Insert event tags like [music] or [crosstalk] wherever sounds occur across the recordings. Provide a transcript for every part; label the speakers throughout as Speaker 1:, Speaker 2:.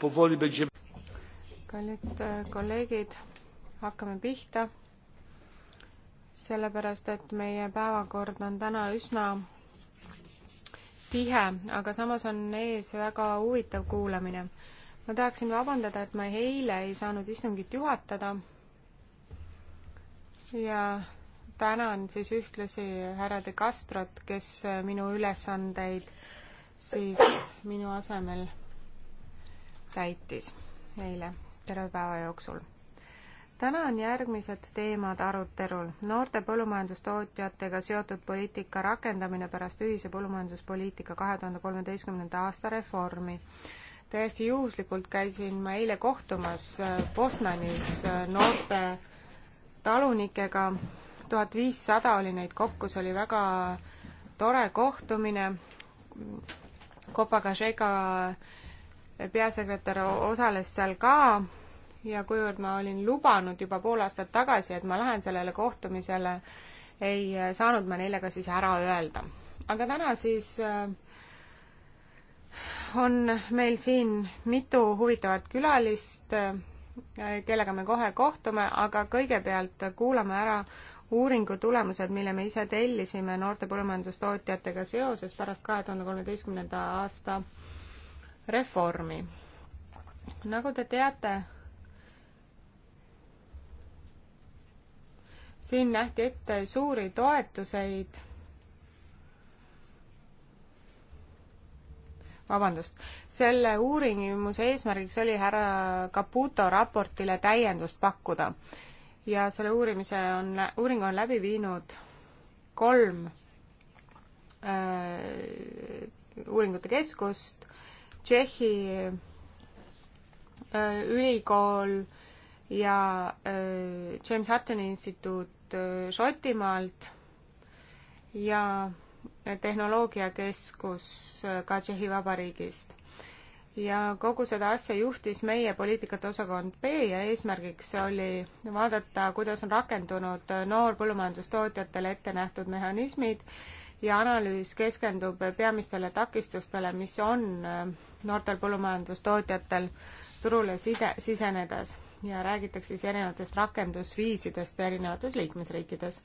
Speaker 1: powoli będziemy...
Speaker 2: kallid äh, kolleegid, hakkame pihta, sellepärast et meie päevakord on täna üsna tihe, aga samas on ees väga huvitav kuulamine. ma tahaksin vabandada, et ma eile ei saanud istungit juhatada ja tänan siis ühtlasi härra De Castrot, kes minu ülesandeid siis minu asemel täitis neile terve päeva jooksul. täna on järgmised teemad arutelul. noorte põllumajandustootjatega seotud poliitika rakendamine pärast ühise põllumajanduspoliitika kahe tuhande kolmeteistkümnenda aasta reformi. täiesti juhuslikult käisin ma eile kohtumas äh, Bosnanis äh, noorte talunikega, tuhat viissada oli neid kokku, see oli väga tore kohtumine. Kopagažega peasekretär osales seal ka ja kuivõrd ma olin lubanud juba pool aastat tagasi, et ma lähen sellele kohtumisele, ei saanud ma neile ka siis ära öelda. aga täna siis äh, on meil siin mitu huvitavat külalist, äh, kellega me kohe kohtume, aga kõigepealt kuulame ära uuringu tulemused, mille me ise tellisime noorte põllumajandustootjatega seoses pärast kahe tuhande kolmeteistkümnenda aasta reformi. nagu te teate, siin nähti ette suuri toetuseid. vabandust, selle uurimuse eesmärgiks oli härra Caputo raportile täiendust pakkuda ja selle uurimise on, uuringu on läbi viinud kolm äh, uuringute keskust Tšehhi äh, ülikool ja äh, James Hattoni instituut äh, Šotimaalt ja tehnoloogiakeskus ka Tšehhi Vabariigist. ja kogu seda asja juhtis meie poliitikate osakond B ja eesmärgiks oli vaadata, kuidas on rakendunud noorpõllumajandustootjatele ette nähtud mehhanismid ja analüüs keskendub peamistele takistustele, mis on äh, noortel põllumajandustootjatel turule side, sisenedes ja räägitakse siis erinevatest rakendusviisidest erinevates liikmesriikides.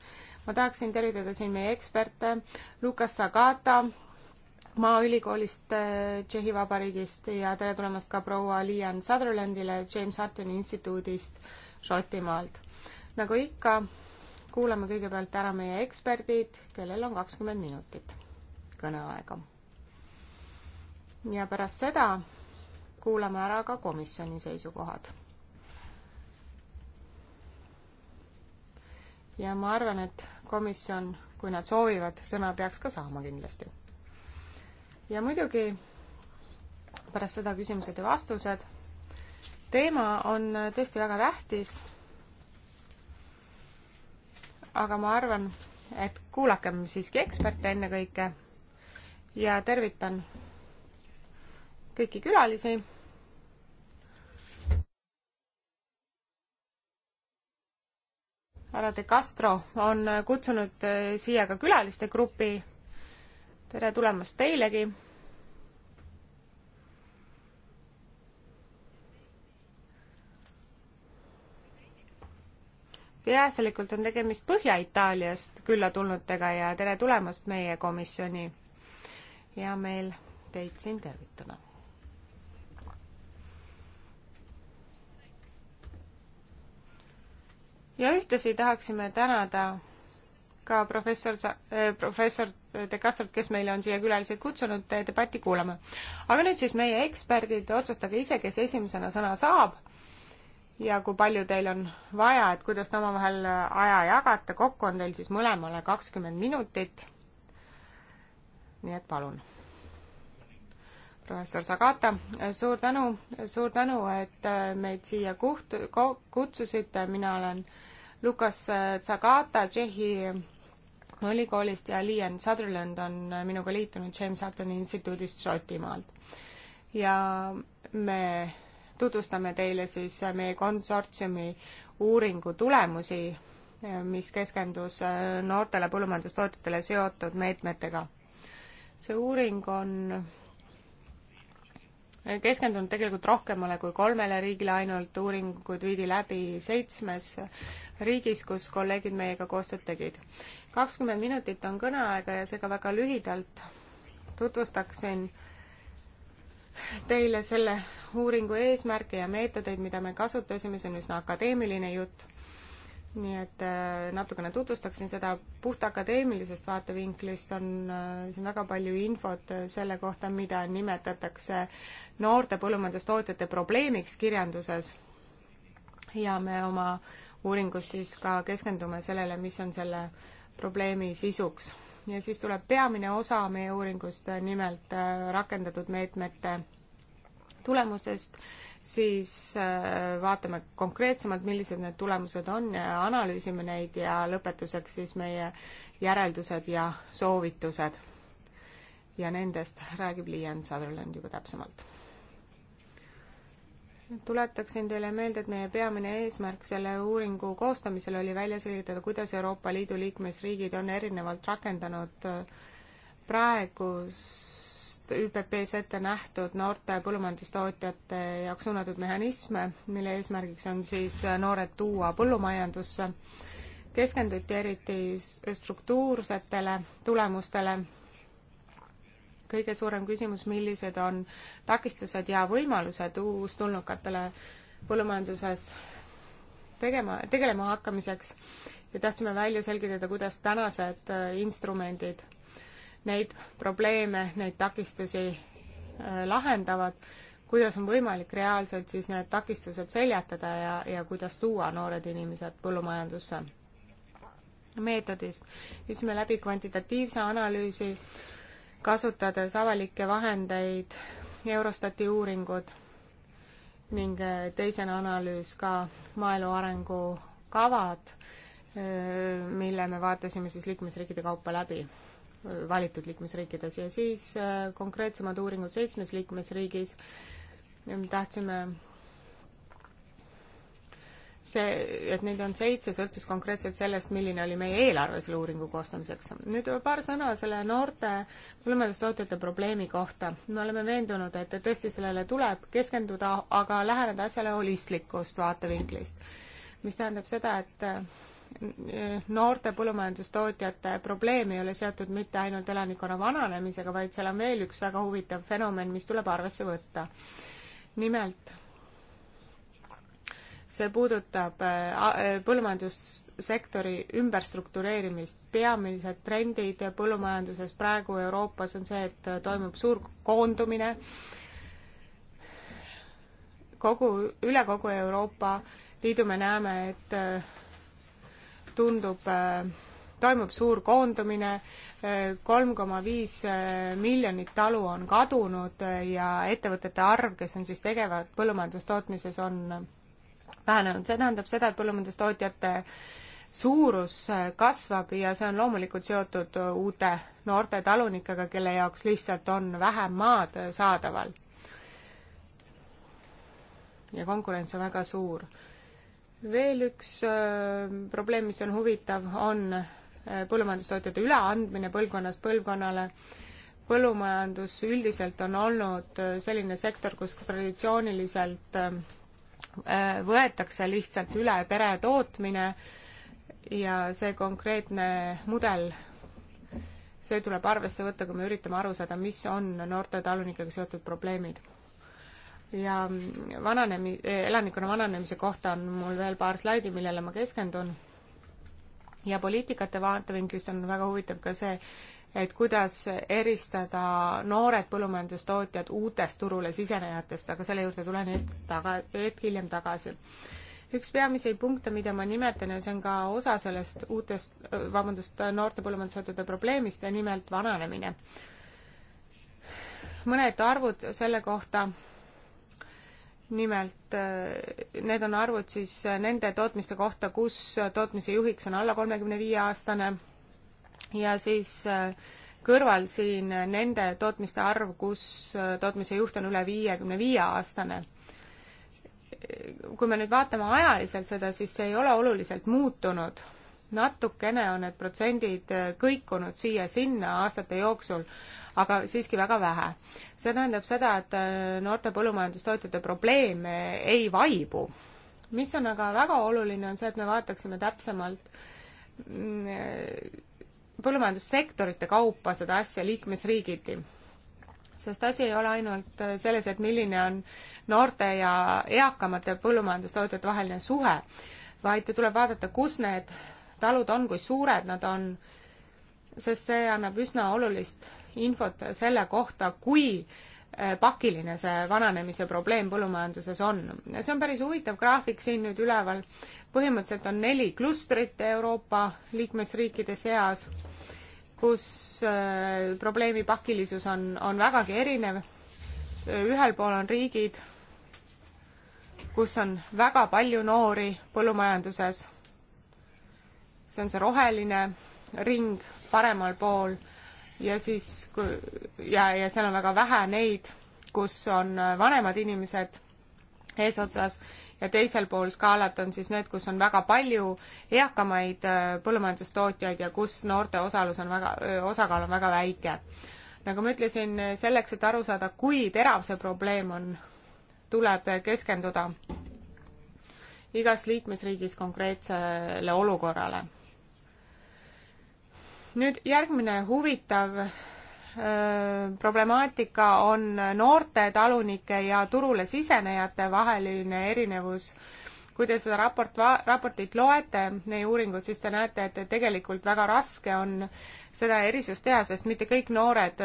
Speaker 2: ma tahaksin tervitada siin meie eksperte Lukas Sagata Maaülikoolist äh, Tšehhi Vabariigist ja tere tulemast ka proua Liian Sutherlandile James Huttoni instituudist Šotimaalt. nagu ikka, kuulame kõigepealt ära meie eksperdid, kellel on kakskümmend minutit kõneaega. ja pärast seda kuulame ära ka komisjoni seisukohad. ja ma arvan, et komisjon, kui nad soovivad, sõna peaks ka saama kindlasti. ja muidugi pärast seda küsimused ja vastused. teema on tõesti väga tähtis aga ma arvan, et kuulakem siiski eksperte ennekõike ja tervitan kõiki külalisi. härra De Castro on kutsunud siia ka külaliste grupi. tere tulemast teilegi peaasjalikult on tegemist Põhja-Itaaliast külla tulnutega ja tere tulemast meie komisjoni. hea meel teid siin tervitada. ja ühtlasi tahaksime tänada ka professor, äh, professor De Castrot, kes meile on siia külalised kutsunud äh, debatti kuulama. aga nüüd siis meie eksperdid, otsustage ise, kes esimesena sõna saab ja kui palju teil on vaja, et kuidas te omavahel äh, aja jagate, kokku on teil siis mõlemale kakskümmend minutit. nii et palun. professor Sagata, äh, suur tänu, äh, suur tänu, et meid siia kuht-, kutsusite, mina olen Lukas Sagata Tšehhi ülikoolist ja Liian Sutherland on minuga liitunud James Hattoni instituudist Šotimaalt. ja me tutvustame teile siis meie konsortsiumi uuringu tulemusi, mis keskendus äh, noortele põllumajandustootjatele seotud meetmetega. see uuring on keskendunud tegelikult rohkemale kui kolmele riigile ainult, uuringuid viidi läbi seitsmes riigis, kus kolleegid meiega koostööd tegid. kakskümmend minutit on kõneaega ja seega väga lühidalt tutvustaksin äh, teile selle uuringu eesmärke ja meetodeid, mida me kasutasime, see on üsna akadeemiline jutt. nii et äh, natukene tutvustaksin seda puht akadeemilisest vaatevinklist, on äh, siin väga palju infot äh, selle kohta, mida nimetatakse noorte põllumajandustootjate probleemiks kirjanduses. ja me oma uuringus siis ka keskendume sellele, mis on selle probleemi sisuks ja siis tuleb peamine osa meie uuringust, äh, nimelt äh, rakendatud meetmete tulemustest, siis äh, vaatame konkreetsemalt, millised need tulemused on ja analüüsime neid ja lõpetuseks siis meie järeldused ja soovitused. ja nendest räägib Liian Sutherland juba täpsemalt tuletaksin teile meelde, et meie peamine eesmärk selle uuringu koostamisel oli välja selgitada, kuidas Euroopa Liidu liikmesriigid on erinevalt rakendanud äh, praegust ÜPP-s ette nähtud noorte põllumajandustootjate jaoks suunatud mehhanisme, mille eesmärgiks on siis äh, noored tuua põllumajandusse. keskenduti eriti struktuursetele tulemustele kõige suurem küsimus, millised on takistused ja võimalused uustulnukatele põllumajanduses tegema, tegelema hakkamiseks ja tahtsime välja selgitada, kuidas tänased äh, instrumendid neid probleeme, neid takistusi äh, lahendavad, kuidas on võimalik reaalselt siis need takistused seljatada ja, ja kuidas tuua noored inimesed põllumajandusse meetodist. viisime läbi kvantitatiivse analüüsi kasutades avalikke vahendeid, Eurostati uuringud ning eh, teisena analüüs ka maaelu arengukavad, eh, mille me vaatasime siis liikmesriikide kaupa läbi, eh, valitud liikmesriikides, ja siis konkreetsemad uuringud seitsmes liikmesriigis, tahtsime see, et neid on seitse, sõltus konkreetselt sellest, milline oli meie eelarve selle uuringu koostamiseks. nüüd paar sõna selle noorte põllumajandustootjate probleemi kohta. me oleme veendunud, et tõesti sellele tuleb keskenduda, aga läheneda asjale holistlikust vaatevinklist, mis tähendab seda, et eh, noorte põllumajandustootjate probleem ei ole seotud mitte ainult elanikkonna vananemisega, vaid seal on veel üks väga huvitav fenomen, mis tuleb arvesse võtta. nimelt see puudutab äh, äh, põllumajandussektori ümberstruktureerimist. peamised trendid põllumajanduses praegu Euroopas on see, et toimub suur koondumine kogu, üle kogu Euroopa Liidu me näeme, et äh, tundub, toimub suur koondumine, kolm koma viis miljonit talu on kadunud ja ettevõtete arv, kes on siis tegevad põllumajandustootmises, on vähenenud, see tähendab seda, et põllumajandustootjate suurus äh, kasvab ja see on loomulikult seotud äh, uute noorte talunikega, kelle jaoks lihtsalt on vähem maad äh, saadaval. ja konkurents on väga suur. veel üks probleem, mis on huvitav, on põllumajandustootjate üleandmine põlvkonnast põlvkonnale. põllumajandus üldiselt on olnud selline sektor, kus traditsiooniliselt Äh, võetakse lihtsalt üle pere tootmine ja see konkreetne mudel, see tuleb arvesse võtta, kui me üritame aru saada, mis on noorte talunikega seotud probleemid. ja vananemi-, elanikkonna vananemise kohta on mul veel paar slaidi, millele ma keskendun ja poliitikate vaatevinklist on väga huvitav ka see, et kuidas eristada noored põllumajandustootjad uutest turule sisenejatest, aga selle juurde tulen hetk taga, hetk hiljem tagasi. üks peamisi punkte, mida ma nimetan ja see on ka osa sellest uutest, vabandust, noorte põllumajandustootjate probleemist ja nimelt vananemine. mõned arvud selle kohta, nimelt need on arvud siis nende tootmiste kohta, kus tootmise juhiks on alla kolmekümne viie aastane ja siis äh, kõrval siin nende tootmiste arv, kus äh, tootmise juht on üle viiekümne viie aastane. kui me nüüd vaatame ajaliselt seda, siis see ei ole oluliselt muutunud. natukene on need protsendid äh, kõikunud siia-sinna aastate jooksul, aga siiski väga vähe. see tähendab seda, et noorte põllumajandustootjate probleem ei vaibu. mis on aga väga oluline, on see, et me vaataksime täpsemalt mm, põllumajandussektorite kaupa seda asja liikmesriigiti. sest asi ei ole ainult selles, et milline on noorte ja eakamate põllumajandustootjate vaheline suhe, vaid tuleb vaadata, kus need talud on, kui suured nad on, sest see annab üsna olulist infot selle kohta, kui Äh, pakiline see vananemise probleem põllumajanduses on. see on päris huvitav graafik siin nüüd üleval. põhimõtteliselt on neli klustrit Euroopa liikmesriikide seas, kus äh, probleemi pakilisus on, on vägagi erinev. ühel pool on riigid, kus on väga palju noori põllumajanduses. see on see roheline ring paremal pool ja siis ja, ja seal on väga vähe neid, kus on vanemad inimesed eesotsas ja teisel pool skaalat on siis need, kus on väga palju eakamaid äh, põllumajandustootjaid ja kus noorte osalus on väga, osakaal on väga väike. nagu ma ütlesin, selleks, et aru saada, kui terav see probleem on, tuleb keskenduda igas liikmesriigis konkreetsele olukorrale nüüd järgmine huvitav problemaatika on noorte talunike ja turule sisenejate vaheline erinevus. kui te seda raport, raportit loete, meie uuringut, siis te näete, et tegelikult väga raske on seda erisust teha, sest mitte kõik noored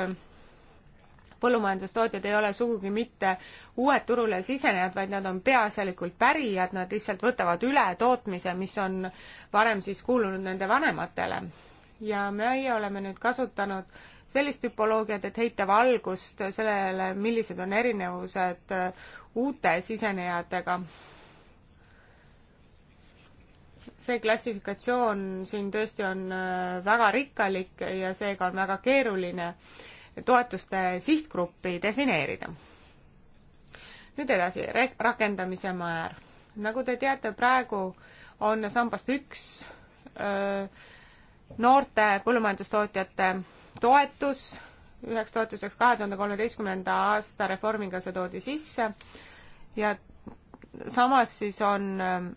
Speaker 2: põllumajandustootjad ei ole sugugi mitte uued turule sisenejad, vaid nad on peaasjalikult pärijad, nad lihtsalt võtavad üle tootmise, mis on varem siis kuulunud nende vanematele ja meie oleme nüüd kasutanud sellist tüpoloogiat, et heita valgust sellele, millised on erinevused äh, uute sisenejatega. see klassifikatsioon siin tõesti on äh, väga rikkalik ja seega on väga keeruline toetuste sihtgruppi defineerida. nüüd edasi, rakendamise määr. nagu te teate, praegu on sambast üks öö, äh, noorte põllumajandustootjate toetus, üheks toetuseks kahe tuhande kolmeteistkümnenda aasta reformiga see toodi sisse ja samas siis on äh,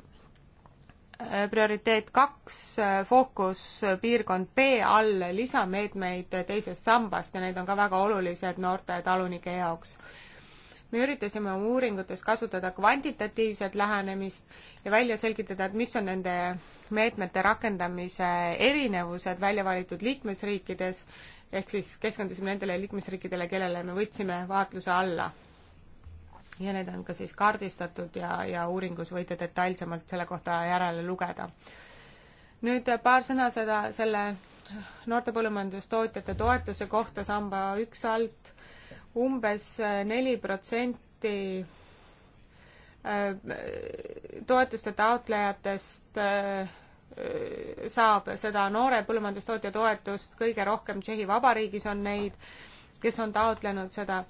Speaker 2: prioriteet kaks, äh, fookuspiirkond B all lisameetmeid teisest sambast ja need on ka väga olulised noorte talunike jaoks me üritasime oma uuringutes kasutada kvantitatiivset lähenemist ja välja selgitada, et mis on nende meetmete rakendamise erinevused välja valitud liikmesriikides, ehk siis keskendusime nendele liikmesriikidele, kellele me võtsime vaatluse alla. ja need on ka siis kaardistatud ja, ja uuringus võite detailsemalt selle kohta järele lugeda nüüd paar sõna seda, selle noorte põllumajandustootjate toetuse kohta samba üks alt umbes äh, neli protsenti äh, toetuste taotlejatest äh, saab seda noore põllumajandustootja toetust, kõige rohkem Tšehhi Vabariigis on neid, kes on taotlenud seda.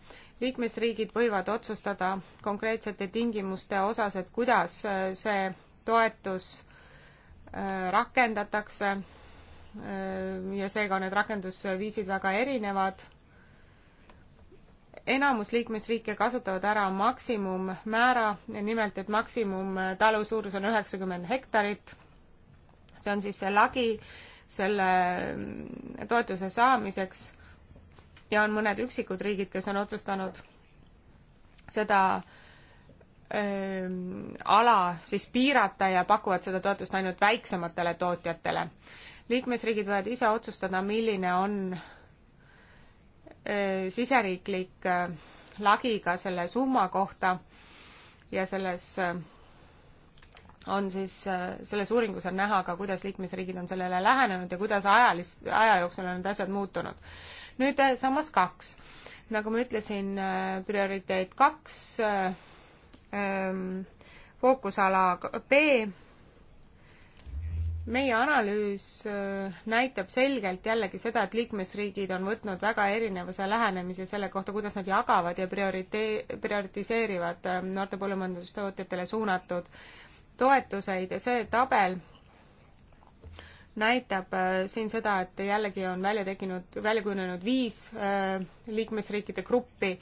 Speaker 2: liikmesriigid võivad otsustada konkreetsete tingimuste osas, et kuidas see toetus rakendatakse ja seega on need rakendusviisid väga erinevad enamus liikmesriike kasutavad ära maksimummäära, nimelt et maksimumtalu äh, suurus on üheksakümmend hektarit. see on siis see lagi selle mm, toetuse saamiseks ja on mõned üksikud riigid, kes on otsustanud seda öö, äh, ala siis piirata ja pakuvad seda toetust ainult väiksematele tootjatele. liikmesriigid võivad ise otsustada, milline on Äh, siseriiklik äh, lagi ka selle summa kohta ja selles äh, on siis, selles uuringus on näha ka, kuidas liikmesriigid on sellele lähenenud ja kuidas ajalis-, aja jooksul on need asjad muutunud. nüüd sammas kaks. nagu ma ütlesin, prioriteet kaks ähm,, fookusala B meie analüüs äh, näitab selgelt jällegi seda, et liikmesriigid on võtnud väga erinevuse lähenemise selle kohta, kuidas nad jagavad ja prioritee-, prioritiseerivad äh, noorte põllumajandustootjatele suunatud toetuseid ja see tabel näitab äh, siin seda, et jällegi on välja tekkinud, välja kujunenud viis liikmesriikide gruppi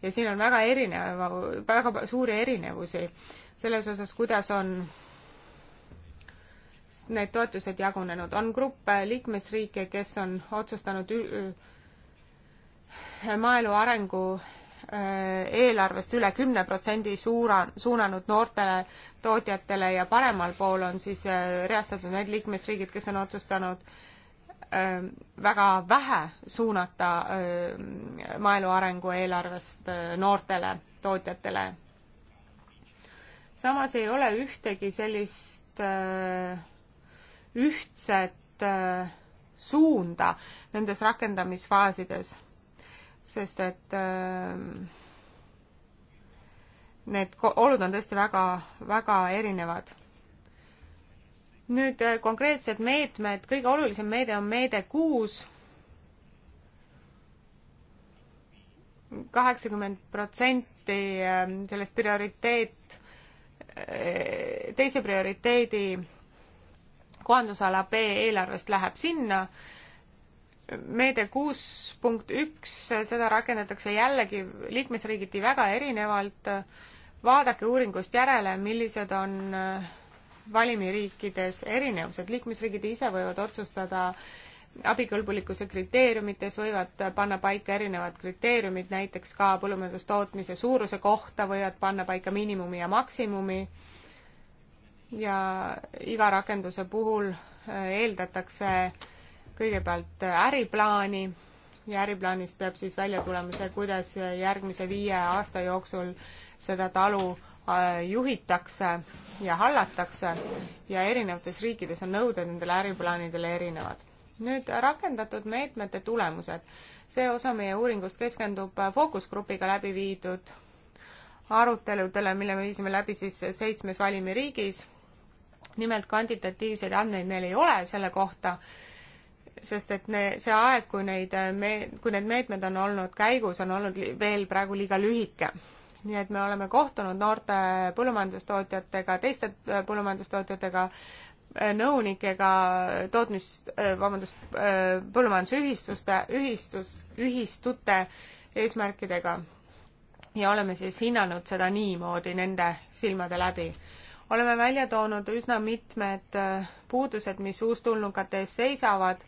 Speaker 2: ja siin on väga erineva, väga suuri erinevusi selles osas, kuidas on need toetused jagunenud. on gruppe liikmesriike, kes on otsustanud maaelu arengu äh, eelarvest üle kümne protsendi suura, suunanud noortele tootjatele ja paremal pool on siis äh, reastatud need liikmesriigid, kes on otsustanud ähm, väga vähe suunata ähm, maaelu arengu eelarvest äh, noortele tootjatele. samas ei ole ühtegi sellist äh, ühtset äh, suunda nendes rakendamisfaasides, sest et äh, need olud on tõesti väga, väga erinevad. nüüd äh, konkreetsed meetmed, kõige olulisem meede on meede kuus, kaheksakümmend protsenti sellest prioriteet, teise prioriteedi kohandusala B eelarvest läheb sinna. meede kuus punkt üks, seda rakendatakse jällegi liikmesriigiti väga erinevalt. vaadake uuringust järele, millised on äh, valimiriikides erinevused, liikmesriigid ise võivad otsustada abikõlbulikkuse kriteeriumites võivad panna paika erinevad kriteeriumid, näiteks ka põllumajandustootmise suuruse kohta võivad panna paika miinimumi ja maksimumi ja iga rakenduse puhul äh, eeldatakse kõigepealt äh, äriplaani ja äriplaanist peab siis välja tulema see, kuidas äh, järgmise viie aasta jooksul seda talu juhitakse ja hallatakse ja erinevates riikides on nõuded nendele äriplaanidele erinevad. nüüd rakendatud meetmete tulemused. see osa meie uuringust keskendub fookusgrupiga läbi viidud aruteludele, mille me viisime läbi siis seitsmes valimiriigis nimelt kvantitatiivseid andmeid meil ei ole selle kohta, sest et ne, see aeg, kui neid äh, me-, kui need meetmed on olnud käigus, on olnud veel praegu liiga lühike. nii et me oleme kohtunud noorte põllumajandustootjatega, teiste äh, põllumajandustootjatega, äh, nõunikega, tootmis, vabandust, põllumajandusühistuste, ühistus, ühistute eesmärkidega ja oleme siis hinnanud seda niimoodi nende silmade läbi oleme välja toonud üsna mitmed äh, puudused, mis uustulnukate ees seisavad.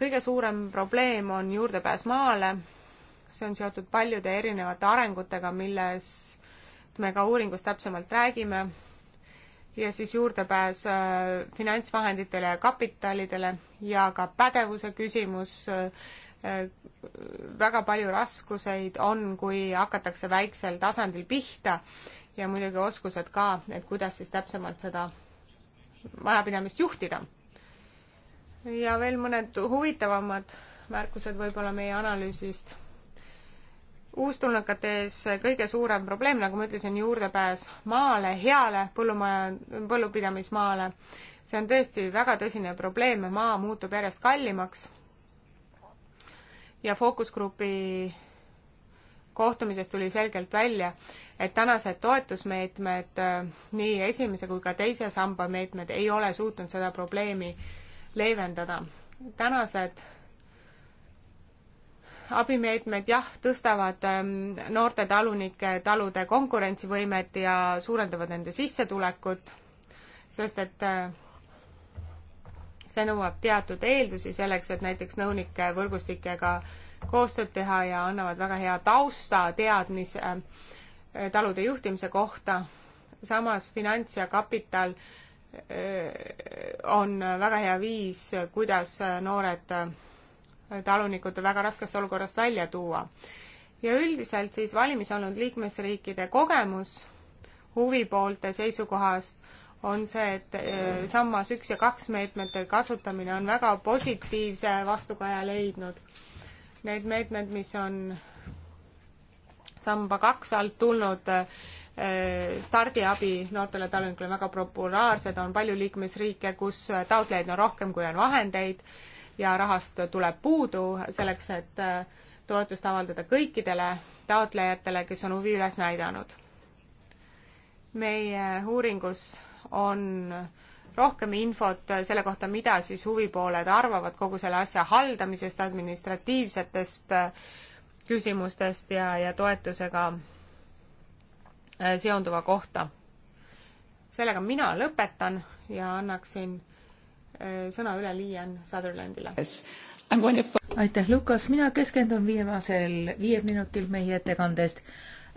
Speaker 2: kõige suurem probleem on juurdepääs maale. see on seotud paljude erinevate arengutega, milles me ka uuringus täpsemalt räägime. ja siis juurdepääs äh, finantsvahenditele ja kapitalidele ja ka pädevuse küsimus äh, väga palju raskuseid on, kui hakatakse väiksel tasandil pihta ja muidugi oskused ka, et kuidas siis täpsemalt seda majapidamist juhtida. ja veel mõned huvitavamad märkused võib-olla meie analüüsist. uustulnukate ees kõige suurem probleem, nagu ma ütlesin, juurdepääs maale, heale põllumaja, põllupidamismaale. see on tõesti väga tõsine probleem, maa muutub järjest kallimaks ja fookusgrupi kohtumisest tuli selgelt välja, et tänased toetusmeetmed, äh, nii esimese kui ka teise samba meetmed, ei ole suutnud seda probleemi leevendada. tänased abimeetmed jah, tõstavad ähm, noorte talunike talude konkurentsivõimet ja suurendavad nende sissetulekut, sest et äh, see nõuab teatud eeldusi selleks, et näiteks nõunike võrgustikega äh, koostööd teha ja annavad väga hea tausta, teadmise äh, talude juhtimise kohta. samas finants ja kapital äh, on väga hea viis, kuidas äh, noored talunikud väga raskest olukorrast välja tuua. ja üldiselt siis valimis olnud liikmesriikide kogemus huvipoolte seisukohast on see, et sammas üks ja kaks meetmete kasutamine on väga positiivse vastukaja leidnud need meetmed, mis on samba kaks alt tulnud eh, stardiabi noortele talunikele väga populaarsed, on palju liikmesriike, kus taotlejaid on rohkem, kui on vahendeid ja rahast tuleb puudu selleks, et eh, toetust avaldada kõikidele taotlejatele, kes on huvi üles näidanud. meie uuringus on äh, rohkem infot selle kohta, mida siis huvipooled arvavad kogu selle asja haldamisest, administratiivsetest äh, küsimustest ja, ja toetusega äh, seonduva kohta. sellega mina lõpetan ja annaksin äh, sõna üle Liian Sutherlandile
Speaker 3: yes.. aitäh, Lukas, mina keskendun viimasel viiel minutil meie ettekandest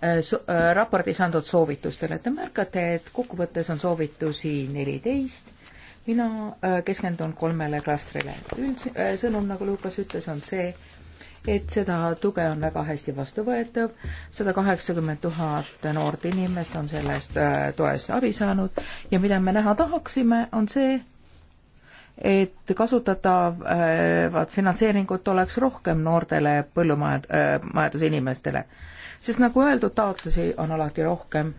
Speaker 3: Äh, äh, raportis antud soovitustele. Te märkate, et kokkuvõttes on soovitusi neliteist, mina äh, keskendun kolmele klastrile. üldsõnum, nagu Lukas ütles, on see, et seda tuge on väga hästi vastuvõetav, sada kaheksakümmend tuhat noort inimest on sellest toest abi saanud ja mida me näha tahaksime, on see, et kasutatavad finantseeringut oleks rohkem noortele põllumajad-, majandusinimestele äh, sest nagu öeldud, taotlusi on alati rohkem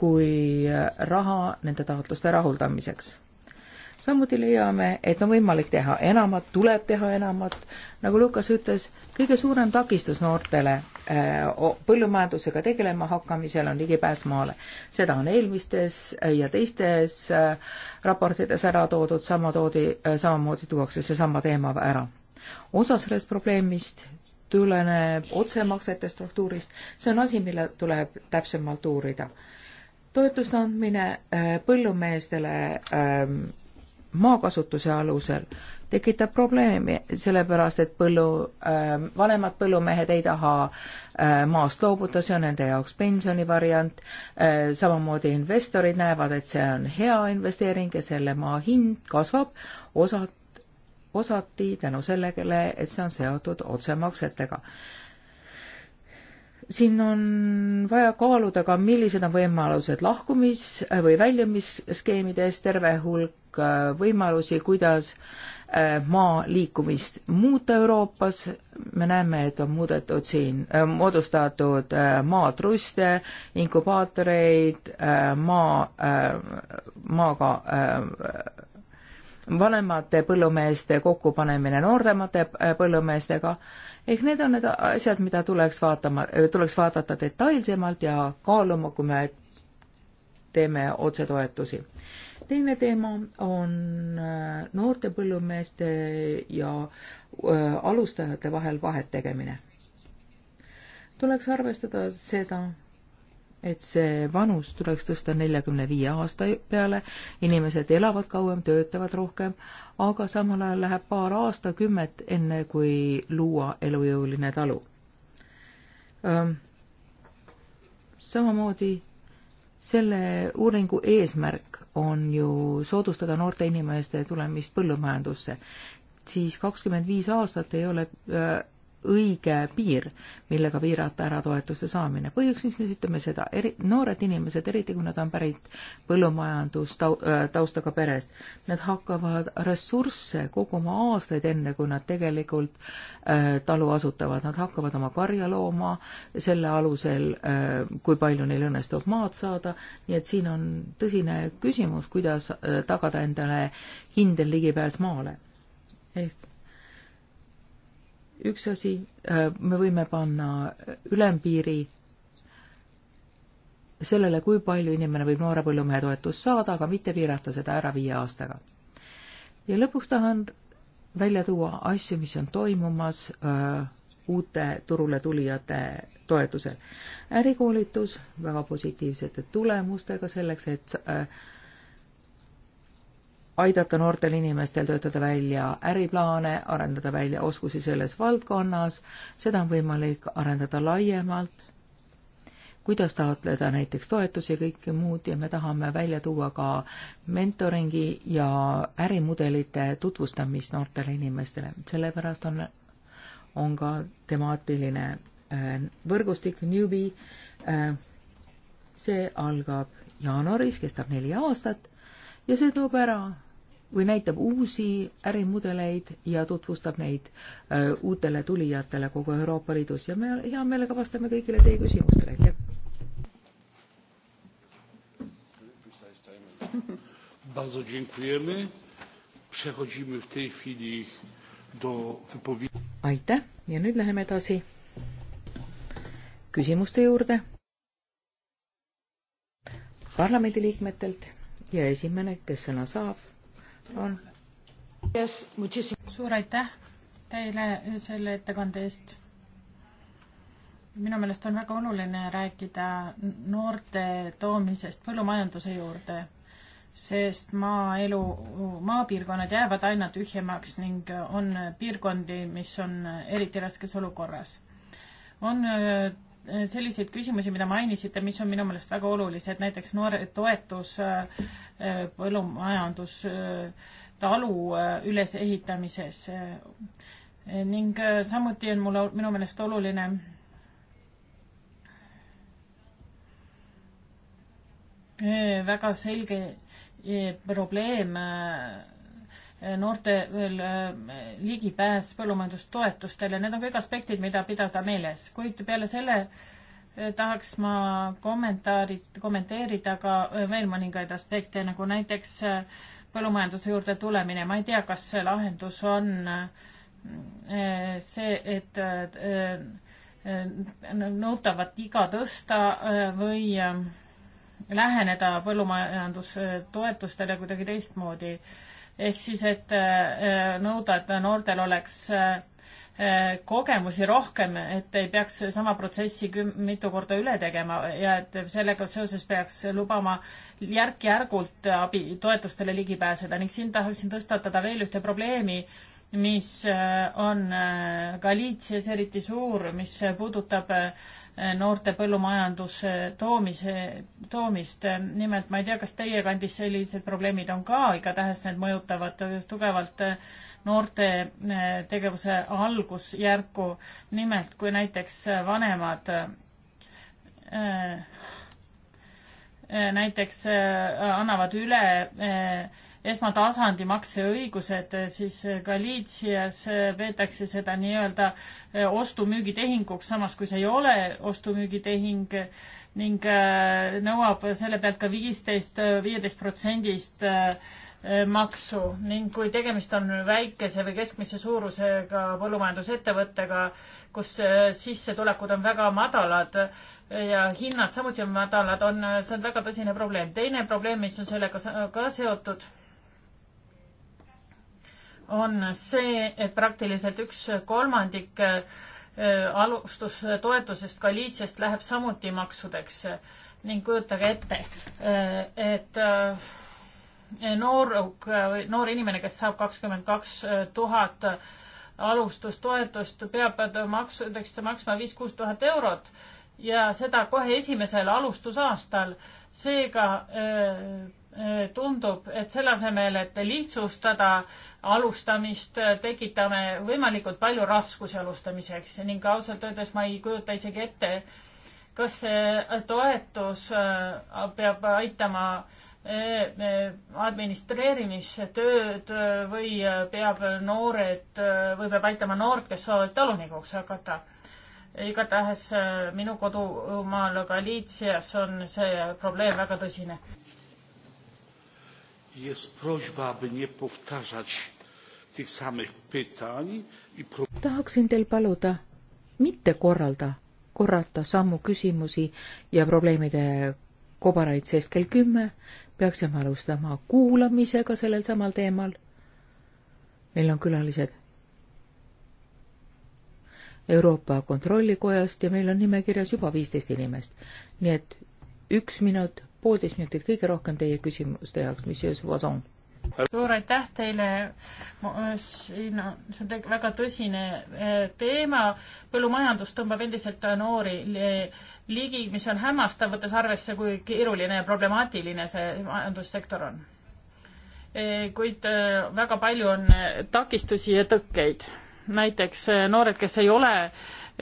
Speaker 3: kui raha nende taotluste rahuldamiseks. samuti leiame, et on võimalik teha enamat, tuleb teha enamat, nagu Lukas ütles, kõige suurem takistus noortele äh, põllumajandusega tegelema hakkamisel on ligipääs maale. seda on eelmistes äh, ja teistes äh, raportites ära toodud, sama toodi, samamoodi tuuakse seesama teema ära osa sellest probleemist tuleneb otsemaksete struktuurist, see on asi, mille tuleb täpsemalt uurida. toetuste andmine äh, põllumeestele ähm, maakasutuse alusel tekitab probleemi, sellepärast et põllu, ähm, vanemad põllumehed ei taha äh, maast loobuda, see on nende jaoks pensionivariant, äh, samamoodi investorid näevad, et see on hea investeering ja selle maa hind kasvab, osad osati tänu sellele, et see on seotud otsemaksetega. siin on vaja kaaluda ka, millised on võimalused lahkumis- või väljumisskeemides, terve hulk äh, võimalusi, kuidas äh, maa liikumist muuta Euroopas, me näeme, et on muudetud siin, äh, moodustatud maatruste, inkubaatoreid, maa, maaga vanemate põllumeeste kokkupanemine nooremate äh, põllumeestega, ehk need on need asjad, mida tuleks vaatama, äh, tuleks vaadata detailsemalt ja kaaluma, kui me teeme otsetoetusi. teine teema on äh, noorte põllumeeste ja alustajate vahel vahet tegemine. tuleks arvestada seda, et see vanus tuleks tõsta neljakümne viie aasta peale, inimesed elavad kauem, töötavad rohkem, aga samal ajal läheb paar aastakümmet, enne kui luua elujõuline talu. samamoodi selle uuringu eesmärk on ju soodustada noorte inimeste tulemist põllumajandusse, siis kakskümmend viis aastat ei ole õige piir, millega piirata ära toetuste saamine. põhjuks, miks me ütleme seda, eri, noored inimesed, eriti kui nad on pärit põllumajandustaustaga äh, perest, nad hakkavad ressursse koguma aastaid, enne kui nad tegelikult äh, talu asutavad, nad hakkavad oma karja looma selle alusel äh,, kui palju neil õnnestub maad saada, nii et siin on tõsine küsimus, kuidas äh, tagada endale kindel ligipääs maale. ehk üks asi, äh, me võime panna ülempiiri sellele, kui palju inimene võib noore põllumehe toetust saada, aga mitte piirata seda ära viie aastaga. ja lõpuks tahan välja tuua asju, mis on toimumas öö, äh, uute turule tulijate toetusel. ärikoolitus väga positiivsete tulemustega selleks, et öö, äh, aidata noortel inimestel töötada välja äriplaane, arendada välja oskusi selles valdkonnas, seda on võimalik arendada laiemalt, kuidas taotleda näiteks toetusi ja kõike muud ja me tahame välja tuua ka mentoringi ja ärimudelite tutvustamist noortele inimestele, sellepärast on, on ka temaatiline äh, võrgustik Newbie, äh, see algab jaanuaris, kestab neli aastat ja see toob ära või näitab uusi ärimudeleid ja tutvustab neid öö, äh, uutele tulijatele kogu Euroopa Liidus ja me hea meelega vastame kõigile teie küsimustele, aitäh!
Speaker 1: [laughs] Bardzo dziękujemy. Przechodzimy w tej chwili do wypowiedzi.
Speaker 3: Aitäh ja nüüd läheme edasi küsimuste juurde parlamendiliikmetelt ja esimene, kes sõna saab palun yes,. suur aitäh
Speaker 4: teile selle ettekande eest. minu meelest on väga oluline rääkida noorte toomisest põllumajanduse juurde, sest maaelu, maapiirkonnad jäävad aina tühjemaks ning on piirkondi, mis on eriti raskes olukorras. on selliseid küsimusi, mida mainisite, mis on minu meelest väga olulised, näiteks noore toetus äh, äh, põllumajandustalu äh, ülesehitamises. ning samuti on mulle minu meelest oluline väga selge probleem noorte ligipääs põllumajandustoetustele, need on kõik aspektid, mida pidada meeles, kuid peale selle eh, tahaks ma kommentaarid, kommenteerida ka eh, veel mõningaid aspekte, nagu näiteks eh, põllumajanduse juurde tulemine, ma ei tea, kas see lahendus on see, et nõutavat iga tõsta või läheneda põllumajandustoetustele kuidagi teistmoodi ehk siis, et äh, nõuda, et noortel oleks äh, äh, kogemusi rohkem, et ei peaks sama protsessi küm-, mitu korda üle tegema ja et sellega seoses peaks lubama järk-järgult abi, toetustele ligi pääseda ning siin tahaksin tõstatada veel ühte probleemi, mis on Galiitsias eriti suur, mis puudutab noorte põllumajanduse toomise, toomist. nimelt ma ei tea, kas teie kandis sellised probleemid on ka, igatahes need mõjutavad tugevalt noorte eh, tegevuse algusjärku. nimelt, kui näiteks vanemad eh, eh, näiteks annavad üle esmatasandi makseõigused, siis Galiitsias peetakse seda nii-öelda ostu-müügitehinguks, samas kui see ei ole ostu-müügitehing ning äh, nõuab selle pealt ka viisteist, viieteist protsendist äh, maksu ning kui tegemist on väikese või keskmise suurusega põllumajandusettevõttega, kus äh, sissetulekud on väga madalad ja hinnad samuti on madalad, on, see on väga tõsine probleem. teine probleem, mis on sellega ka seotud on see, et praktiliselt üks kolmandik äh, alustustoetusest Galiitsiast läheb samuti maksudeks ning kujutage ette, äh, et äh, noor, noor inimene, kes saab kakskümmend kaks tuhat alustustoetust, peab maksudeks maksma viis-kuus tuhat eurot ja seda kohe esimesel alustusaastal. seega Äh, tundub, et selle asemel, et lihtsustada alustamist, äh, tekitame võimalikult palju raskusi alustamiseks ning ausalt öeldes ma ei kujuta isegi ette, kas see äh, toetus peab aitama administreerimistööd või peab noored või peab aitama noort, kes soovivad talunikuks hakata. igatahes minu kodumaal, aga Liitsias on see probleem väga tõsine
Speaker 1: jest prośba, aby nie powtarzać tych samych pytań i
Speaker 3: tahaksin teil paluda mitte korralda, korrata samu küsimusi ja probleemide kobaraid, sest kell kümme peaksime alustama kuulamisega sellel samal teemal. meil on külalised Euroopa Kontrollikojast ja meil on nimekirjas juba viisteist inimest. nii et üks minut poolteist minutit kõige rohkem teie küsimuste jaoks, mis just vason.
Speaker 4: suur aitäh teile, siin on, see on väga tõsine eh, teema, põllumajandus tõmbab endiselt noori eh, ligi, mis on hämmastav, võttes arvesse, kui keeruline ja problemaatiline see majandussektor on. Eh, kuid väga palju on takistusi ja tõkkeid, näiteks noored, kes ei ole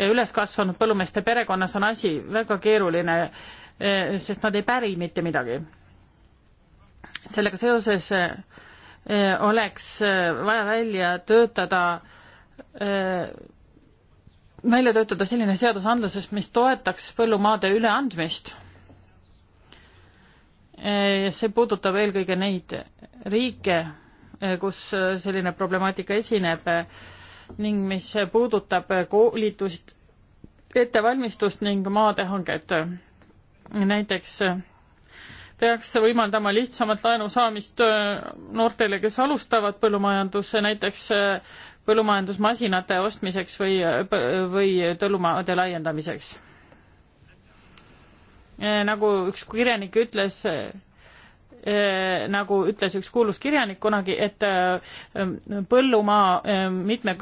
Speaker 4: üles kasvanud põllumeeste perekonnas, on asi väga keeruline Eh, sest nad ei päri mitte midagi. sellega seoses eh, oleks eh, vaja välja töötada välja töötada selline seadusandluses, mis toetaks põllumaade üleandmist. see puudutab eelkõige neid riike, kus selline problemaatika esineb ning mis puudutab koolitust, ettevalmistust ning maadehanget näiteks äh, peaks võimaldama lihtsamat laenu saamist äh, noortele, kes alustavad põllumajandusse, näiteks äh, põllumajandusmasinate ostmiseks või, või põllumaade laiendamiseks. nagu üks kirjanik ütles, nagu ütles üks kuulus kirjanik kunagi, et põllumaa mitme,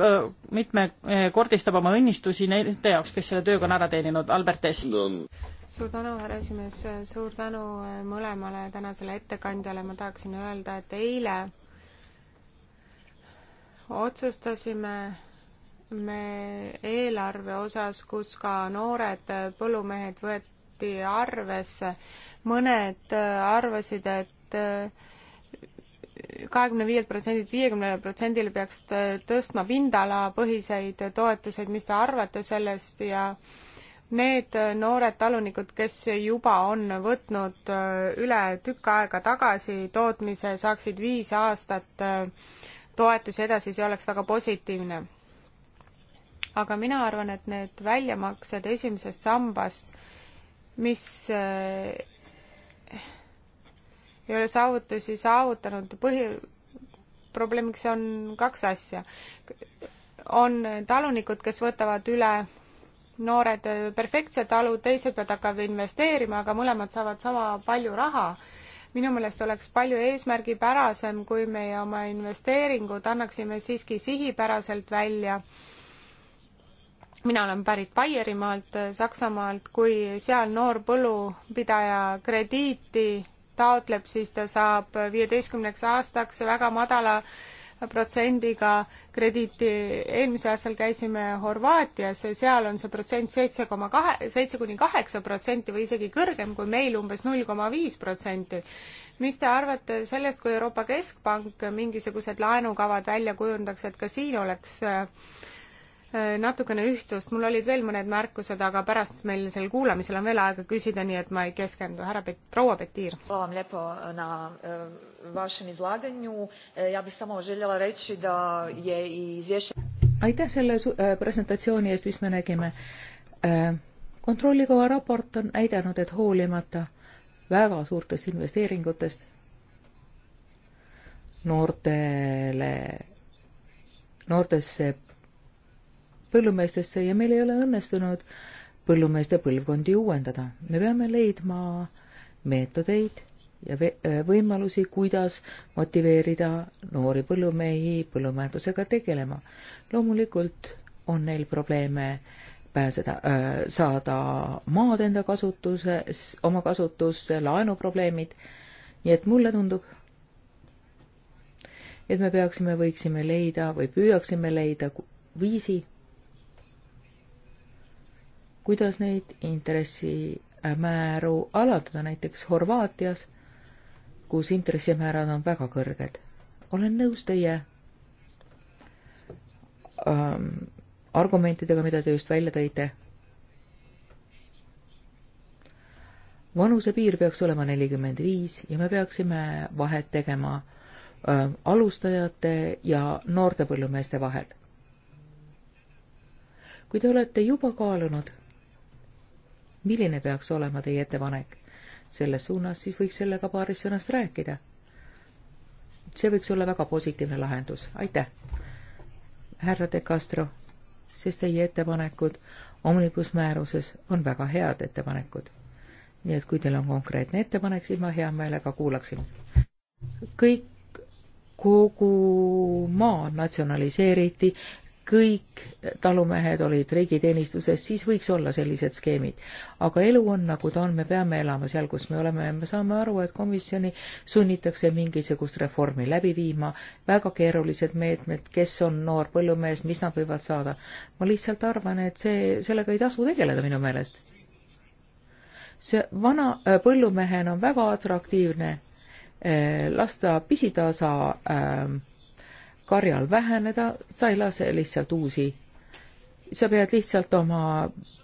Speaker 4: mitmekordistab oma õnnistusi nende jaoks, kes selle tööga on ära teeninud, Albert S
Speaker 2: suur tänu, härra esimees, suur tänu eh, mõlemale tänasele ettekandjale, ma tahaksin öelda, et eile otsustasime me eelarve osas, kus ka noored põllumehed võeti arvesse, mõned eh, arvasid, et eh, kahekümne viielt protsendilt viiekümnele protsendile peaks tõstma pindalapõhiseid toetuseid, mis te arvate sellest ja äh, need noored talunikud, kes juba on võtnud äh, üle tükk aega tagasi tootmise, saaksid viis aastat äh, toetusi edasi, see oleks väga positiivne. aga mina arvan, et need väljamaksed esimesest sambast, mis äh, ei ole saavutusi saavutanud, põhi, probleemiks on kaks asja. on talunikud, kes võtavad üle noored perfektse talu, teised peavad hakkama investeerima, aga mõlemad saavad sama palju raha. minu meelest oleks palju eesmärgipärasem, kui meie oma investeeringud annaksime siiski sihipäraselt välja. mina olen pärit Baierimaalt, Saksamaalt, kui seal noor põllupidaja krediiti taotleb, siis ta saab viieteistkümneks aastaks väga madala protsendiga krediiti, eelmisel aastal käisime Horvaatias ja seal on see protsent seitse koma kahe, seitse kuni kaheksa protsenti või isegi kõrgem kui meil, umbes null koma viis protsenti. mis te arvate sellest, kui Euroopa Keskpank mingisugused laenukavad välja kujundaks, et ka siin oleks äh, Äh, natukene ühtsust, mul olid veel mõned märkused, aga pärast meil sel kuulamisel on veel aega küsida, nii et ma ei keskendu, härra Pet-, proua Petir. E,
Speaker 4: e,
Speaker 3: aitäh selle e, presentatsiooni eest, mis me nägime. kontrollikoja raport on näidanud, et hoolimata väga suurtest investeeringutest noortele, noortesse põllumeestesse ja meil ei ole õnnestunud põllumeeste põlvkondi uuendada. me peame leidma meetodeid ja äh, võimalusi, kuidas motiveerida noori põllumehi põllumajandusega tegelema. loomulikult on neil probleeme pääseda äh,, saada maad enda kasutuses, oma kasutusse, laenuprobleemid, nii et mulle tundub, et me peaksime, võiksime leida või püüaksime leida viisi, kuidas neid intressimääru alandada, näiteks Horvaatias, kus intressimäärad on väga kõrged. olen nõus teie ähm, argumentidega, mida te just välja tõite. vanusepiir peaks olema nelikümmend viis ja me peaksime vahet tegema äh, alustajate ja noorte põllumeeste vahel. kui te olete juba kaalunud milline peaks olema teie ettepanek selles suunas, siis võiks sellega paarist sõnast rääkida. see võiks olla väga positiivne lahendus, aitäh, härra De Castro, sest teie ettepanekud Omnibus määruses on väga head ettepanekud. nii et kui teil on konkreetne ettepanek, siis ma hea meelega kuulaksin. kõik kogu maa natsionaliseeriti, kõik talumehed olid riigiteenistuses, siis võiks olla sellised skeemid. aga elu on, nagu ta on, me peame elama seal, kus me oleme ja me saame aru, et komisjoni sunnitakse mingisugust reformi läbi viima, väga keerulised meetmed, kes on noor põllumees, mis nad võivad saada. ma lihtsalt arvan, et see, sellega ei tasu tegeleda minu meelest. see vana äh, põllumehena on väga atraktiivne äh, lasta pisitasa äh, karjal väheneda, sa ei lase lihtsalt uusi sa pead lihtsalt oma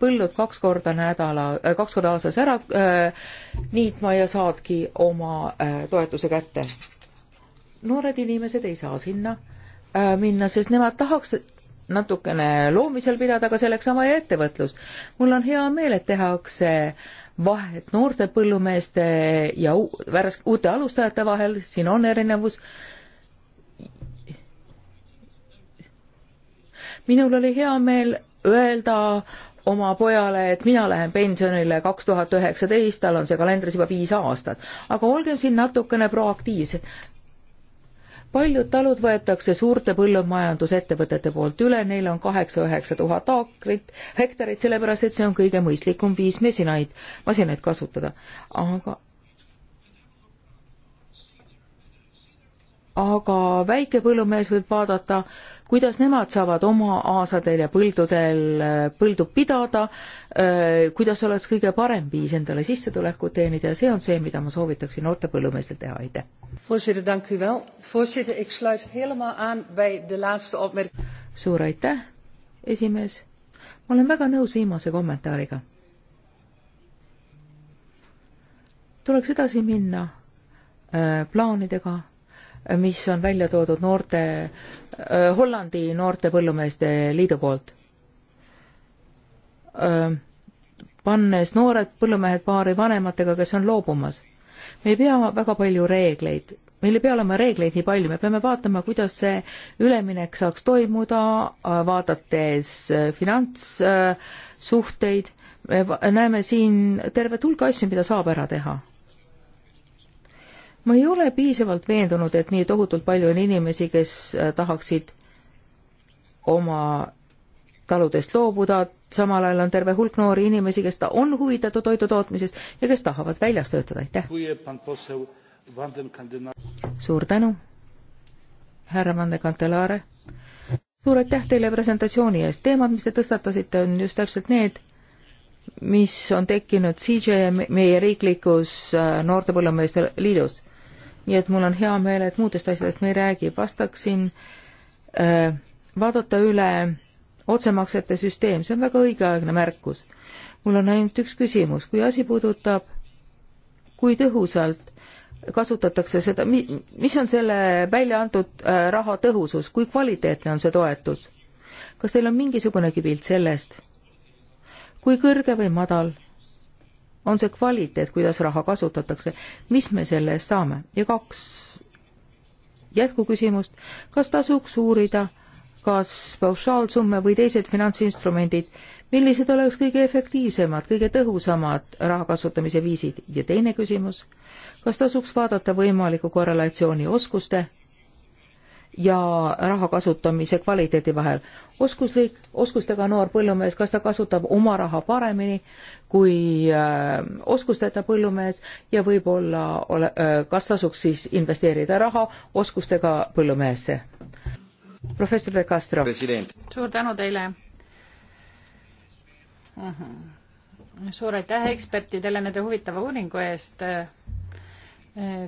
Speaker 3: põllud kaks korda nädala, äh, kaks korda aastas ära äh, niitma ja saadki oma äh, toetuse kätte. noored inimesed ei saa sinna äh, minna, sest nemad tahaks natukene loomi seal pidada, aga selleks on vaja ettevõtlust. mul on hea meel, et tehakse vahet noorte põllumeeste ja värske, uute alustajate vahel, siin on erinevus äh,, minul oli hea meel öelda oma pojale, et mina lähen pensionile kaks tuhat üheksateist, tal on see kalendris juba viis aastat. aga olgem siin natukene proaktiivsed. paljud talud võetakse suurte põllumajandusettevõtete poolt üle, neil on kaheksa-üheksa tuhat aakrit, hektarit, sellepärast et see on kõige mõistlikum viis mesinaid, masinaid kasutada. aga aga väikepõllumees võib vaadata, kuidas nemad saavad oma aasadel ja põldudel äh, põldu pidada, äh, kuidas oleks kõige parem viis endale sissetulekut teenida ja see on see, mida ma soovitaksin noorte põllumeestel teha, aitäh. suur aitäh, esimees. ma olen väga nõus viimase kommentaariga. tuleks edasi minna äh, plaanidega mis on välja toodud noorte, Hollandi Noorte Põllumeeste Liidu poolt. pannes noored põllumehed paari vanematega, kes on loobumas. me ei pea väga palju reegleid, meil ei pea olema reegleid nii palju, me peame vaatama, kuidas see üleminek saaks toimuda, vaadates finantssuhteid, näeme siin tervet hulka asju, mida saab ära teha ma ei ole piisavalt veendunud, et nii tohutult palju on inimesi, kes äh, tahaksid oma taludest loobuda, samal ajal on terve hulk noori inimesi, kes ta on huvitatud toidu tootmisest ja kes tahavad väljas töötada, aitäh. suur tänu, härra Vandekantelaare. suur aitäh teile presentatsiooni eest, teemad, mis te tõstatasite, on just täpselt need, mis on tekkinud CJ meie riiklikus äh, Noorte Põllumeeste Liidus nii et mul on hea meel, et muudest asjadest me ei räägi, vastaksin äh, vaadata üle otsemaksete süsteem, see on väga õigeaegne märkus. mul on ainult üks küsimus, kui asi puudutab, kui tõhusalt kasutatakse seda, mis on selle välja antud äh, raha tõhusus, kui kvaliteetne on see toetus? kas teil on minisugunegi pilt sellest, kui kõrge või madal on see kvaliteet, kuidas raha kasutatakse, mis me selle eest saame ja kaks jätkuküsimust, kas tasuks uurida, kas paušaalsumme või teised finantsinstrumendid, millised oleks kõige efektiivsemad, kõige tõhusamad raha kasutamise viisid ja teine küsimus, kas tasuks vaadata võimaliku korrelatsiooni oskuste ja raha kasutamise kvaliteedi vahel. oskuslik, oskustega noor põllumees, kas ta kasutab oma raha paremini kui äh, oskusteta põllumees ja võib-olla ole äh,, kas tasuks siis investeerida raha oskustega põllumehesse? professor De Castro.
Speaker 4: suur tänu teile
Speaker 3: uh. -huh.
Speaker 4: suur aitäh ekspertidele nende huvitava uuringu eest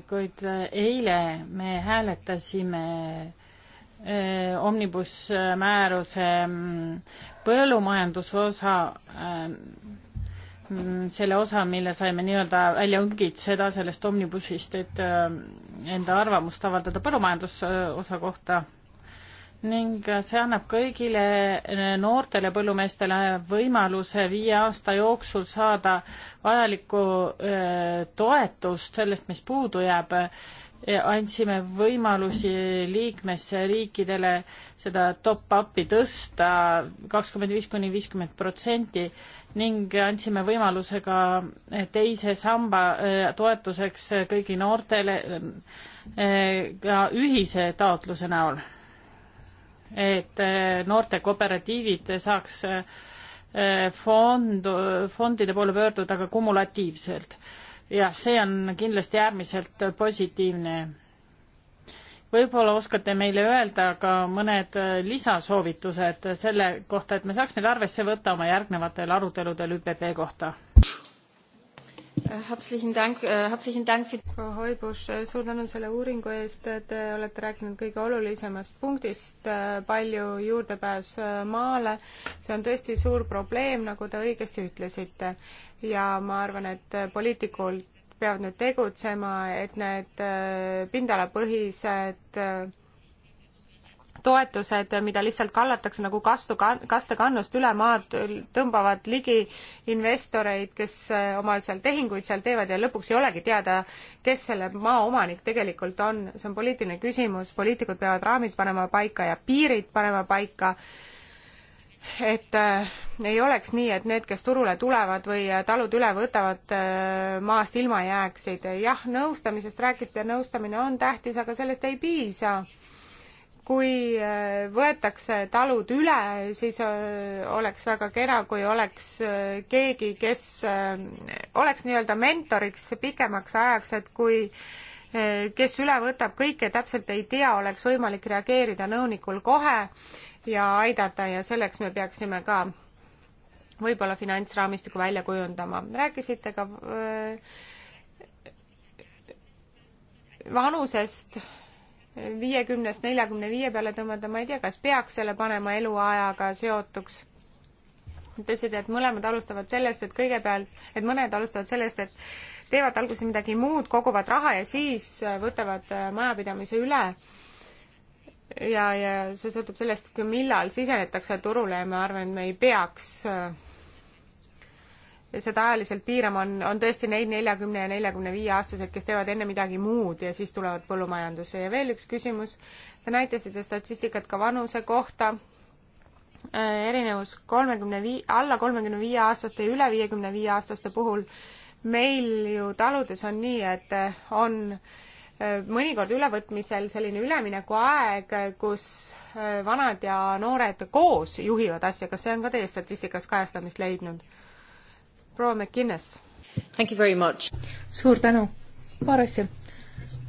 Speaker 4: kuid äh, eile me hääletasime äh, omnibus määruse mm, põllumajandusosa, äh, mm, selle osa, mille saime nii-öelda välja õngitseda sellest omnibusist, et enda arvamust avaldada põllumajandusosa kohta ning see annab kõigile noortele põllumeestele võimaluse viie aasta jooksul saada vajalikku toetust sellest, mis puudu jääb. andsime võimalusi liikmesriikidele seda top-up'i tõsta kakskümmend viis kuni viiskümmend protsenti ning andsime võimaluse ka teise samba toetuseks kõigi noortele ka ühise taotluse näol et äh, noorte kooperatiivid saaks äh, fond, fondide poole pöörduda ka kumulatiivselt. jah, see on kindlasti äärmiselt positiivne. võib-olla oskate meile öelda ka mõned äh, lisasoovitused selle kohta, et me saaks neid arvesse võtta oma järgnevatel aruteludel ÜPP kohta
Speaker 2: Äh, herzlichen Dank, äh, herzlichen Dank für... proua Hoibus, äh, suur tänu selle uuringu eest, te olete rääkinud kõige olulisemast punktist, palju juurdepääs maale, see on tõesti suur probleem, nagu te õigesti ütlesite. ja ma arvan, et poliitikud peavad nüüd tegutsema, et need pindalapõhised toetused, mida lihtsalt kallatakse nagu kastu, kastekannust üle maad, tõmbavad ligi investoreid, kes äh, oma seal tehinguid seal teevad ja lõpuks ei olegi teada, kes selle maa omanik tegelikult on. see on poliitiline küsimus, poliitikud peavad raamid panema paika ja piirid panema paika, et äh, ei oleks nii, et need, kes turule tulevad või äh, talud üle võtavad äh,, maast ilma jääksid. jah, nõustamisest rääkisite, nõustamine on tähtis, aga sellest ei piisa kui äh, võetakse talud üle, siis äh, oleks väga kena, kui oleks äh, keegi, kes oleks nii-öelda mentoriks pikemaks ajaks, et kui kes üle võtab kõike, täpselt ei tea, oleks võimalik reageerida nõunikul kohe ja aidata ja selleks me peaksime ka võib-olla finantsraamistiku välja kujundama. rääkisite ka vanusest äh, viiekümnest neljakümne viie peale tõmmata, ma ei tea, kas peaks selle panema eluajaga seotuks. ütlesid, et mõlemad alustavad sellest, et kõigepealt, et mõned alustavad sellest, et teevad alguses midagi muud, koguvad raha ja siis võtavad äh, majapidamise üle. ja, ja see sõltub sellest, millal sisenetakse turule ja ma arvan, et me ei peaks äh, seda ajaliselt piirama, on, on tõesti neid neljakümne ja neljakümne viie aastaseid, kes teevad enne midagi muud ja siis tulevad põllumajandusse ja veel üks küsimus, te näitasite statistikat ka vanuse kohta, äh, erinevus kolmekümne vii-, alla kolmekümne viie aastaste ja üle viiekümne viie aastaste puhul meil ju taludes on nii, et äh, on äh, mõnikord ülevõtmisel selline üleminekuaeg, kus vanad ja noored koos juhivad asja, kas see on ka teie statistikas kajastamist leidnud? proua McInnes.
Speaker 3: suur tänu, paar asja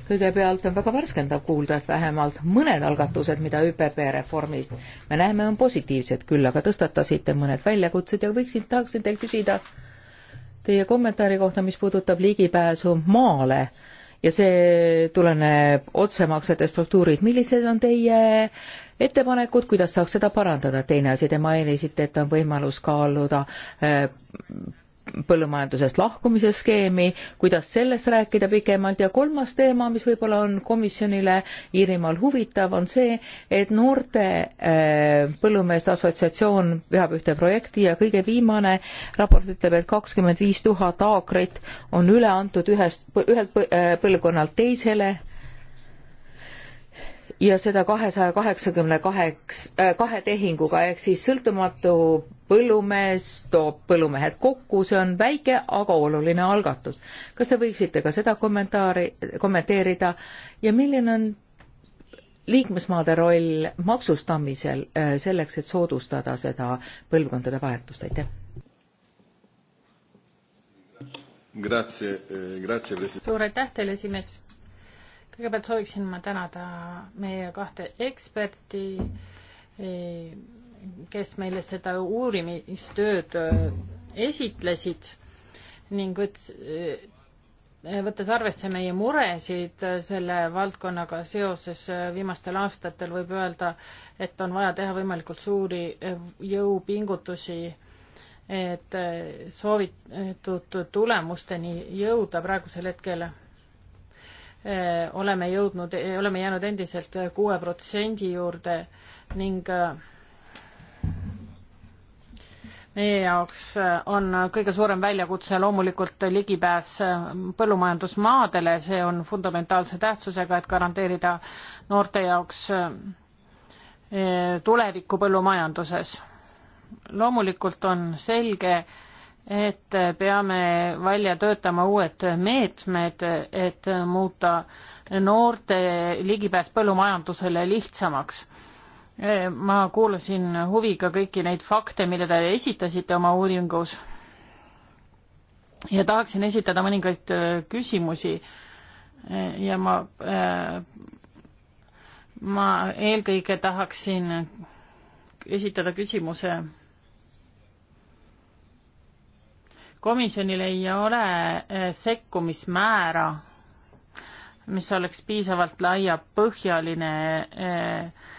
Speaker 3: kõigepealt on väga värskendav kuulda, et vähemalt mõned algatused, mida ÜPP reformist me näeme, on positiivsed, küll aga tõstatasite mõned väljakutsed ja võiksin, tahaksin teil küsida teie kommentaari kohta, mis puudutab ligipääsu maale ja see tuleneb otsemaksete struktuurid, millised on teie ettepanekud, kuidas saaks seda parandada, teine asi, te mainisite, et on võimalus kaaluda äh, põllumajandusest lahkumise skeemi, kuidas sellest rääkida pikemalt ja kolmas teema, mis võib-olla on komisjonile Iirimaal huvitav, on see, et noorte äh, põllumeeste assotsiatsioon veab ühte projekti ja kõige viimane raport ütleb, et kakskümmend viis tuhat aakrit on üle antud ühest, ühelt äh, põlvkonnalt teisele ja seda kahesaja kaheksakümne kaheks, äh, kahe tehinguga, ehk siis sõltumatu põllumees toob põllumehed kokku, see on väike, aga oluline algatus. kas te võiksite ka seda kommentaari, kommenteerida ja milline on liikmesmaade roll maksustamisel äh, selleks, et soodustada seda põlvkondade vahetust, aitäh! Eh,
Speaker 4: suur aitäh teile, esimees! kõigepealt sooviksin ma tänada meie kahte eksperti, eh, kes meile seda uurimistööd äh, esitlesid ning võts-, äh, võttes arvesse meie muresid äh, selle valdkonnaga seoses viimastel aastatel, võib öelda, et on vaja teha võimalikult suuri jõupingutusi, et soovitud tulemusteni jõuda praegusel hetkel oleme jõudnud, oleme jäänud endiselt kuue protsendi juurde ning meie jaoks äh, on kõige suurem väljakutse loomulikult ligipääs äh, põllumajandusmaadele, see on fundamentaalse tähtsusega, et garanteerida noorte jaoks äh, tulevikku põllumajanduses. loomulikult on selge, et peame välja töötama uued meetmed, et muuta noorte ligipääs põllumajandusele lihtsamaks ma kuulasin huviga kõiki neid fakte, mida te esitasite oma uuringus ja tahaksin esitada mõningaid äh, küsimusi äh, ja ma, äh, ma eelkõige tahaksin esitada küsimuse. komisjonil ei ole sekkumismäära, mis oleks piisavalt laiapõhjaline eh,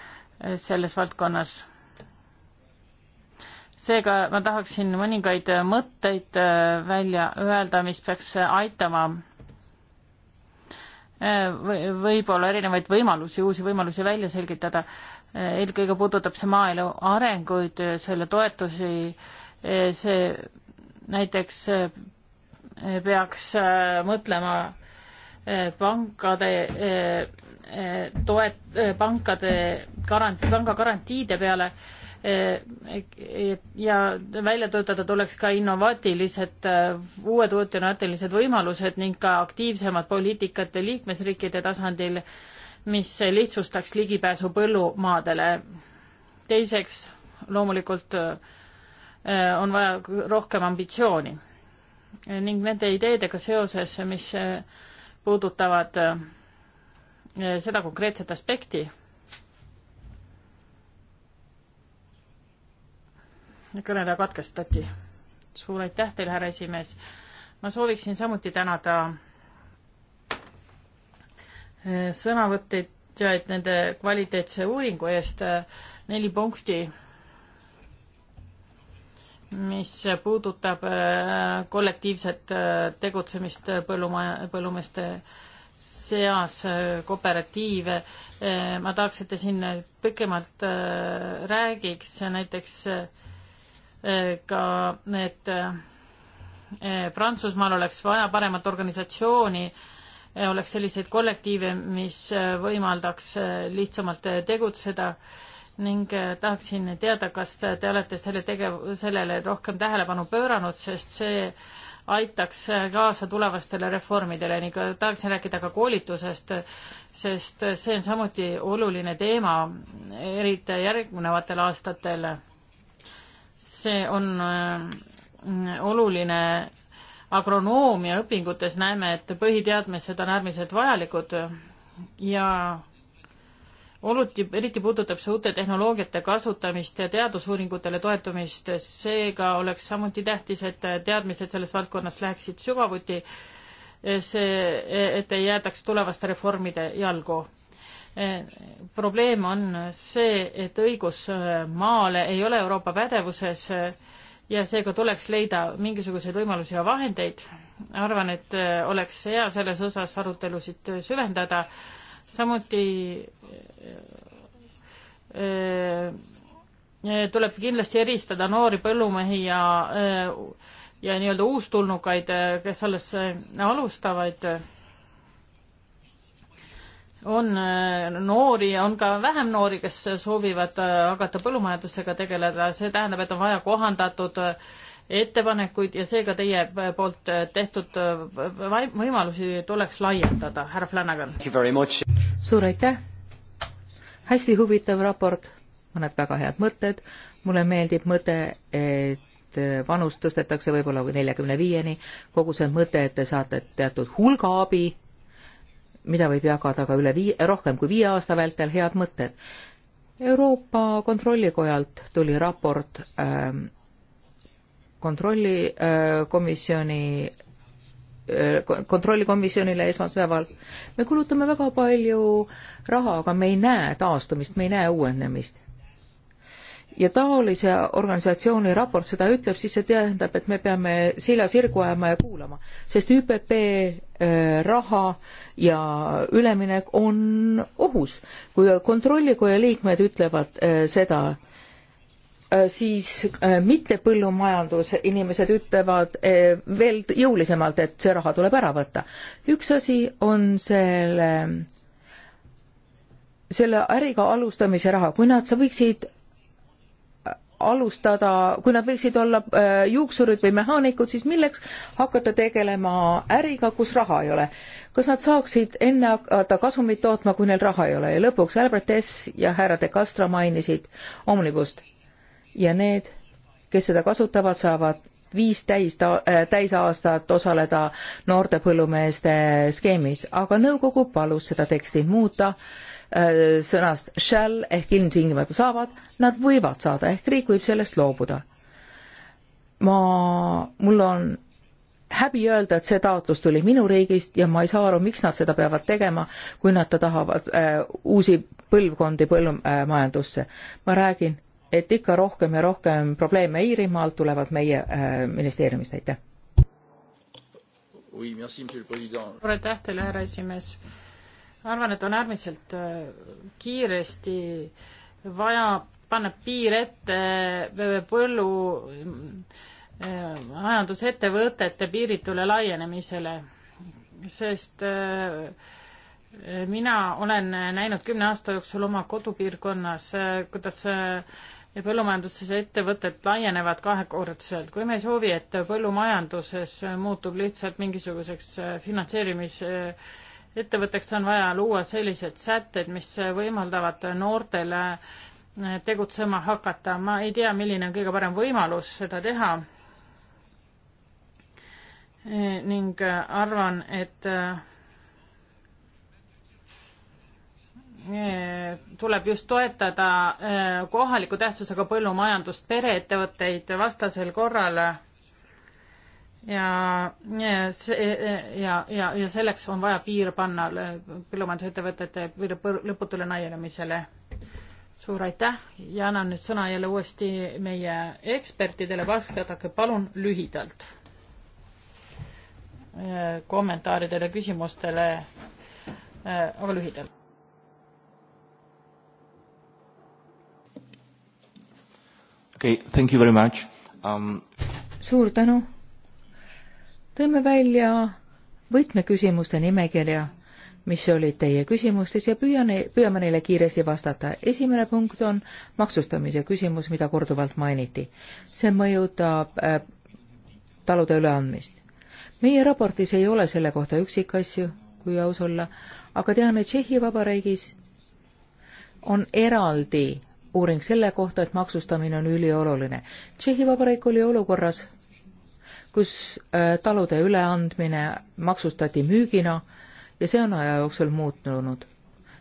Speaker 4: selles valdkonnas. seega ma tahaksin mõningaid mõtteid äh, välja öelda, mis peaks aitama äh, võib-olla erinevaid võimalusi, uusi võimalusi välja selgitada. Äh, eelkõige puudutab see maaelu arenguid, selle toetusi, see näiteks peaks mõtlema pankade Eh, toet-, eh, pankade garant-, panga garantiide peale eh, ja välja töötada tuleks ka innovaatilised, uued innovaatilised võimalused ning ka aktiivsemad poliitikad liikmesriikide tasandil, mis lihtsustaks ligipääsu põllumaadele. teiseks, loomulikult on vaja rohkem ambitsiooni ning nende ideedega seoses, mis puudutavad Äh, seda konkreetset aspekti. kõneleja katkestati. suur aitäh teile, härra esimees. ma sooviksin samuti tänada äh, sõnavõtjaid nende kvaliteetse uuringu eest. Äh, neli punkti, mis puudutab kollektiivset tegutsemist põllumaja, põllumeeste seas äh, kooperatiive. Äh, ma tahaks, et te siin pikemalt äh, räägiks näiteks ka need Prantsusmaal oleks vaja paremat organisatsiooni, oleks selliseid kollektiive, mis võimaldaks lihtsamalt tegutseda ning tahaksin teada, kas te olete selle tegev-, sellele rohkem tähelepanu pööranud, sest see äh, aitaks kaasa tulevastele reformidele ning tahaksin rääkida ka koolitusest, sest see on samuti oluline teema, eriti järgnevatel aastatel. see on äh, oluline agronoomia õpingutes näeme, et põhiteadmised on äärmiselt vajalikud ja oluti, eriti puudutab see uute tehnoloogiate kasutamist ja teadusuuringutele toetumist, seega oleks samuti tähtis, et teadmised selles valdkonnas läheksid sügavuti, see, et ei jäädaks tulevaste reformide jalgu. probleem on see, et õigus maale ei ole Euroopa pädevuses ja seega tuleks leida mingisuguseid võimalusi ja vahendeid. arvan, et oleks hea selles osas arutelusid süvendada samuti äh, äh, äh, tuleb kindlasti eristada noori põllumehi ja, ja nii-öelda uustulnukaid, kes alles alustavad. on noori ja on ka vähem noori, kes soovivad hakata põllumajandusega tegeleda, see tähendab, et on vaja kohandatud äh, ettepanekuid ja seega teie poolt tehtud võimalusi tuleks laiendada, härra Flanagan.
Speaker 3: suur aitäh, hästi huvitav raport, mõned väga head mõtted, mulle meeldib mõte, et vanust tõstetakse võib-olla neljakümne viieni, kogu see mõte, et te saate teatud hulga abi, mida võib jagada ka üle viie, rohkem kui viie aasta vältel, head mõtted. Euroopa Kontrollikojalt tuli raport ähm, kontrollikomisjoni äh, äh, kontrollikomisjonile esmaspäeval. me kulutame väga palju raha, aga me ei näe taastumist, me ei näe uuenemist. ja taolise organisatsiooni raport seda ütleb, siis see tähendab, et me peame selja sirgu ajama ja kuulama, sest ÜPP äh, raha ja üleminek on ohus. kui kontrollikoja liikmed ütlevad seda, Äh, siis äh, mittepõllumajandusinimesed ütlevad äh, veel jõulisemalt, et see raha tuleb ära võtta. üks asi on selle, selle äriga alustamise raha, kui nad võiksid alustada, kui nad võiksid olla juuksurid või mehaanikud, siis milleks hakata tegelema äriga, kus raha ei ole? kas nad saaksid enne hakata kasumit tootma, kui neil raha ei ole ja lõpuks Albert S ja härra de Castro mainisid Omnibust ja need, kes seda kasutavad, saavad viis täis, äh, täisaastat osaleda noorte põllumeeste skeemis, aga nõukogu palus seda teksti muuta äh, sõnast shall ehk ilmtingimata saavad, nad võivad saada ehk riik võib sellest loobuda. ma, mul on häbi öelda, et see taotlus tuli minu riigist ja ma ei saa aru, miks nad seda peavad tegema, kui nad ta tahavad äh, uusi põlvkondi põllumajandusse äh,. ma räägin et ikka rohkem ja rohkem probleeme Iirimaalt tulevad meie äh, ministeeriumist, aitäh.
Speaker 4: suur aitäh teile, härra esimees. arvan, et on äärmiselt äh, kiiresti vaja panna piir ette äh, põllu majandusettevõtete piiritule laienemisele, sest mina olen näinud kümne aasta jooksul oma kodupiirkonnas, kuidas ja põllumajanduses ettevõtted laienevad kahekordselt. kui me ei soovi, et põllumajanduses muutub lihtsalt mingisuguseks äh, finantseerimisettevõtteks, on vaja luua sellised sätted, mis võimaldavad noortele äh, tegutsema hakata. ma ei tea, milline on kõige parem võimalus seda teha. Äh, ning arvan, et tuleb just toetada äh, kohaliku tähtsusega põllumajandust, pereettevõtteid vastasel korral ja, ja see ja, ja, ja selleks on vaja piir panna äh, põllumajandusettevõtete lõputule naielemisele. suur aitäh ja annan nüüd sõna jälle uuesti meie ekspertidele, vastake palun lühidalt äh, kommentaaridele, küsimustele, aga lühidalt.
Speaker 1: okei okay,, thank you very much um....
Speaker 3: suur tänu. tõime välja võtmeküsimuste nimekirja, mis olid teie küsimustes ja püüan, püüame neile kiiresti vastata. esimene punkt on maksustamise küsimus, mida korduvalt mainiti. see mõjutab äh, talude üleandmist. meie raportis ei ole selle kohta üksikasju, kui aus olla, aga tean, et Tšehhi Vabariigis on eraldi uuring selle kohta, et maksustamine on ülioluline. Tšehhi Vabariik oli olukorras, kus äh, talude üleandmine maksustati müügina ja see on aja jooksul muutunud.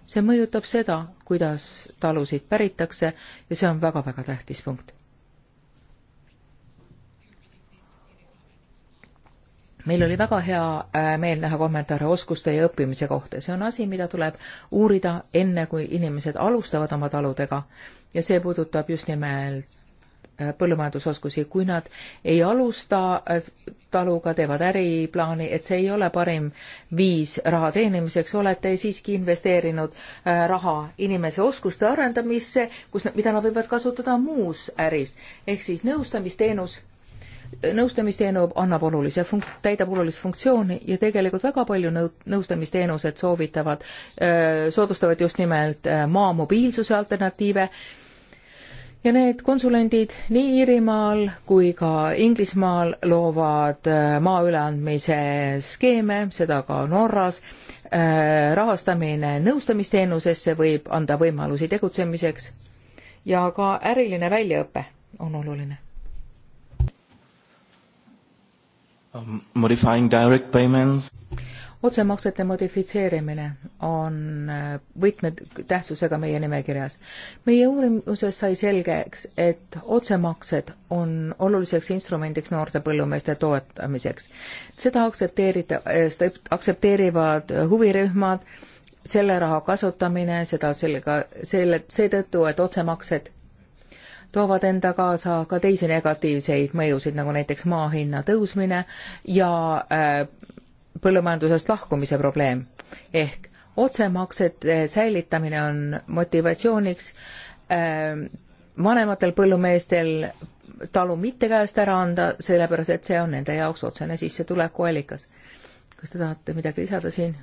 Speaker 3: see mõjutab seda, kuidas talusid päritakse ja see on väga-väga tähtis punkt. meil oli väga hea äh, meel näha kommentaare oskuste ja õppimise kohta. see on asi, mida tuleb uurida enne, kui inimesed alustavad oma taludega ja see puudutab just nimelt äh, põllumajandusoskusi, kui nad ei alusta äh, taluga, teevad äriplaani, et see ei ole parim viis raha teenimiseks, olete siiski investeerinud raha inimese oskuste arendamisse, kus, mida nad võivad kasutada muus äris. ehk siis nõustamisteenus nõustamisteenus annab olulise funk-, täidab olulist funktsiooni ja tegelikult väga palju nõu-, nõustamisteenused soovitavad, soodustavad just nimelt maa mobiilsuse alternatiive ja need konsulendid nii Iirimaal kui ka Inglismaal loovad maa üleandmise skeeme, seda ka Norras. rahastamine nõustamisteenusesse võib anda võimalusi tegutsemiseks ja ka äriline väljaõpe on oluline um,? Modifying direct payments? otsemaksete modifitseerimine on äh, võtmetähtsusega meie nimekirjas. meie uurimuses sai selgeks, et otsemaksed on oluliseks instrumendiks noorte põllumeeste toetamiseks. seda aktsepteerida, äh, aktsepteerivad huvirühmad, selle raha kasutamine, seda sellega, selle, seetõttu, et otsemaksed toovad enda kaasa ka teisi negatiivseid mõjusid, nagu näiteks maa hinna tõusmine ja äh, põllumajandusest lahkumise probleem. ehk otsemaksete säilitamine on motivatsiooniks äh, vanematel põllumeestel talu mitte käest ära anda, sellepärast et see on nende jaoks otsene sissetulekuallikas. kas te tahate midagi lisada siin?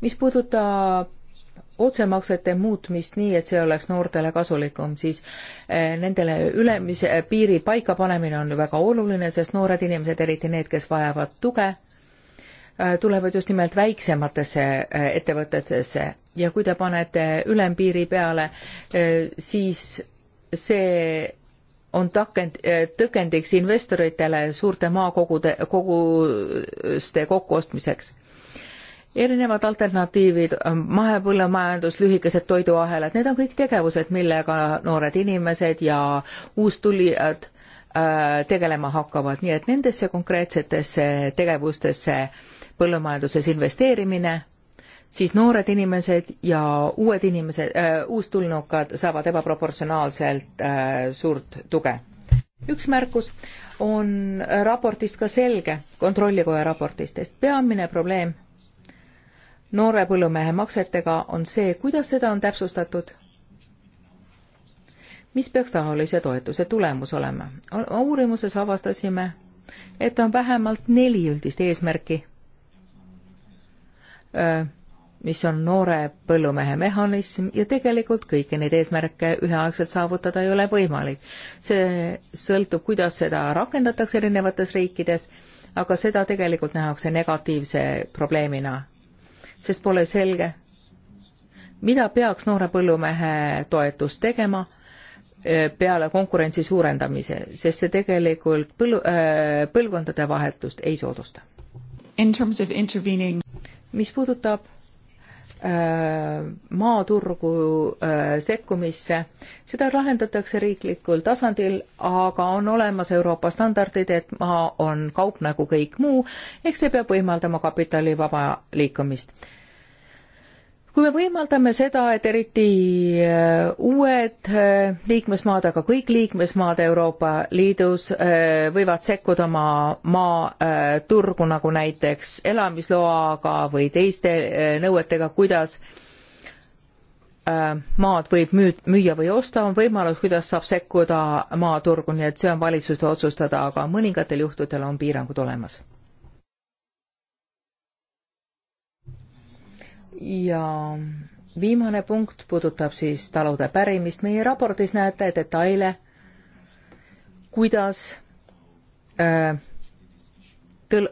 Speaker 3: mis puudutab otsemaksete muutmist nii, et see oleks noortele kasulikum, siis eh, nendele ülemise eh, piiri paikapanemine on ju väga oluline, sest noored inimesed, eriti need, kes vajavad tuge, eh, tulevad just nimelt väiksematesse ettevõtetesse ja kui te panete ülempiiri peale, siis see on takend, tõkendiks investoritele suurte maakogude, koguste kokkuostmiseks erinevad alternatiivid, ähm, mahepõllumajandus, lühikesed toiduahelad, need on kõik tegevused, millega noored inimesed ja uustulijad äh, tegelema hakkavad, nii et nendesse konkreetsetesse tegevustesse põllumajanduses investeerimine, siis noored inimesed ja uued inimesed äh,, uustulnukad saavad ebaproportsionaalselt äh, suurt tuge. üks märkus on raportist ka selge, Kontrollikoja raportistest, peamine probleem noore põllumehe maksetega, on see, kuidas seda on täpsustatud. mis peaks taolise toetuse tulemus olema? uurimuses avastasime, et on vähemalt neli üldist eesmärki, mis on noore põllumehe mehhanism ja tegelikult kõiki neid eesmärke üheaegselt saavutada ei ole võimalik. see sõltub, kuidas seda rakendatakse erinevates riikides, aga seda tegelikult nähakse negatiivse probleemina sest pole selge, mida peaks noore põllumehe toetus tegema e, peale konkurentsi suurendamise, sest see tegelikult põllu- äh,, põlvkondade vahetust ei soodusta. mis puudutab Äh, maaturgu äh, sekkumisse. seda lahendatakse riiklikul tasandil, aga on olemas Euroopa standardid, et maa on kaup nagu kõik muu, ehk see peab võimaldama kapitali vaba liikumist kui me võimaldame seda, et eriti äh, uued äh, liikmesmaad, aga kõik liikmesmaad Euroopa Liidus äh, võivad sekkuda oma maa turgu, nagu näiteks elamisloaga või teiste nõuetega, kuidas maad võib müü-, müüa või osta, on võimalus, kuidas saab sekkuda maaturgu, nii et see on valitsuste otsustada, aga mõningatel juhtudel on piirangud olemas ja viimane punkt puudutab siis talude pärimist. meie raportis näete detaile, kuidas äh,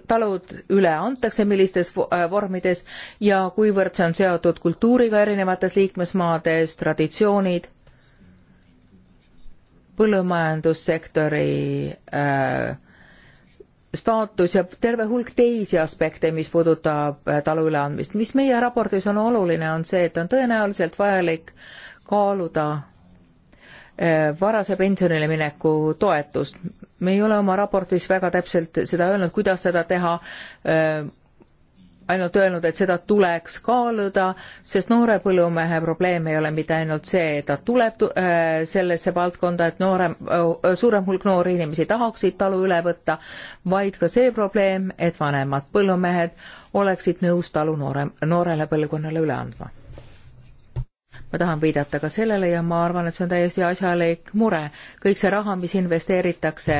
Speaker 3: talud üle antakse, millistes äh, vormides ja kuivõrd see on seotud kultuuriga erinevates liikmesmaades, traditsioonid, põllumajandussektori äh, staatus ja terve hulk teisi aspekte, mis puudutab äh, talu üleandmist. mis meie raportis on oluline, on see, et on tõenäoliselt vajalik kaaluda äh, varase pensionile mineku toetust. me ei ole oma raportis väga täpselt seda öelnud, kuidas seda teha äh, ainult öelnud, et seda tuleks kaaluda, sest noore põllumehe probleem ei ole mitte ainult see, et ta tuleb äh, sellesse valdkonda, et noorem, äh, suurem hulk noori inimesi tahaksid talu üle võtta, vaid ka see probleem, et vanemad põllumehed oleksid nõus talu noorem, noorele põlvkonnale üle andma ma tahan viidata ka sellele ja ma arvan, et see on täiesti asjalik mure. kõik see raha, mis investeeritakse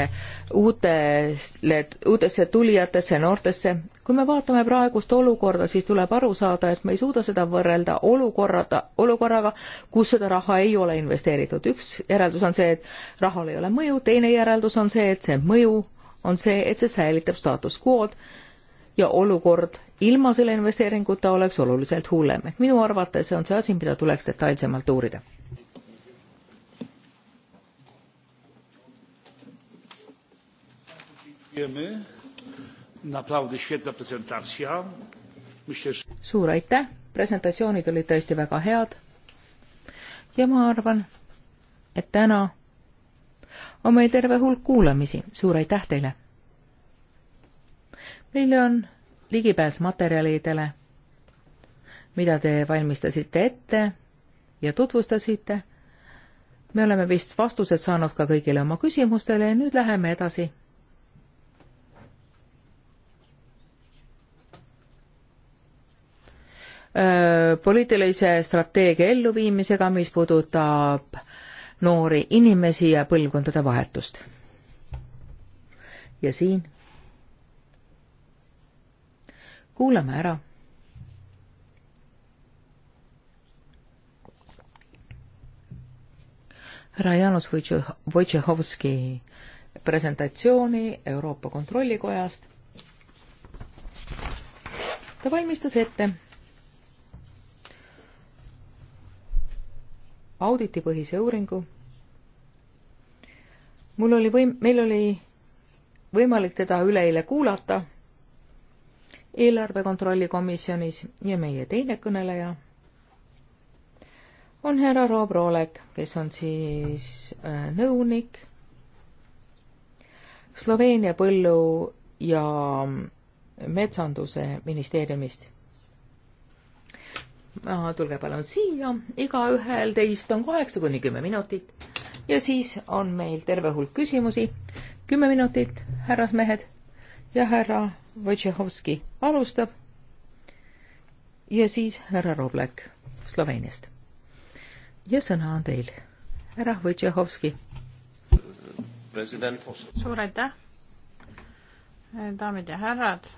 Speaker 3: uutele, uutesse tulijatesse, noortesse, kui me vaatame praegust olukorda, siis tuleb aru saada, et me ei suuda seda võrrelda olukorraga, olukorraga, kus seda raha ei ole investeeritud. üks järeldus on see, et rahal ei ole mõju, teine järeldus on see, et see mõju on see, et see säilitab staatus quo'd ja olukord ilma selle investeeringuta oleks oluliselt hullem. ehk minu arvates on see asi, mida tuleks detailsemalt uurida. suur aitäh, presentatsioonid olid tõesti väga head. ja ma arvan, et täna on meil terve hulk kuulamisi, suur aitäh teile! meile on ligipääs materjalidele, mida te valmistasite ette ja tutvustasite. me oleme vist vastused saanud ka kõigile oma küsimustele ja nüüd läheme edasi. poliitilise strateegia elluviimisega, mis puudutab noori inimesi ja põlvkondade vahetust. ja siin kuulame ära. härra Jaanus Wojciechowski presentatsiooni Euroopa Kontrollikojast. ta valmistas ette auditipõhise uuringu. mul oli võim-, meil oli võimalik teda üleeile kuulata eelarve kontrolli komisjonis ja meie teine kõneleja on härra Rob Roolek, kes on siis äh, nõunik Sloveenia põllu- ja mm, metsanduse ministeeriumist no,. tulge palun siia, igaühel teist on kaheksa kuni kümme minutit ja siis on meil terve hulk küsimusi. kümme minutit, härrasmehed ja härra Võtšehovski alustab ja siis härra Roblek Sloveeniast. ja sõna on teil, härra Võtšehovski. suur aitäh, daamid ja härrad.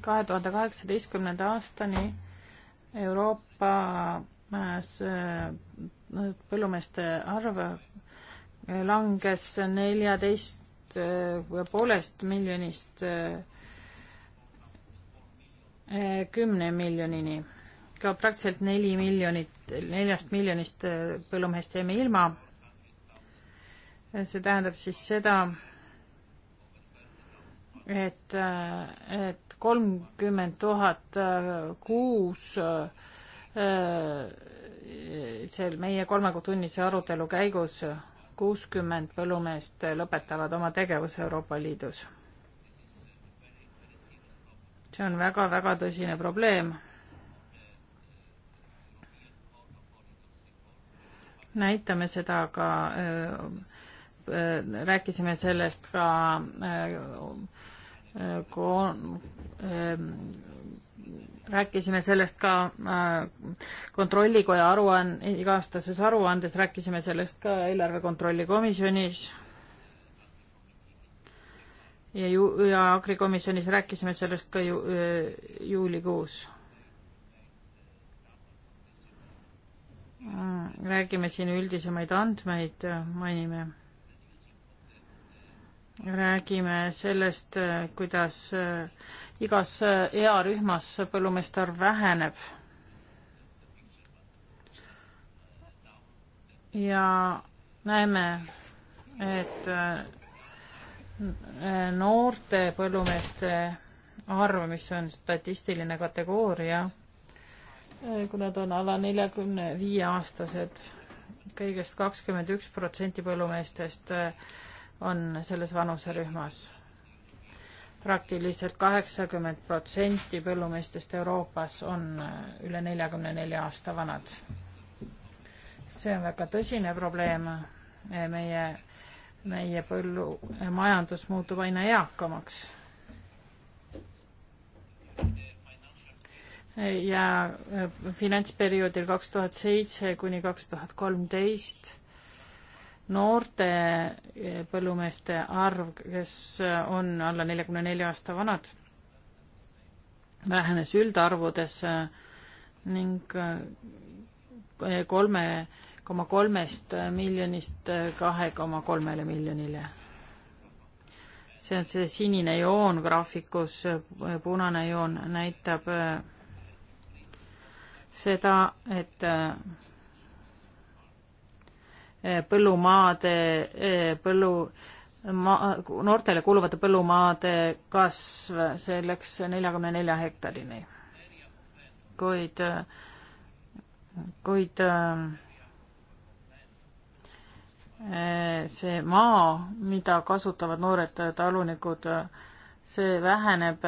Speaker 4: kahe tuhande kaheksateistkümnenda aastani Euroopa Äh, põllumeeste arv äh, langes neljateist äh, poolest miljonist kümne miljonini. ka praktiliselt neli miljonit, neljast miljonist põllumehest jäime ilma. see tähendab siis seda, et, et kolmkümmend tuhat kuus äh, Äh, seal meie kolmekuutunnise arutelu käigus kuuskümmend põllumeest lõpetavad oma tegevuse Euroopa Liidus. see on väga-väga tõsine probleem. näitame seda ka, äh, äh, rääkisime sellest ka öö, öö, rääkisime sellest ka äh, kontrollikoja aruanne, iga-aastases aruandes rääkisime sellest ka eelarve kontrolli komisjonis. ja ju-, ja agrikomisjonis rääkisime sellest ka ju-, äh, juulikuus mm, räägime siin üldisemaid andmeid, äh, mainime räägime sellest, kuidas äh, igas äh, earühmas põllumeeste arv väheneb. ja näeme, et äh, noorte põllumeeste arv, mis on statistiline kategooria, kui nad on alla neljakümne viie aastased kõigest, kõigest kakskümmend üks protsenti põllumeestest äh, on selles vanuserühmas. praktiliselt kaheksakümmend protsenti põllumeestest Euroopas on äh, üle neljakümne nelja aasta vanad. see on väga tõsine probleem. Äh, meie, meie põllumajandus äh, muutub aina eakamaks. ja finantsperioodil kaks tuhat seitse kuni kaks tuhat kolmteist noorte eh, põllumeeste arv, kes eh, on alla neljakümne nelja aasta vanad, vähenes üldarvudes eh, ning kolme koma kolmest miljonist kahe koma kolmele miljonile. see on see sinine joon graafikus, punane joon näitab seda, et Eh, põllumaade, eh, põllu, maa, noortele kuuluvate põllumaade kasv selleks neljakümne nelja hektarini. kuid, kuid eh, see maa, mida kasutavad noored talunikud, see väheneb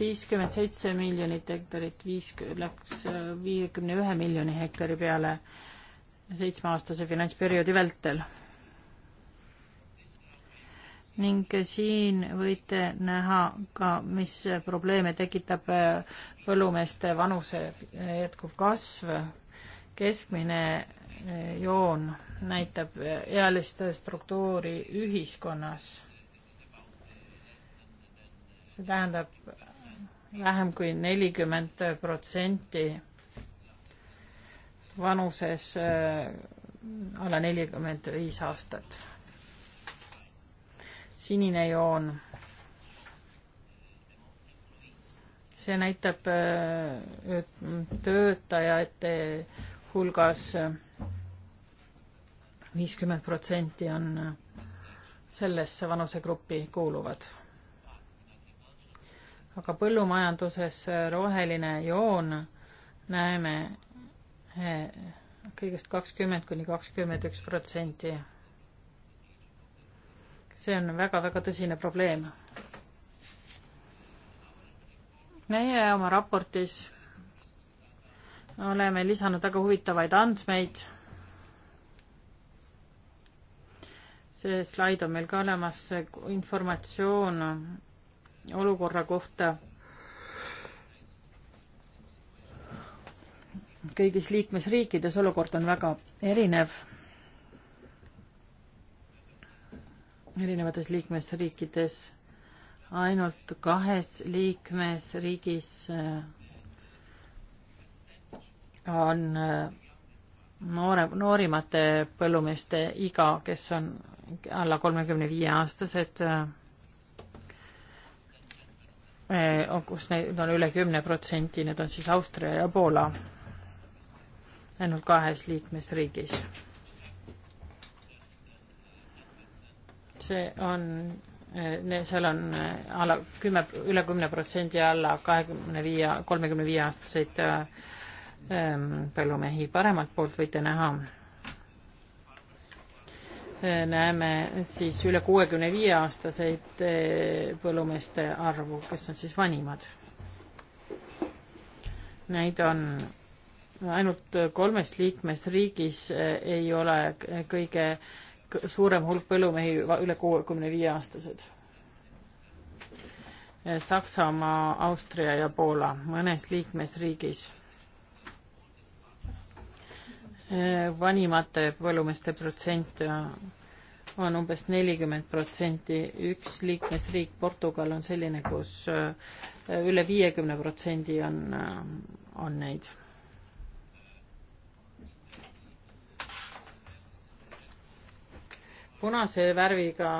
Speaker 4: viiskümmend seitse miljonit hektarit, viis, läks äh, viiekümne ühe miljoni hektari peale seitsmeaastase finantsperioodi vältel. ning siin võite näha ka, mis probleeme tekitab äh, põllumeeste vanuse jätkuv kasv. keskmine äh, joon näitab ealist struktuuri ühiskonnas see tähendab vähem kui nelikümmend protsenti vanuses äh, alla nelikümmend viis aastat. sinine joon. see näitab äh, töötajate hulgas viiskümmend protsenti on äh, sellesse vanusegruppi kuuluvad aga põllumajanduses äh, roheline joon näeme äh, kõigest kakskümmend kuni kakskümmend üks protsenti. see on väga-väga tõsine probleem. meie oma raportis oleme lisanud väga huvitavaid andmeid. see slaid on meil ka olemas, informatsioon olukorra kohta kõigis liikmesriikides, olukord on väga erinev. erinevates liikmesriikides, ainult kahes liikmesriigis äh, on äh, noore, noorimate põllumeeste iga, kes on alla kolmekümne viie aastased äh, Eh, kus neid on üle kümne protsendi, need on siis Austria ja Poola ainult kahes liikmesriigis. see on, eh, seal on eh, alla kümme, üle kümne protsendi alla kahekümne viie, kolmekümne viie aastaseid põllumehi, paremalt poolt võite näha näeme siis üle kuuekümne viie aastaseid eh, põllumeeste arvu, kes on siis vanimad. Neid on ainult kolmes liikmesriigis eh, ei ole kõige suurem hulk põllumehi üle kuuekümne viie aastased. Eh, Saksamaa, Austria ja Poola mõnes liikmesriigis vanimate põllumeeste protsent on umbes nelikümmend protsenti, üks liikmesriik, Portugal, on selline, kus äh, üle viiekümne protsendi on, äh, on neid. punase värviga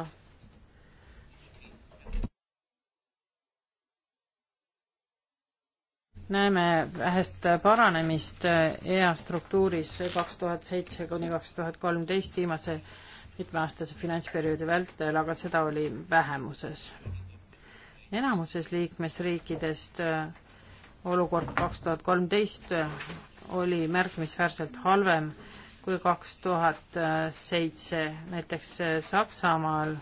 Speaker 4: näeme vähest paranemist äh, EA struktuuris kaks tuhat seitse kuni kaks tuhat kolmteist viimase mitmeaastase finantsperioodi vältel, aga seda oli vähemuses. enamuses liikmesriikidest äh, olukord kaks tuhat kolmteist äh, oli märkimisväärselt halvem kui kaks tuhat seitse, näiteks Saksamaal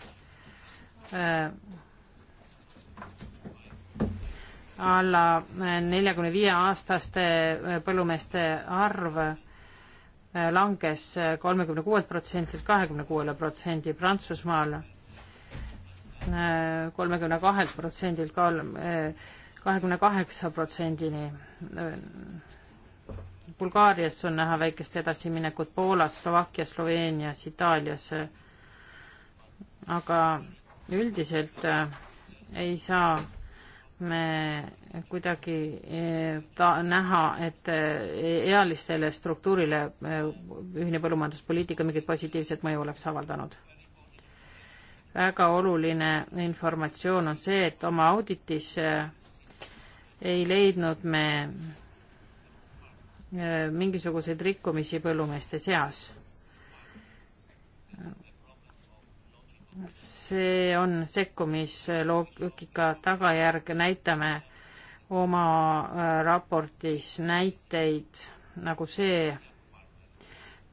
Speaker 4: alla neljakümne viie aastaste eh, põllumeeste arv eh, langes eh, kolmekümne kuuelt protsendilt kahekümne kuuele protsendi Prantsusmaal, kolmekümne kahelt protsendilt kahekümne kaheksa protsendini. Bulgaarias on näha väikest edasiminekut Poolas, Slovakkias, Sloveenias, Itaalias, aga üldiselt ei saa me kuidagi eh, ta, näha, et eh, ealistele struktuurile eh, ühine põllumajanduspoliitika mingit positiivset mõju oleks avaldanud. väga oluline informatsioon on see, et oma auditis ei leidnud me mingisuguseid rikkumisi põllumeeste seas see on sekkumisloogika tagajärg, näitame oma äh, raportis näiteid nagu see,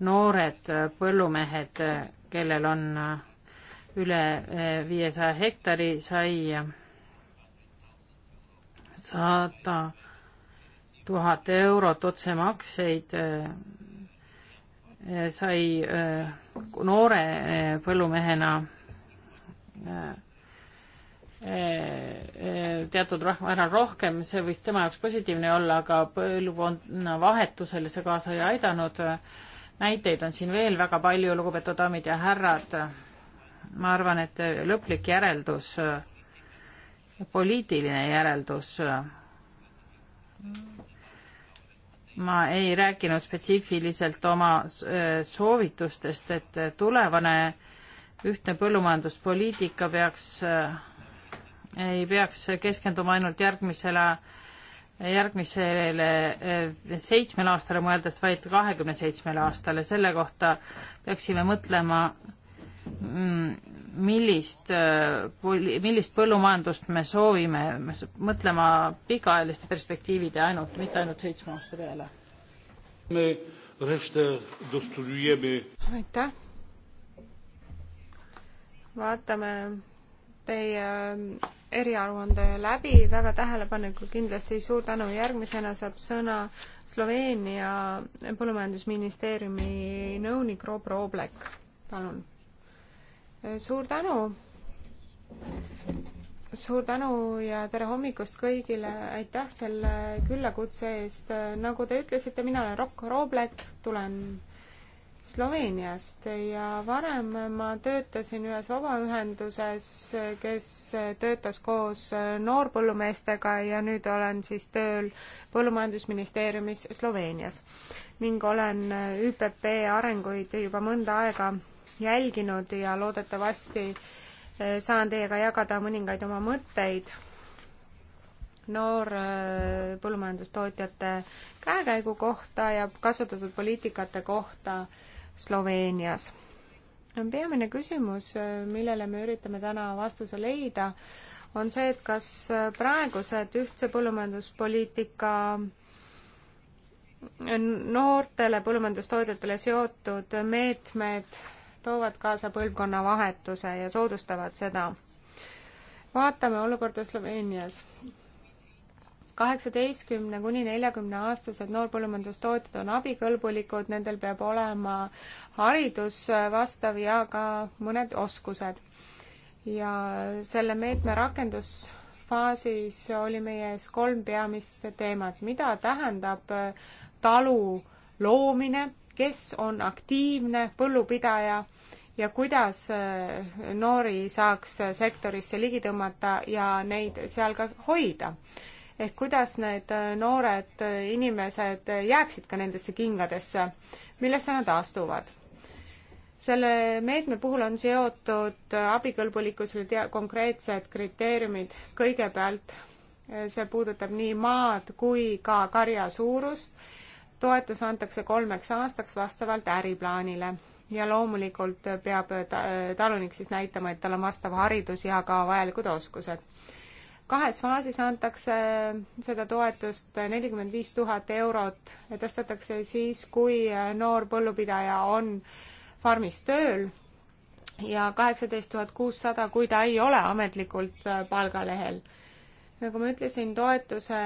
Speaker 4: noored äh, põllumehed, äh, kellel on üle viiesaja hektari, sai sada tuhat eurot otsemakseid, sai noore põllumehena Äh, äh, teatud rahvamääral rohkem, see võis tema jaoks positiivne olla, aga põlvkonna vahetusel see kaasa ei aidanud. näiteid on siin veel väga palju, lugupeetud daamid ja härrad. ma arvan, et lõplik järeldus, poliitiline järeldus, ma ei rääkinud spetsiifiliselt oma soovitustest, et tulevane äh, ühtne põllumajanduspoliitika peaks, äh, ei peaks keskenduma ainult järgmisele, järgmisele äh, seitsmele aastale mõeldes, vaid kahekümne seitsmele aastale. selle kohta peaksime mõtlema, mm, millist, äh, millist põllumajandust me soovime, mõtlema pikaajaliste perspektiivide ainult, mitte ainult seitsme aasta peale. aitäh
Speaker 2: vaatame teie ähm, eriaruande läbi väga tähelepanelikult kindlasti, suur tänu, järgmisena saab sõna Sloveenia põllumajandusministeeriumi nõunik Rob Roblek, palun. Äh, suur tänu, suur tänu ja tere hommikust kõigile, aitäh selle küllakutse eest, äh, nagu te ütlesite, mina olen Rocco Roblek, tulen Sloveeniast ja varem ma töötasin ühes vabaühenduses, kes töötas koos noorpõllumeestega ja nüüd olen siis tööl Põllumajandusministeeriumis Sloveenias ning olen ÜPP arenguid juba mõnda aega jälginud ja loodetavasti eh, saan teiega jagada mõningaid oma mõtteid noor eh, põllumajandustootjate käekäigu kohta ja kasutatud poliitikate kohta Sloveenias. peamine küsimus, millele me üritame täna vastuse leida, on see, et kas praegused ühtse põllumajanduspoliitika noortele põllumajandustootjatele seotud meetmed toovad kaasa põlvkonnavahetuse ja soodustavad seda. vaatame olukorda Sloveenias kaheksateistkümne kuni neljakümne aastased noorpõllumajandustootjad on abikõlbulikud, nendel peab olema haridus vastav ja ka mõned oskused. ja selle meetme rakendusfaasis oli meie ees kolm peamist teemat, mida tähendab talu loomine, kes on aktiivne põllupidaja ja kuidas noori saaks sektorisse ligi tõmmata ja neid seal ka hoida ehk kuidas need äh, noored äh, inimesed äh, jääksid ka nendesse kingadesse, millesse nad astuvad selle meetme puhul on seotud abikõlbulikkusele tea-, konkreetsed kriteeriumid. kõigepealt see puudutab nii maad kui ka karja suurust. toetus antakse kolmeks aastaks vastavalt äriplaanile ja loomulikult peab ta, talunik siis näitama, et tal on vastav haridus ja ka vajalikud oskused kahes faasis antakse seda toetust nelikümmend viis tuhat eurot ja tõstetakse siis, kui noor põllupidaja on farmis tööl ja kaheksateist tuhat kuussada, kui ta ei ole ametlikult palgalehel. nagu ma ütlesin, toetuse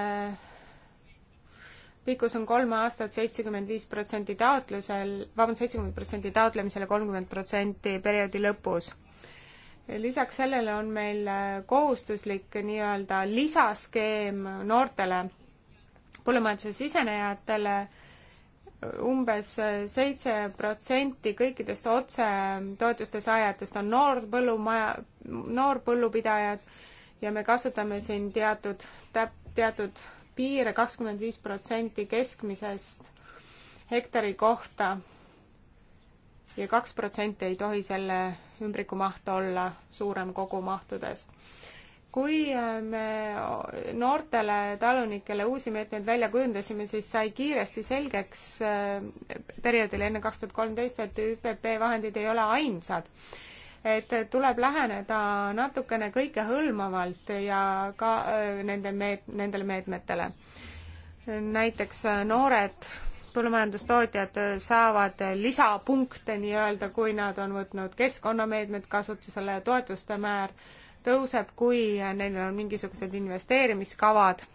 Speaker 2: pikkus on kolm aastat, seitsekümmend viis protsenti taotlusel, vabandust, seitsekümmend protsenti taotlemisel ja kolmkümmend protsenti perioodi lõpus lisaks sellele on meil äh, kohustuslik nii-öelda lisaskeem noortele põllumajanduse sisenejatele umbes äh, seitse protsenti kõikidest otsetoetuste saajatest on noorpõllumaja, noorpõllupidajad ja me kasutame siin teatud täp-, teatud piire kakskümmend viis protsenti keskmisest hektari kohta ja kaks protsenti ei tohi selle ümbriku maht olla suurem kogumahtudest. kui äh, me noortele talunikele uusi meetmeid välja kujundasime, siis sai kiiresti selgeks äh, perioodil enne kaks tuhat kolmteist, et ÜPP vahendid ei ole ainsad et tuleb läheneda natukene kõikehõlmavalt ja ka äh, nende meet-, nendele meetmetele. näiteks noored põllumajandustootjad äh, saavad äh, lisapunkte nii-öelda, kui nad on võtnud keskkonnameetmed kasutusele ja toetuste määr tõuseb, kui äh, neil on mingisugused investeerimiskavad.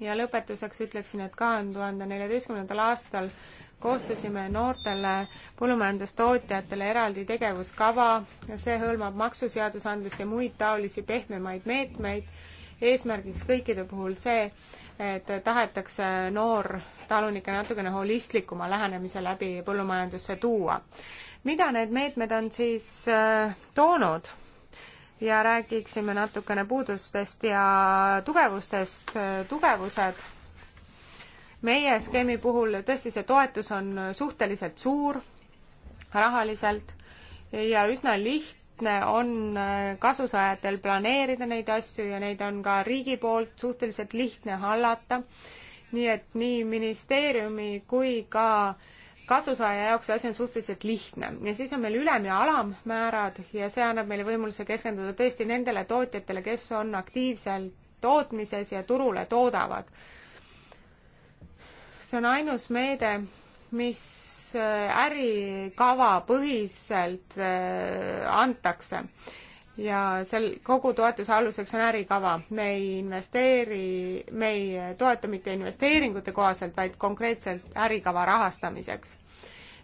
Speaker 2: ja lõpetuseks ütleksin, et kahe tuhande neljateistkümnendal aastal koostasime noortele põllumajandustootjatele eraldi tegevuskava ja see hõlmab maksuseadusandlust ja muid taolisi pehmemaid meetmeid eesmärgiks kõikide puhul see, et tahetakse noor talunikke natukene holistlikuma lähenemise läbi põllumajandusse tuua. mida need meetmed on siis äh, toonud? ja räägiksime natukene puudustest ja tugevustest. Äh, tugevused meie skeemi puhul tõesti see toetus on suhteliselt suur rahaliselt ja üsna lihtne lihtne on äh, kasusaajatel planeerida neid asju ja neid on ka riigi poolt suhteliselt lihtne hallata. nii et nii ministeeriumi kui ka kasusaaja jaoks see asi on suhteliselt lihtne ja siis on meil ülem- ja alammäärad ja see annab meile võimaluse keskenduda tõesti nendele tootjatele, kes on aktiivselt tootmises ja turule toodavad. see on ainus meede, mis Äh, ärikava põhiselt äh, antakse ja seal kogu toetuse aluseks on ärikava. me ei investeeri, me ei toeta mitte investeeringute kohaselt, vaid konkreetselt ärikava rahastamiseks.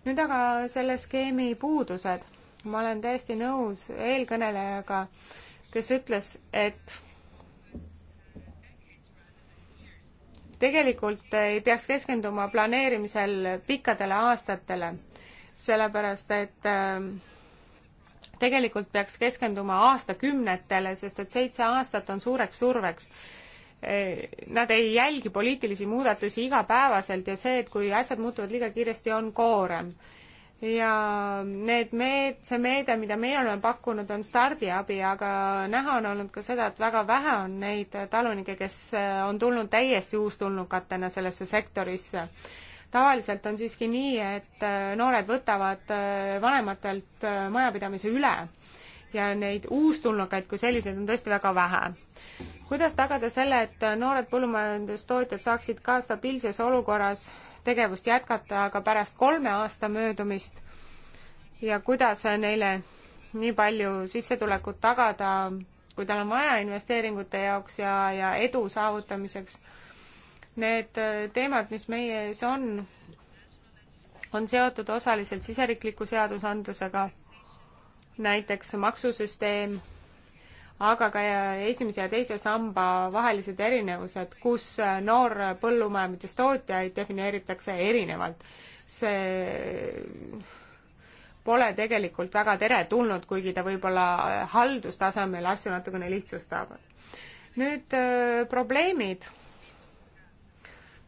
Speaker 2: nüüd aga selle skeemi puudused. ma olen täiesti nõus eelkõnelejaga, kes ütles, et tegelikult ei peaks keskenduma planeerimisel pikkadele aastatele, sellepärast et ähm, tegelikult peaks keskenduma aastakümnetele, sest et seitse aastat on suureks surveks. Äh, nad ei jälgi poliitilisi muudatusi igapäevaselt ja see, et kui asjad muutuvad liiga kiiresti, on koorem ja need meed, see meede, mida meie oleme pakkunud, on stardiabi, aga näha on olnud ka seda, et väga vähe on neid talunikke, kes äh, on tulnud täiesti uustulnukatena sellesse sektorisse. tavaliselt on siiski nii, et äh, noored võtavad äh, vanematelt majapidamise üle ja neid uustulnukaid kui selliseid on tõesti väga vähe. kuidas tagada selle, et noored põllumajandustootjad saaksid ka stabiilses olukorras tegevust jätkata aga pärast kolme aasta möödumist ja kuidas neile nii palju sissetulekut tagada, kui tal on vaja investeeringute jaoks ja, ja edu saavutamiseks. Need äh, teemad, mis meie ees on, on seotud osaliselt siseriikliku seadusandlusega, näiteks maksusüsteem aga ka esimese ja teise samba vahelised erinevused, kus äh, noor põllumajandustootjaid defineeritakse erinevalt. see pole tegelikult väga teretulnud, kuigi ta võib-olla äh, haldustasemel asju natukene lihtsustab. nüüd äh, probleemid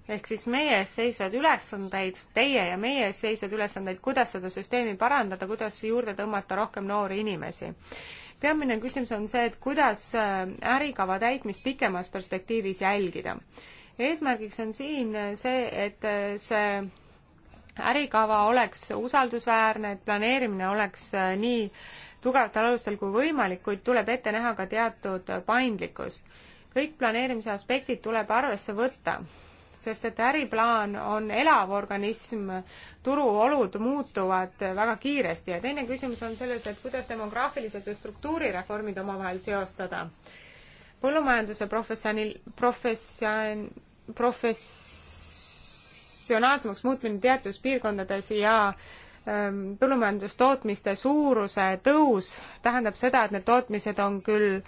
Speaker 2: ehk siis meie ees seisvaid ülesandeid, teie ja meie ees seisvaid ülesandeid, kuidas seda süsteemi parandada, kuidas juurde tõmmata rohkem noori inimesi peamine küsimus on see, et kuidas äh, ärikava täitmist pikemas perspektiivis jälgida. eesmärgiks on siin see, et äh, see ärikava oleks usaldusväärne, et planeerimine oleks äh, nii tugevatel alustel kui võimalik, kuid tuleb ette näha ka teatud paindlikkust. kõik planeerimise aspektid tuleb arvesse võtta sest et äriplaan on elav organism, turuolud muutuvad väga kiiresti ja teine küsimus on selles, et kuidas demograafilised ja struktuurireformid omavahel seostada. põllumajanduse professionil-, profession-, professionaalsemaks muutmine teatud piirkondades ja ähm, põllumajandustootmiste suuruse tõus tähendab seda, et need tootmised on küll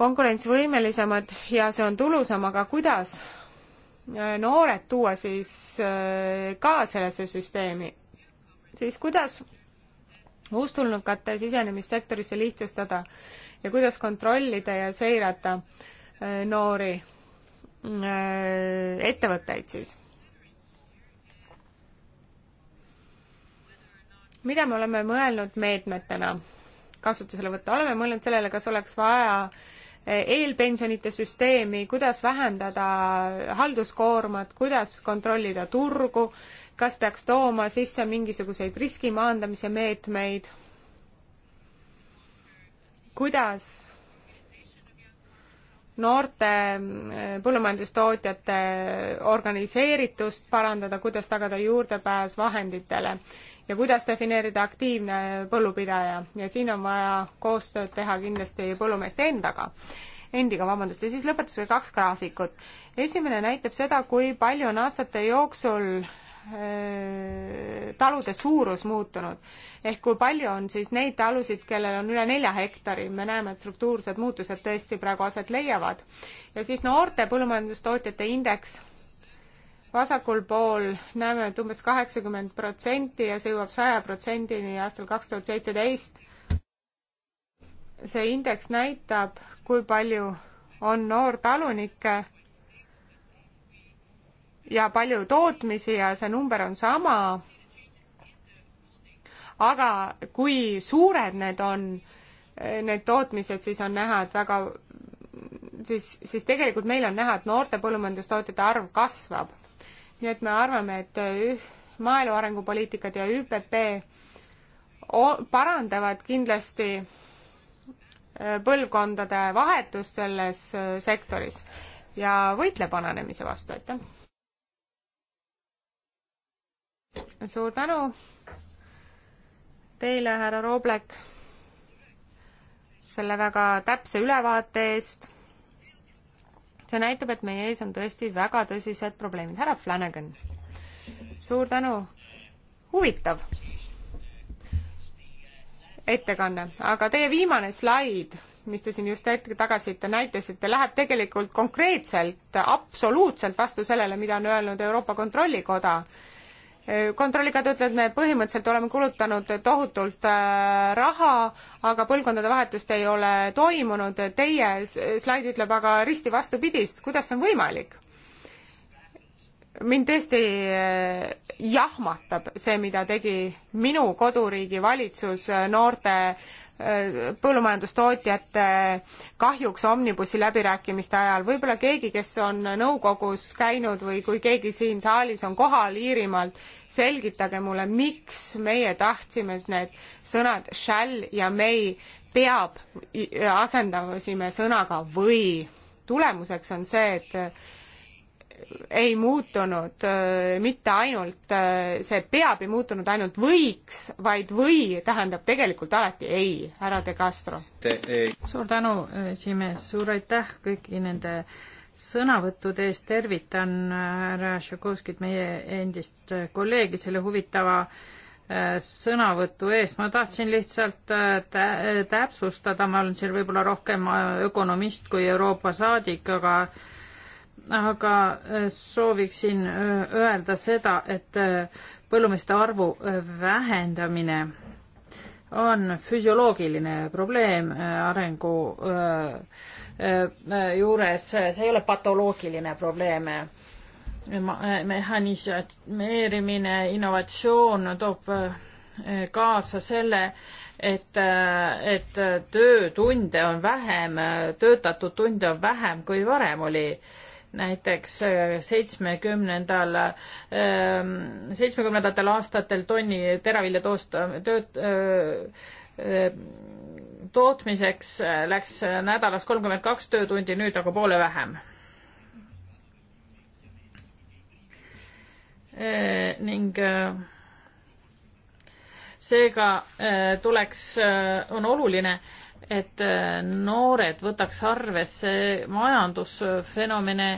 Speaker 2: konkurentsivõimelisemad ja see on tulusam, aga kuidas noored tuua siis äh, ka sellesse süsteemi, siis kuidas uustulnukate sisenemissektorisse lihtsustada ja kuidas kontrollida ja seirata äh, noori äh, ettevõtteid siis? mida me oleme mõelnud meetmetena kasutusele võtta, oleme mõelnud sellele, kas oleks vaja äh, eelpensionite süsteemi, kuidas vähendada halduskoormat, kuidas kontrollida turgu, kas peaks tooma sisse mingisuguseid riski maandamise meetmeid, kuidas noorte eh, põllumajandustootjate organiseeritust parandada, kuidas tagada juurdepääs vahenditele ja kuidas defineerida aktiivne põllupidaja ja siin on vaja koostööd teha kindlasti põllumeeste endaga endiga, vabandust, ja siis lõpetuseks kaks graafikut. esimene näitab seda, kui palju on aastate jooksul äh, talude suurus muutunud. ehk kui palju on siis neid talusid, kellel on üle nelja hektari, me näeme, et struktuursed muutused tõesti praegu aset leiavad. ja siis noorte põllumajandustootjate indeks vasakul pool näeme, et umbes kaheksakümmend protsenti ja see jõuab saja protsendini aastal kaks tuhat seitseteist. see indeks näitab, kui palju on noortalunikke ja palju tootmisi ja see number on sama. aga kui suured need on, need tootmised, siis on näha, et väga siis, siis tegelikult meil on näha, et noorte põllumajandustootjate arv kasvab nii et me arvame, et maaelu arengupoliitikad ja ÜPP parandavad kindlasti äh, põlvkondade vahetust selles äh, sektoris ja võitle vananemise vastu, aitäh! suur tänu teile, härra Rooblek, selle väga täpse ülevaate eest see näitab, et meie ees on tõesti väga tõsised probleemid. härra Flanagan, suur tänu, huvitav ettekanne, aga teie viimane slaid, mis te siin just hetk tagasi näitasite, läheb tegelikult konkreetselt absoluutselt vastu sellele, mida on öelnud Euroopa Kontrollikoda kontrollikad ütlevad, me põhimõtteliselt oleme kulutanud tohutult äh, raha, aga põlvkondade vahetust ei ole toimunud. Teie slaid ütleb aga risti vastupidist, kuidas see on võimalik? mind tõesti äh, jahmatab see, mida tegi minu koduriigi valitsus äh, noorte põllumajandustootjate kahjuks Omnibussi läbirääkimiste ajal. võib-olla keegi, kes on nõukogus käinud või kui keegi siin saalis on kohal Iirimaalt, selgitage mulle, miks meie tahtsime need sõnad shall ja may peab asendasime sõnaga või. tulemuseks on see, et ei muutunud äh, mitte ainult, äh, see peab ei muutunud ainult võiks, vaid või tähendab
Speaker 4: tegelikult alati ei, härra De Castro. suur tänu, äh, esimees, suur aitäh kõigi nende sõnavõttude eest, tervitan härra Šakovskit, meie endist kolleegi, selle huvitava sõnavõtu eest, ma tahtsin lihtsalt täpsustada, ma olen siin võib-olla rohkem ökonomist kui Euroopa saadik, aga aga äh, sooviksin äh, öelda seda, et äh, põllumeeste arvu vähendamine on füsioloogiline probleem arengu juures, see ei ole patoloogiline probleem. mehhaniseerimine, innovatsioon toob kaasa selle, et, et töötunde on vähem, töötatud tunde on vähem kui varem oli näiteks äh, seitsmekümnendal, ähm, seitsmekümnendatel aastatel tonni teravilja toost-, tööt-, äh, äh, tootmiseks läks nädalas kolmkümmend kaks töötundi, nüüd aga poole vähem. ning seega tuleks, on oluline, et äh, noored võtaks arvesse majandusfenomene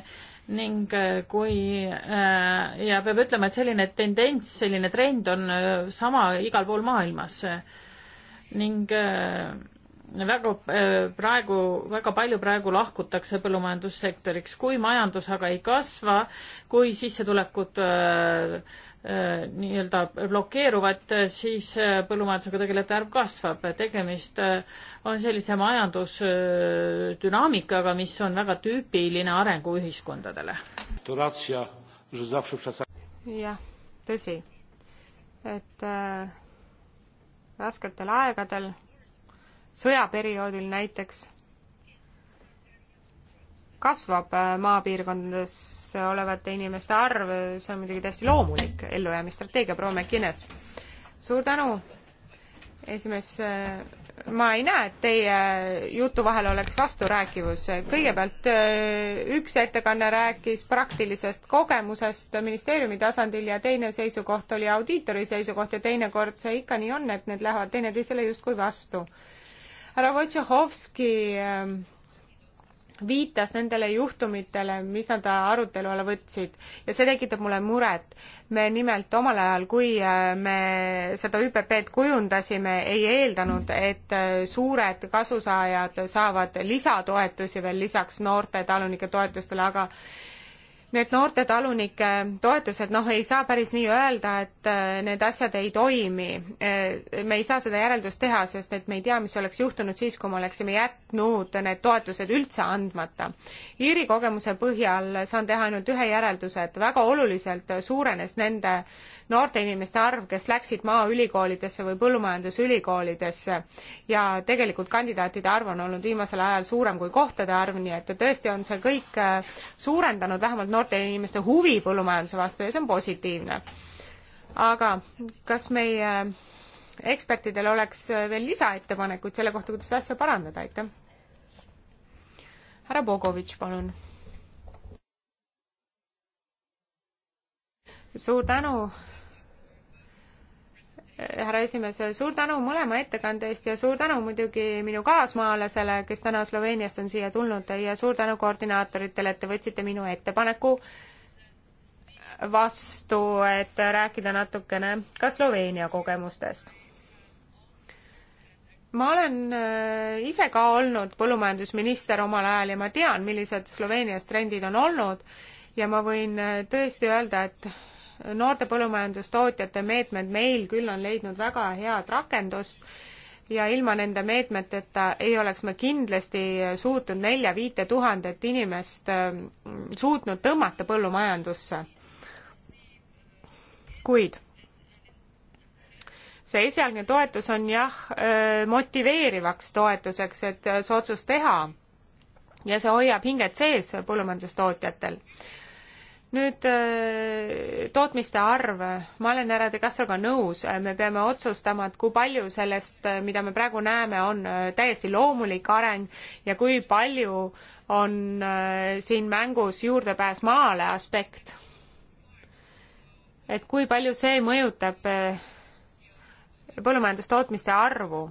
Speaker 4: ning äh, kui äh, ja peab ütlema, et selline tendents, selline trend on sama igal pool maailmas ning väga praegu, väga palju praegu lahkutakse põllumajandussektoriks, kui majandus aga ei kasva, kui sissetulekud äh, Äh, nii-öelda blokeeruvad, äh, siis äh, põllumajandusega tegelejate arv kasvab. tegemist on sellise majandusdünaamikaga, mis on väga tüüpiline arenguühiskondadele.
Speaker 2: jah, tõsi, et äh, rasketel aegadel, sõjaperioodil näiteks kasvab äh, maapiirkondades olevate inimeste arv, see on muidugi täiesti loomulik ellujäämisstrateegia, proua McInnes. suur tänu, esimees, äh, ma ei näe, et teie jutu vahel oleks vasturääkivus. kõigepealt äh, üks ettekanne rääkis praktilisest kogemusest ministeeriumi tasandil ja teine seisukoht oli audiitori seisukoht ja teinekord see ikka nii on, et need lähevad teineteisele justkui vastu. härra Wojciechowski viitas nendele juhtumitele, mis nad arutelu alla võtsid ja see tekitab mulle muret. me nimelt omal ajal, kui äh, me seda ÜPP-d kujundasime, ei eeldanud, et äh, suured kasusaajad saavad lisatoetusi veel lisaks noorte talunike toetustele, aga need noorte talunike toetused, noh, ei saa päris nii öelda, et äh, need asjad ei toimi. Äh, me ei saa seda järeldust teha, sest et me ei tea, mis oleks juhtunud siis, kui me oleksime jätnud need toetused üldse andmata. Iiri kogemuse põhjal saan teha ainult ühe järelduse, et väga oluliselt suurenes nende noorte inimeste arv, kes läksid maaülikoolidesse või põllumajandusülikoolidesse ja tegelikult kandidaatide arv on olnud viimasel ajal suurem kui kohtade arv, nii et tõesti on see kõik äh, suurendanud vähemalt noorte inimeste huvi põllumajanduse vastu ja see on positiivne. aga kas meie äh, ekspertidel oleks äh, veel lisaettepanekuid selle kohta, kuidas asja parandada, aitäh? härra Bogovitš, palun. suur tänu härra esimees, suur tänu mõlema ettekande eest ja suur tänu muidugi minu kaasmaalasele, kes täna Sloveeniast on siia tulnud ja suur tänu koordinaatoritele, et te võtsite minu ettepaneku vastu, et rääkida natukene ka Sloveenia kogemustest. ma olen äh, ise ka olnud põllumajandusminister omal ajal ja ma tean, millised Sloveenias trendid on olnud ja ma võin äh, tõesti öelda, et noorte põllumajandustootjate meetmed meil küll on leidnud väga head rakendust ja ilma nende meetmeteta ei oleks me kindlasti suutnud nelja-viite tuhandet inimest ähm, suutnud tõmmata põllumajandusse. kuid see esialgne toetus on jah, äh, motiveerivaks toetuseks, et see otsus teha ja see hoiab hinged sees põllumajandustootjatel nüüd äh, tootmiste arv, ma olen härra De Castroga nõus, äh, me peame otsustama, et kui palju sellest, äh, mida me praegu näeme, on täiesti loomulik areng ja kui palju on siin mängus juurdepääs maale aspekt. et kui palju see mõjutab põllumajandustootmiste arvu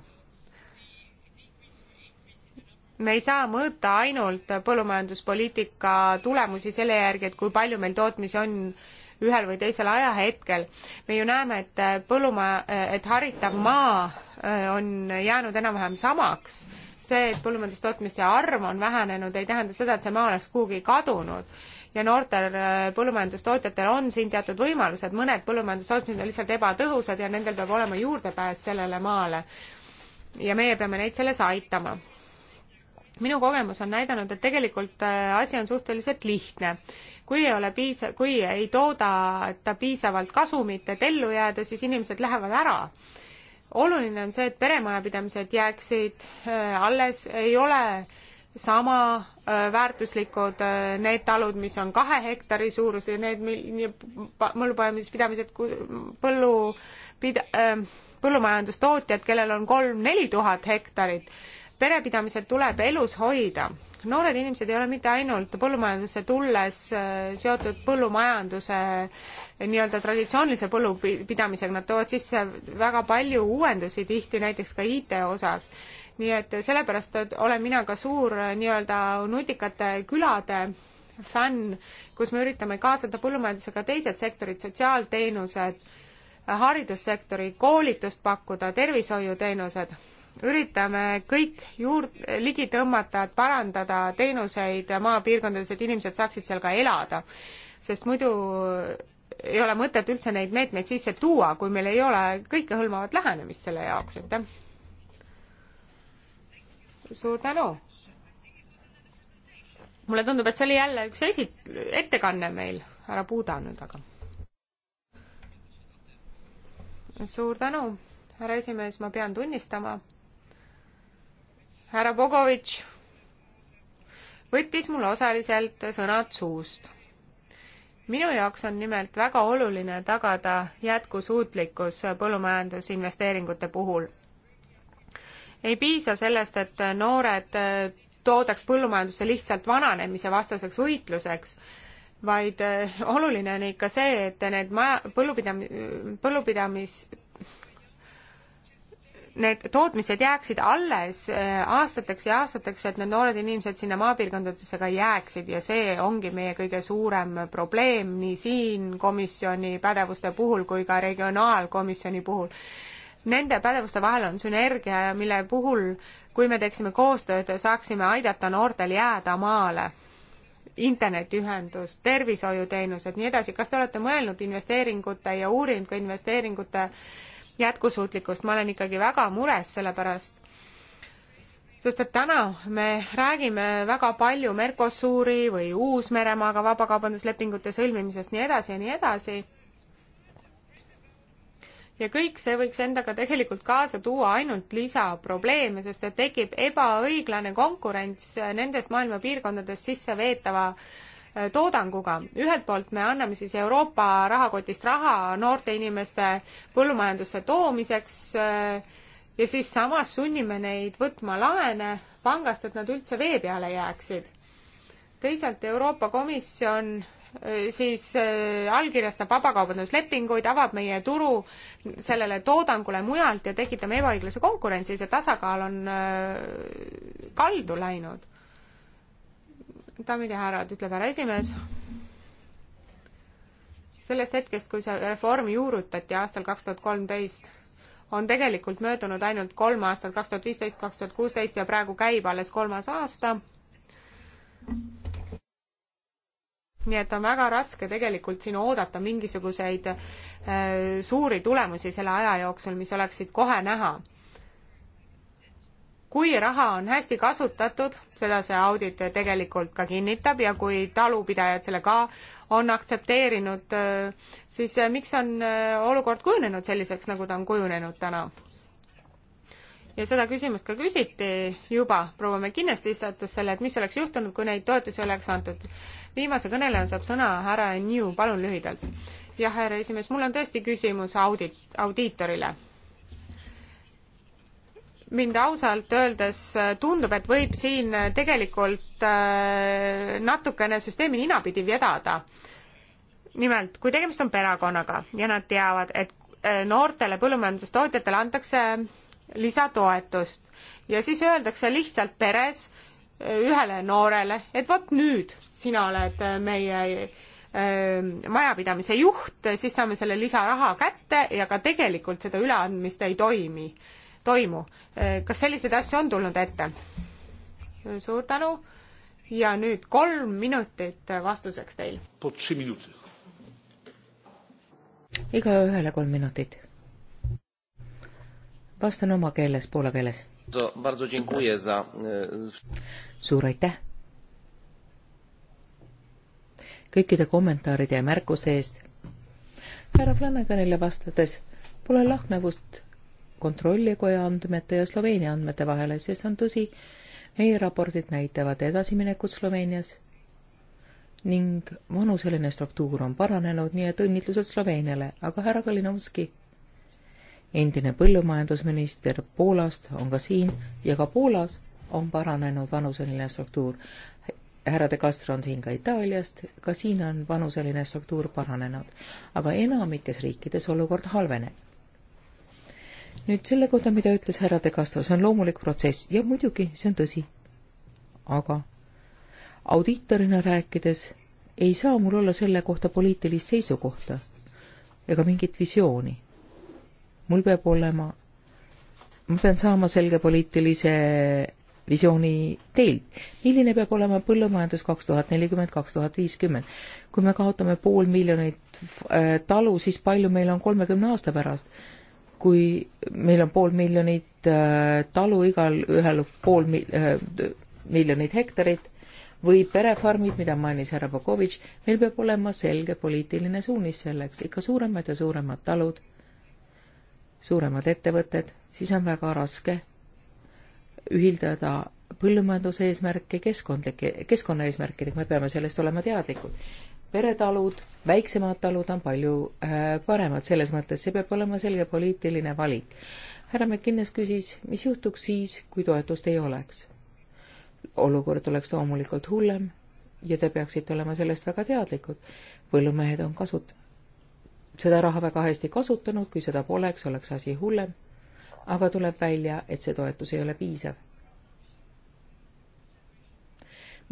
Speaker 2: me ei saa mõõta ainult põllumajanduspoliitika tulemusi selle järgi, et kui palju meil tootmisi on ühel või teisel ajahetkel. me ju näeme, et põllumaja, et haritav maa äh, on jäänud enam-vähem samaks. see, et põllumajandustootmiste arv on vähenenud, ei tähenda seda, et see maa oleks kuhugi kadunud ja noortel äh, põllumajandustootjatel on siin teatud võimalused, mõned põllumajandustootmised on lihtsalt ebatõhusad ja nendel peab olema juurdepääs sellele maale. ja meie peame neid selles aitama minu kogemus on näidanud, et tegelikult äh, asi on suhteliselt lihtne. kui ei ole piisa-, kui ei toodata piisavalt kasumit, et ellu jääda, siis inimesed lähevad ära. oluline on see, et peremajapidamised jääksid äh, alles, ei ole sama äh, väärtuslikud need talud, mis on kahe hektari suuruse, need põllupõllumajanduspidamised, põllu pida-, põllumajandustootjad, kellel on kolm-neli tuhat hektarit perepidamised tuleb elus hoida. noored inimesed ei ole mitte ainult põllumajandusse tulles äh, seotud põllumajanduse äh, nii-öelda traditsioonilise põllupidamisega, nad toovad sisse väga palju uuendusi tihti näiteks ka IT osas. nii et sellepärast olen mina ka suur äh, nii-öelda nutikate külade fänn, kus me üritame kaasata põllumajandusega teised sektorid, sotsiaalteenused, haridussektori koolitust pakkuda, tervishoiuteenused üritame kõik juur-, ligi tõmmata, et parandada teenuseid maapiirkondades, et inimesed saaksid seal ka elada. sest muidu ei ole mõtet üldse neid meetmeid sisse tuua, kui meil ei ole kõikehõlmavat lähenemist selle jaoks, aitäh. suur tänu. mulle tundub, et see oli jälle üks esi-, ettekanne meil, härra Puuda nüüd aga. suur tänu, härra esimees, ma pean tunnistama härra Bogovitš võttis mul osaliselt sõnad suust. minu jaoks on nimelt väga oluline tagada jätkusuutlikkus põllumajandusinvesteeringute puhul. ei piisa sellest, et noored toodaks põllumajandusse lihtsalt vananemise vastaseks võitluseks, vaid oluline on ikka see, et need maja, põllupidam-, põllupidamis, need tootmised jääksid alles äh, aastateks ja aastateks, et need noored inimesed sinna maapiirkondadesse ka jääksid ja see ongi meie kõige suurem probleem nii siin komisjoni pädevuste puhul kui ka regionaalkomisjoni puhul. Nende pädevuste vahel on sünergia, mille puhul, kui me teeksime koostööd, saaksime aidata noortel jääda maale internetiühendus, tervishoiuteenused, nii edasi, kas te olete mõelnud investeeringute ja uurinud ka investeeringute äh, jätkusuutlikkust, ma olen ikkagi väga mures selle pärast sest et täna me räägime väga palju Mercosuri või Uus-Meremaaga vabakaubanduslepingute sõlmimisest nii edasi ja nii edasi. ja kõik see võiks endaga tegelikult kaasa tuua ainult lisaprobleeme, sest et tekib ebaõiglane konkurents nendest maailma piirkondadest sisse veetava äh, toodanguga. ühelt poolt me anname siis Euroopa rahakotist raha noorte inimeste põllumajandusse toomiseks äh, ja siis samas sunnime neid võtma laene pangast, et nad üldse vee peale jääksid. teisalt Euroopa Komisjon äh, siis äh, allkirjastab vabakaubanduslepinguid, avab meie turu sellele toodangule mujalt ja tekitame ebaõiglase konkurentsi, see tasakaal on kaldu läinud daamid ja härrad, ütleb härra esimees, sellest hetkest, kui see reform juurutati aastal kaks tuhat kolmteist, on tegelikult möödunud ainult kolm aastat, kaks tuhat viisteist, kaks tuhat kuusteist ja praegu käib alles kolmas aasta. nii et on väga raske tegelikult siin oodata mingisuguseid äh, suuri tulemusi selle aja jooksul, mis oleksid kohe näha kui raha on hästi kasutatud, seda see audit tegelikult ka kinnitab ja kui talupidajad selle ka on aktsepteerinud, siis miks on äh, olukord kujunenud selliseks, nagu ta on kujunenud täna? ja seda küsimust ka küsiti juba, proua McInnes tõstatas selle, et mis oleks juhtunud, kui neid toetusi oleks antud. viimase kõnelejana saab sõna härra New, palun lühidalt. jah, härra esimees, mul on tõesti küsimus audit, audiitorile mind ausalt öeldes äh, tundub, et võib siin äh, tegelikult äh, natukene süsteemi ninapidi vedada. nimelt, kui tegemist on perekonnaga ja nad teavad, et noortele põllumajandustootjatele antakse lisatoetust ja siis öeldakse lihtsalt peres ühele noorele, et vot nüüd sina oled meie majapidamise juht, siis saame selle lisaraha kätte ja ka tegelikult seda üleandmist ei toimi toimu. kas selliseid asju on tulnud ette? suur tänu ja nüüd kolm minutit vastuseks teil.
Speaker 3: igaühele kolm minutit. vastan oma keeles, poola keeles.
Speaker 1: E,
Speaker 3: suur aitäh kõikide kommentaaride ja märkuste eest. härra Flanaganile vastates pole lahknevust kontrollikoja andmete ja Sloveenia andmete vahele, sest see on tõsi, meie raportid näitavad edasiminekut Sloveenias ning vanuseline struktuur on paranenud, nii et õnnitlused Sloveeniale, aga härra Kalinovski, endine põllumajandusminister Poolast on ka siin ja ka Poolas on paranenud vanuseline struktuur. härra De Castro on siin ka Itaaliast, ka siin on vanuseline struktuur paranenud, aga enamikes riikides olukord halveneb nüüd selle kohta, mida ütles härra De Castro, see on loomulik protsess ja muidugi see on tõsi. aga audiitorina rääkides ei saa mul olla selle kohta poliitilist seisukohta ega mingit visiooni. mul peab olema, ma pean saama selge poliitilise visiooni teilt. milline peab olema põllumajandus kaks tuhat nelikümmend, kaks tuhat viiskümmend? kui me kaotame pool miljonit äh, talu, siis palju meil on kolmekümne aasta pärast? kui meil on pool miljonit äh, talu, igalühel pool äh, miljonit hektarit või perefarmid, mida mainis härra Bogovitš, meil peab olema selge poliitiline suunis selleks, ikka suuremad ja suuremad talud, suuremad ettevõtted, siis on väga raske ühildada põllumajanduse eesmärke keskkondlike, keskkonnaeesmärkidega, me peame sellest olema teadlikud peretalud, väiksemad talud on palju äh, paremad selles mõttes, see peab olema selge poliitiline valik. härra McInnes küsis, mis juhtuks siis, kui toetust ei oleks? olukord oleks loomulikult hullem ja te peaksite olema sellest väga teadlikud. põllumehed on kasut-, seda raha väga hästi kasutanud, kui seda poleks, oleks asi hullem. aga tuleb välja, et see toetus ei ole piisav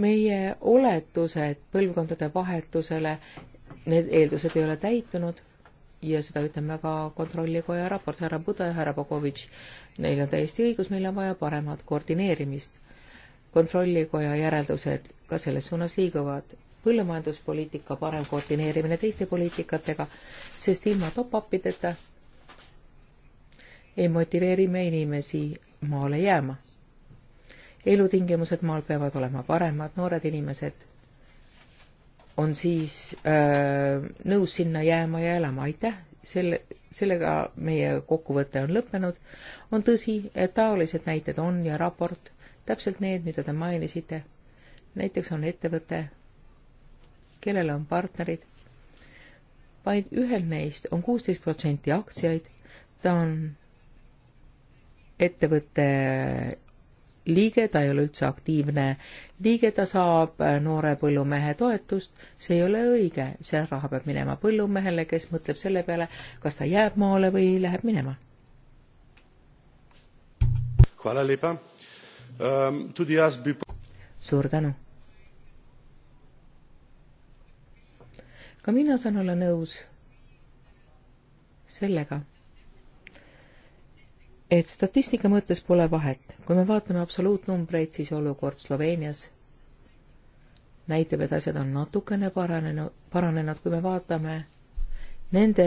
Speaker 3: meie oletused põlvkondade vahetusele, need eeldused ei ole täitunud ja seda ütleb väga Kontrollikoja raport, härra Buda ja härra Bogovitš, neil on täiesti õigus, meil on vaja paremat koordineerimist. kontrollikoja järeldused ka selles suunas liiguvad, põllumajanduspoliitika parem koordineerimine teiste poliitikatega, sest ilma top-upideta ei motiveeri me inimesi maale jääma elutingimused maal peavad olema paremad, noored inimesed on siis öö, äh, nõus sinna jääma ja elama, aitäh, selle, sellega meie kokkuvõte on lõppenud. on tõsi, et taolised näited on ja raport, täpselt need, mida te mainisite. näiteks on ettevõte, kellel on partnerid, vaid ühel neist on kuusteist protsenti aktsiaid, ta on ettevõtte liige, ta ei ole üldse aktiivne liige, ta saab äh, noore põllumehe toetust, see ei ole õige, see raha peab minema põllumehele, kes mõtleb selle peale, kas ta jääb maale või läheb minema.
Speaker 1: Ehm,
Speaker 3: suur tänu. ka mina saan olla nõus sellega et statistika mõttes pole vahet. kui me vaatame absoluutnumbreid, siis olukord Sloveenias näitab, et asjad on natukene paranenud, paranenud, kui me vaatame nende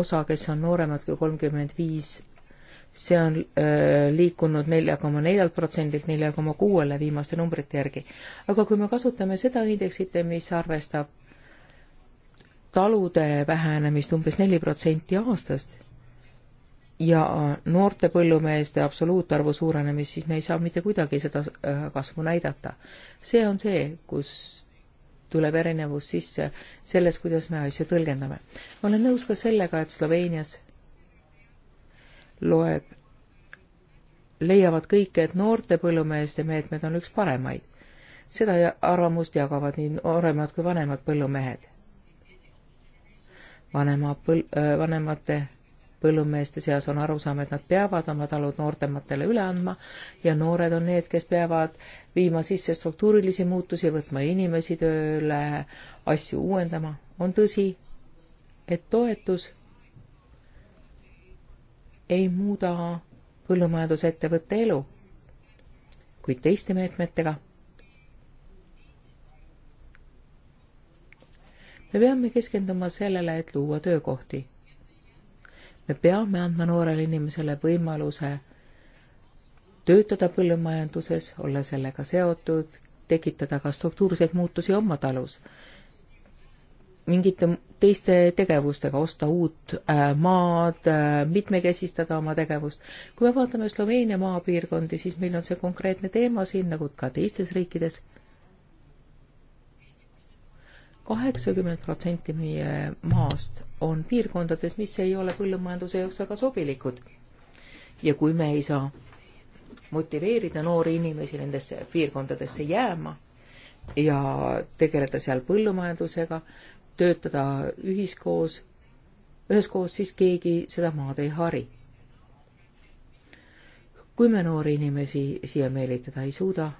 Speaker 3: osa, kes on nooremad kui kolmkümmend viis, see on öö, liikunud nelja koma neljalt protsendilt nelja koma kuuele viimaste numbrite järgi. aga kui me kasutame seda indeksit, mis arvestab talude vähenemist umbes neli protsenti aastast ja noorte põllumeeste absoluutarvu suurenemist, siis me ei saa mitte kuidagi seda äh, kasvu näidata. see on see, kus tuleb erinevus sisse selles, kuidas me asju tõlgendame. olen nõus ka sellega, et Sloveenias loeb, leiavad kõik, et noorte põllumeeste meetmed on üks paremaid. seda arvamust jagavad nii nooremad kui vanemad põllumehed. vanema põl-, äh, vanemate põllumeeste seas on arusaam, et nad peavad oma talud noortematele üle andma ja noored on need, kes peavad viima sisse struktuurilisi muutusi, võtma inimesi tööle, asju uuendama. on tõsi, et toetus ei muuda põllumajandusettevõtte elu, kuid teiste meetmetega me peame keskenduma sellele, et luua töökohti me peame andma noorele inimesele võimaluse töötada põllumajanduses, olla sellega seotud, tekitada ka struktuurseid muutusi oma talus, mingite teiste tegevustega, osta uut äh, maad, äh, mitmekesistada oma tegevust. kui me vaatame Sloveenia maapiirkondi, siis meil on see konkreetne teema siin, nagu ka teistes riikides kaheksakümmend protsenti meie maast on piirkondades, mis ei ole põllumajanduse jaoks väga sobilikud. ja kui me ei saa motiveerida noori inimesi nendesse piirkondadesse jääma ja tegeleda seal põllumajandusega, töötada ühiskoos, üheskoos, siis keegi seda maad ei hari. kui me noori inimesi siia meelitada ei suuda,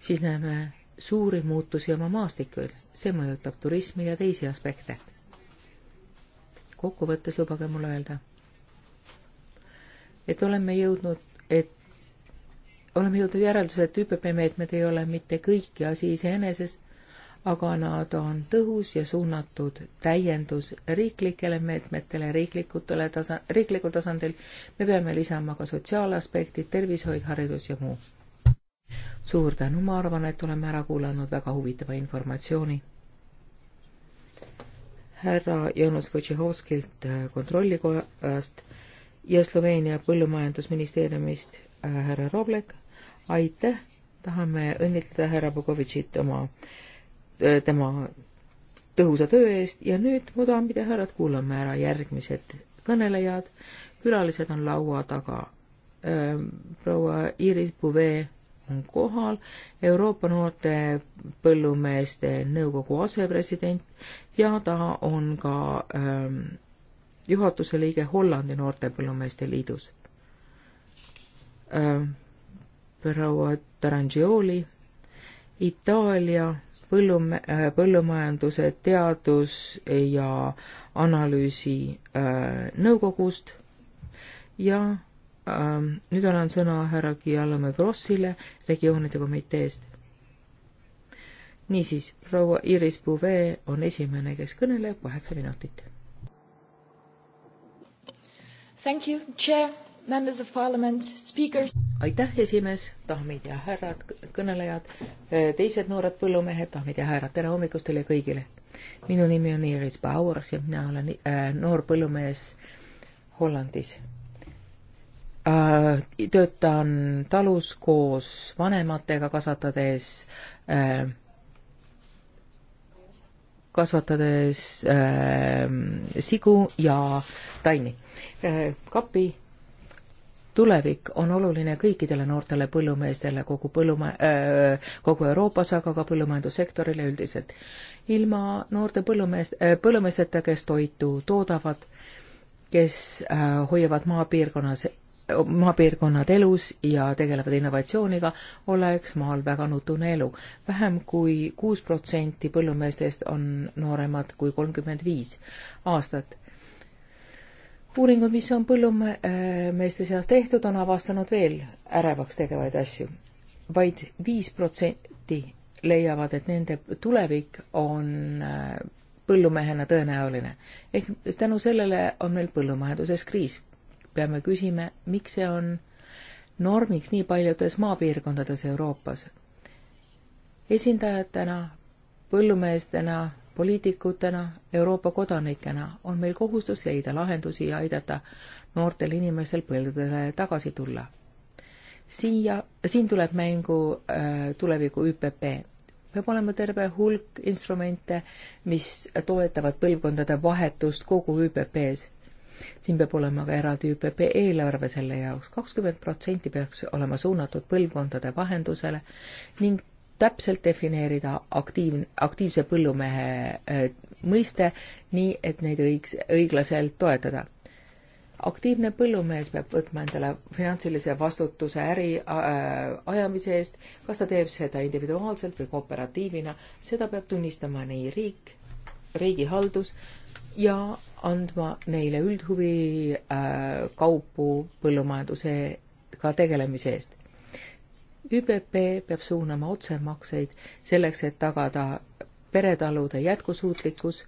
Speaker 3: siis näeme suuri muutusi oma maastikul, see mõjutab turismi ja teisi aspekte. kokkuvõttes lubage mul öelda, et oleme jõudnud, et oleme jõudnud järeldusele, et ÜPP meetmed ei ole mitte kõiki asi iseeneses, aga nad on tõhus ja suunatud täiendus riiklikele meetmetele, riiklikutele tasa, riiklikul tasandil. me peame lisama ka sotsiaalaspektid, tervishoid, haridus ja muu suur tänu, ma arvan, et oleme ära kuulanud väga huvitava informatsiooni. härra Janus Vojtšehovskilt äh, Kontrollikojast ja Sloveenia Põllumajandusministeeriumist äh, härra Roblek, aitäh, tahame õnnitleda härra Bogovitšit oma, äh, tema tõhusa töö eest ja nüüd, mu daamid ja härrad, kuulame ära järgmised kõnelejad. külalised on laua taga. Ähm, proua Iris Bouvet on kohal Euroopa Noorte Põllumeeste Nõukogu asepresident ja ta on ka ähm, juhatuse liige Hollandi Noorte Põllumeeste Liidus ähm,. proua Tarangioli, Itaalia põllume-, äh, põllumajanduse teadus- ja analüüsinõukogust äh, ja Ähm, nüüd annan sõna härra Guillaume Grossile regioonide komiteest. niisiis, proua Iris Bouvet on esimene, kes kõneleb kaheksa minutit. Thank you, chair, members of parliament, speakers. aitäh, esimees, daamid ja härrad, kõnelejad, äh, teised noored põllumehed, daamid ja härrad, tere hommikust teile kõigile. minu nimi on Iris Bauers ja mina olen äh, noor põllumees Hollandis Äh, töötan talus koos vanematega, kasvatades äh, kasvatades äh, sigu ja taimi äh,. kapi tulevik on oluline kõikidele noortele põllumeestele kogu põllume- äh,, kogu Euroopas, aga ka põllumajandussektorile üldiselt. ilma noorte põllumeest äh,, põllumeesteta, kes toitu toodavad, kes äh, hoiavad maapiirkonnas maapiirkonnad elus ja tegelevad innovatsiooniga, oleks maal väga nutune elu. vähem kui kuus protsenti põllumeestest on nooremad kui kolmkümmend viis aastat. uuringud, mis on põllumeeste seas tehtud, on avastanud veel ärevaks tegevaid asju vaid. vaid viis protsenti leiavad, et nende tulevik on äh, põllumehena tõenäoline. ehk tänu sellele on meil põllumajanduses kriis peame küsima, miks see on normiks nii paljudes maapiirkondades Euroopas. esindajatena, põllumeestena, poliitikutena, Euroopa kodanikena on meil kohustus leida lahendusi ja aidata noortel inimestel põldudele tagasi tulla. siia, siin tuleb mängu äh, tuleviku ÜPP. peab olema terve hulk instrumente, mis toetavad põlvkondade vahetust kogu ÜPP-s siin peab olema ka eraldi ÜPP eelarve selle jaoks, kakskümmend protsenti peaks olema suunatud põlvkondade vahendusele ning täpselt defineerida aktiiv, aktiivse põllumehe äh, mõiste, nii et neid õigs, õiglaselt toetada aktiivne põllumees peab võtma endale finantsilise vastutuse äri äh, ajamise eest, kas ta teeb seda individuaalselt või kooperatiivina, seda peab tunnistama nii riik, riigihaldus ja andma neile üldhuvi äh, kaupu põllumajandusega tegelemise eest. ÜBB peab suunama otsemakseid selleks, et tagada peretalude jätkusuutlikkus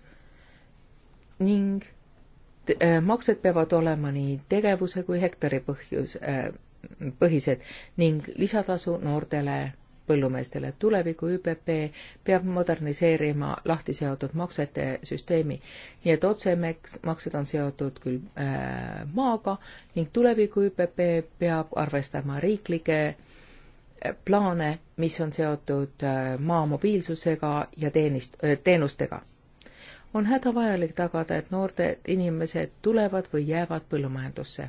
Speaker 3: ning äh, maksed peavad olema nii tegevuse kui hektari põhjus äh,, põhised ning lisatasu noortele põllumeestele. tuleviku ÜPP peab moderniseerima lahti seotud maksete süsteemi, nii et otsemaksed on seotud küll äh, maaga ning tuleviku ÜPP peab arvestama riiklikke äh, plaane, mis on seotud äh, maa mobiilsusega ja teenist- äh,, teenustega. on hädavajalik tagada, et noored inimesed tulevad või jäävad põllumajandusse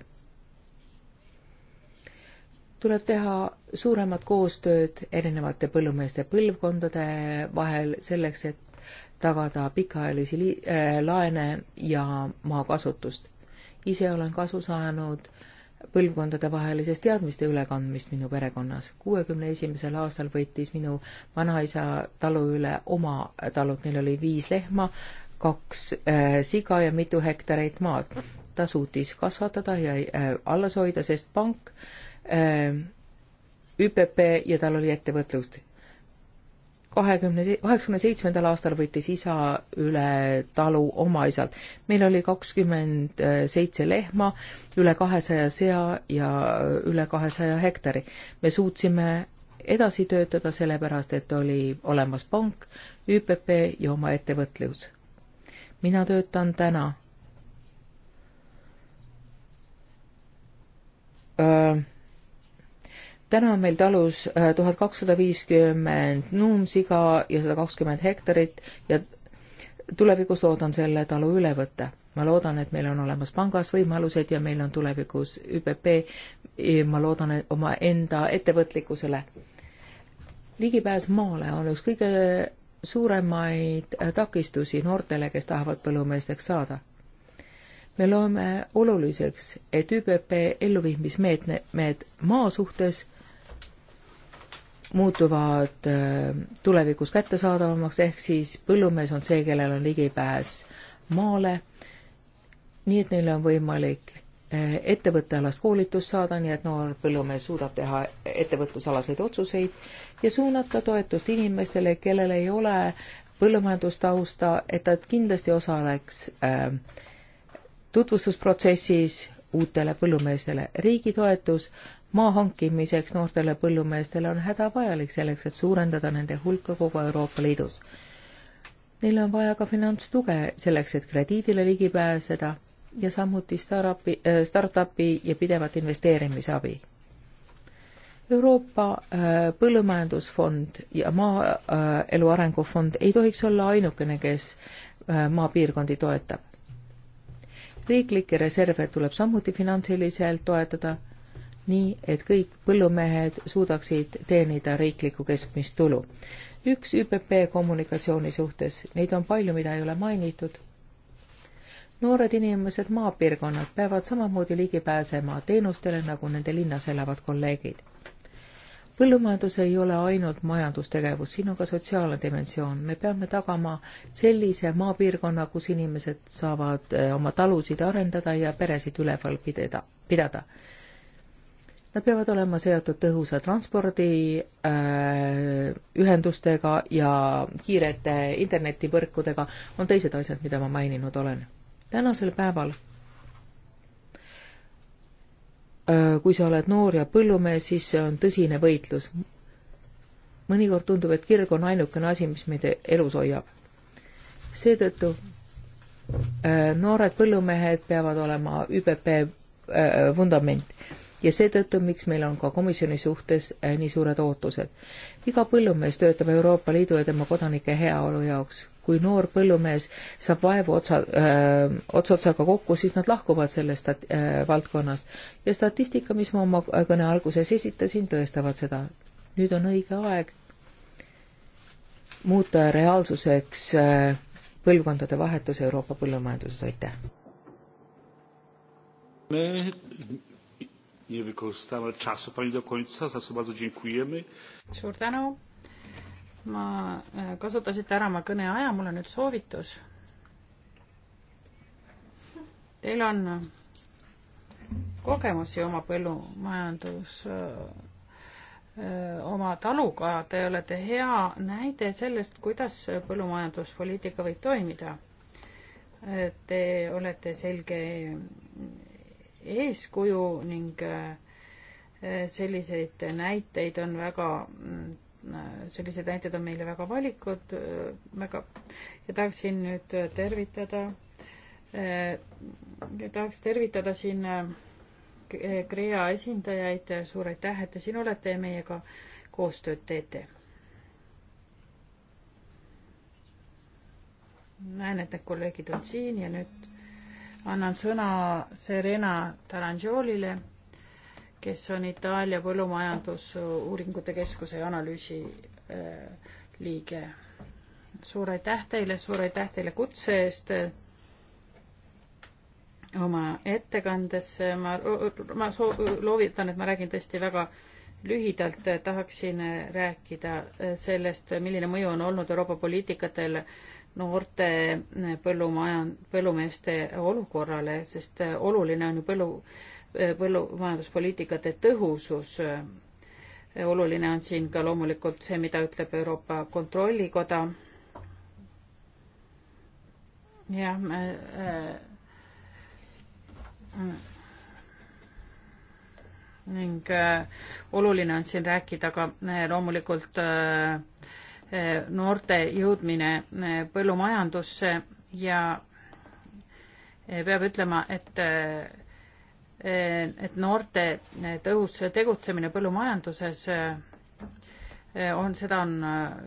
Speaker 3: tuleb teha suuremat koostööd erinevate põllumeeste põlvkondade vahel selleks, et tagada pikaajalisi äh, laene ja maakasutust. ise olen kasu saanud põlvkondadevahelisest teadmiste ülekandmist minu perekonnas. kuuekümne esimesel aastal võttis minu vanaisa talu üle oma talud, neil oli viis lehma, kaks äh, siga ja mitu hektareid maad. ta suutis kasvatada ja äh, alles hoida, sest pank äh, Äh, ÜPP ja tal oli ettevõtlust. kahekümne, kaheksakümne seitsmendal aastal võttis isa üle talu oma isalt. meil oli kakskümmend seitse lehma, üle kahesaja sea ja üle kahesaja hektari. me suutsime edasi töötada, sellepärast et oli olemas pank, ÜPP ja oma ettevõtlus. mina töötan täna öö, äh, täna on meil talus äh, tuhat kakssada viiskümmend nuumsiga ja sada kakskümmend hektarit ja tulevikus loodan selle talu üle võtta. ma loodan, et meil on olemas pangas võimalused ja meil on tulevikus ÜPP. ma loodan omaenda ettevõtlikkusele. ligipääs maale on üks kõige suuremaid äh, takistusi noortele, kes tahavad põllumeesteks saada. me loeme oluliseks, et ÜPP elluviimismeetmed maa suhtes muutuvad äh, tulevikus kättesaadavamaks, ehk siis põllumees on see, kellel on ligipääs maale, nii et neil on võimalik äh, ettevõttealast koolitust saada, nii et noor põllumees suudab teha ettevõtlusalaseid otsuseid ja suunata toetust inimestele, kellel ei ole põllumajandustausta, et nad kindlasti osaleks äh, tutvustusprotsessis uutele põllumeestele. riigi toetus maa hankimiseks noortele põllumeestele on hädavajalik selleks, et suurendada nende hulka kogu Euroopa Liidus. Neil on vaja ka finantstuge selleks, et krediidile ligi pääseda ja samuti startupi, äh, startupi ja pidevat investeerimisabi. Euroopa äh, Põllumajandusfond ja Maaelu äh, Arengufond ei tohiks olla ainukene, kes maapiirkondi toetab. riiklikke reserve tuleb samuti finantsiliselt toetada nii et kõik põllumehed suudaksid teenida riiklikku keskmist tulu. üks ÜPP kommunikatsiooni suhtes, neid on palju, mida ei ole mainitud. noored inimesed maapiirkonnad peavad samamoodi ligi pääsema teenustele, nagu nende linnas elavad kolleegid. põllumajandus ei ole ainult majandustegevus, siin on ka sotsiaalne dimensioon. me peame tagama sellise maapiirkonna, kus inimesed saavad eh, oma talusid arendada ja peresid üleval pideda, pidada, pidada Nad peavad olema seotud tõhusa transpordiühendustega äh, ja kiirete internetivõrkudega, on teised asjad, mida ma maininud olen. tänasel päeval, äh, kui sa oled noor ja põllumees, siis see on tõsine võitlus. mõnikord tundub, et kirg on ainukene asi, mis meid elus hoiab. seetõttu äh, noored põllumehed peavad olema ÜPP vundament ja seetõttu, miks meil on ka komisjoni suhtes äh, nii suured ootused. iga põllumees töötab Euroopa Liidu ja tema kodanike heaolu jaoks. kui noor põllumees saab vaevu otsa äh,, ots otsaga kokku, siis nad lahkuvad sellest äh, valdkonnast. ja statistika, mis ma oma kõne alguses esitasin, tõestavad seda. nüüd on õige aeg muuta reaalsuseks äh, põlvkondade vahetus Euroopa põllumajanduses, aitäh!
Speaker 1: nie wykorzystałem czasu pani do końca, za co bardzo dziękujemy.
Speaker 4: suur tänu, ma e, kasutasite ära oma kõneaja, mul on nüüd soovitus. Teil on e, kogemusi oma põllumajandus, e, oma taluga, te olete hea näide sellest, kuidas põllumajanduspoliitika võib toimida. Te olete selge eeskuju ning äh, äh, selliseid näiteid on väga, mm, äh, sellised näited on meile väga valikud, väga, ja tahaksin nüüd tervitada, tahaks tervitada siin Krea esindajaid, suur aitäh, et te siin olete ja meiega koostööd teete näen, et need kolleegid on siin ja nüüd annan sõna Serena Tarangiolile, kes on Itaalia Põllumajandusuuringute Keskuse analüüsi äh, liige. suur aitäh teile, suur aitäh teile kutse eest äh, oma ettekandesse, ma, ma soo-, loovitan, et ma räägin tõesti väga lühidalt tahaksin rääkida äh, sellest, milline mõju on olnud Euroopa poliitikatel noorte eh, põllumaja, põllumeeste olukorrale, sest eh, oluline on ju põllu, eh, põllumajanduspoliitikate tõhusus. oluline on siin ka loomulikult see, mida ütleb Euroopa Kontrollikoda. jah, me äh, ning äh, oluline on siin rääkida ka äh, loomulikult äh, noorte jõudmine eh, põllumajandusse ja eh, peab ütlema, et eh, et noorte tõhus tegutsemine põllumajanduses on, seda on,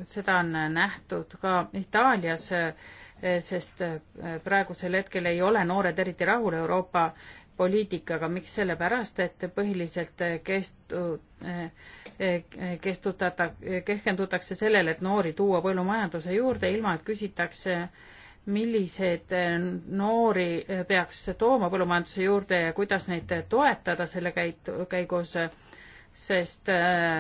Speaker 4: seda on nähtud ka Itaalias, sest praegusel hetkel ei ole noored eriti rahul Euroopa poliitikaga, miks, sellepärast et põhiliselt kestu-, eh, kestutata, keskendutakse sellele, et noori tuua põllumajanduse juurde, ilma et küsitakse, millised eh, noori peaks tooma põllumajanduse juurde ja kuidas neid toetada selle käit-, käigus, sest eh,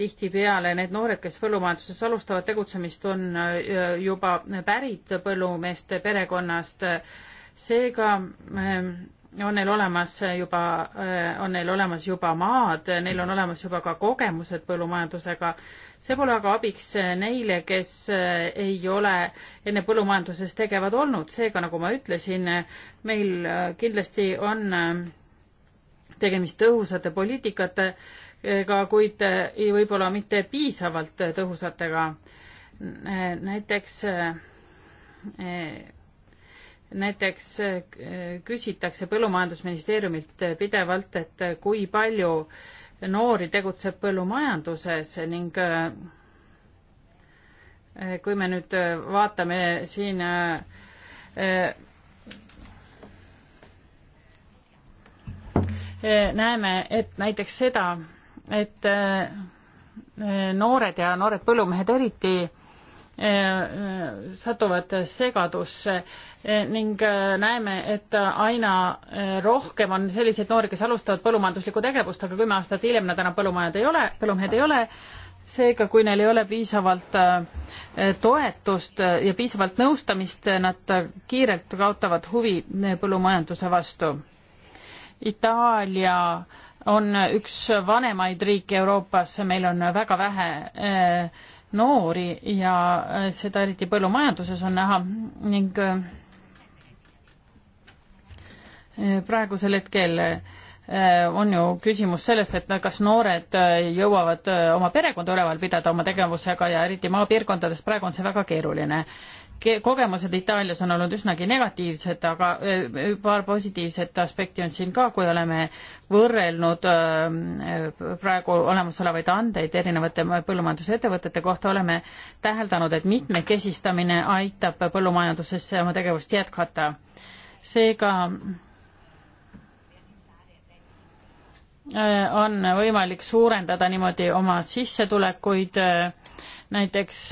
Speaker 4: tihtipeale need noored, kes põllumajanduses alustavad tegutsemist, on juba pärit põllumeeste perekonnast seega ähm, on neil olemas juba, äh, on neil olemas juba maad, neil on olemas juba ka kogemused põllumajandusega. see pole aga abiks neile, kes äh, ei ole enne põllumajanduses tegevad olnud, seega nagu ma ütlesin, meil äh, kindlasti on tegemist tõhusate poliitikatega, kuid võib-olla mitte piisavalt tõhusatega. näiteks näiteks eh, küsitakse Põllumajandusministeeriumilt pidevalt, et kui palju noori tegutseb põllumajanduses ning eh, kui me nüüd vaatame siin eh, näeme, et näiteks seda, et noored ja noored põllumehed eriti Äh, äh, satuvad segadusse äh, ning näeme, et aina rohkem on selliseid noori, kes alustavad põllumajanduslikku tegevust, aga kümme aastat hiljem nad enam põllumajad ei ole, põllumehed ei ole, seega kui neil ei ole piisavalt toetust ja piisavalt nõustamist, nad kiirelt kaotavad huvi põllumajanduse vastu. Itaalia on üks vanemaid riike Euroopas, meil on väga vähe äh, noori ja äh, seda eriti põllumajanduses on näha ning äh, äh, praegusel hetkel on ju küsimus sellest, et kas noored jõuavad oma perekonda üleval pidada oma tegevusega ja eriti maapiirkondades praegu on see väga keeruline kogemused Itaalias on olnud üsnagi negatiivsed, aga paar positiivset aspekti on siin ka, kui oleme võrrelnud praegu olemasolevaid andeid erinevate põllumajandusettevõtete kohta, oleme täheldanud, et mitmekesistamine aitab põllumajandusesse oma tegevust jätkata. seega on võimalik suurendada niimoodi oma sissetulekuid, näiteks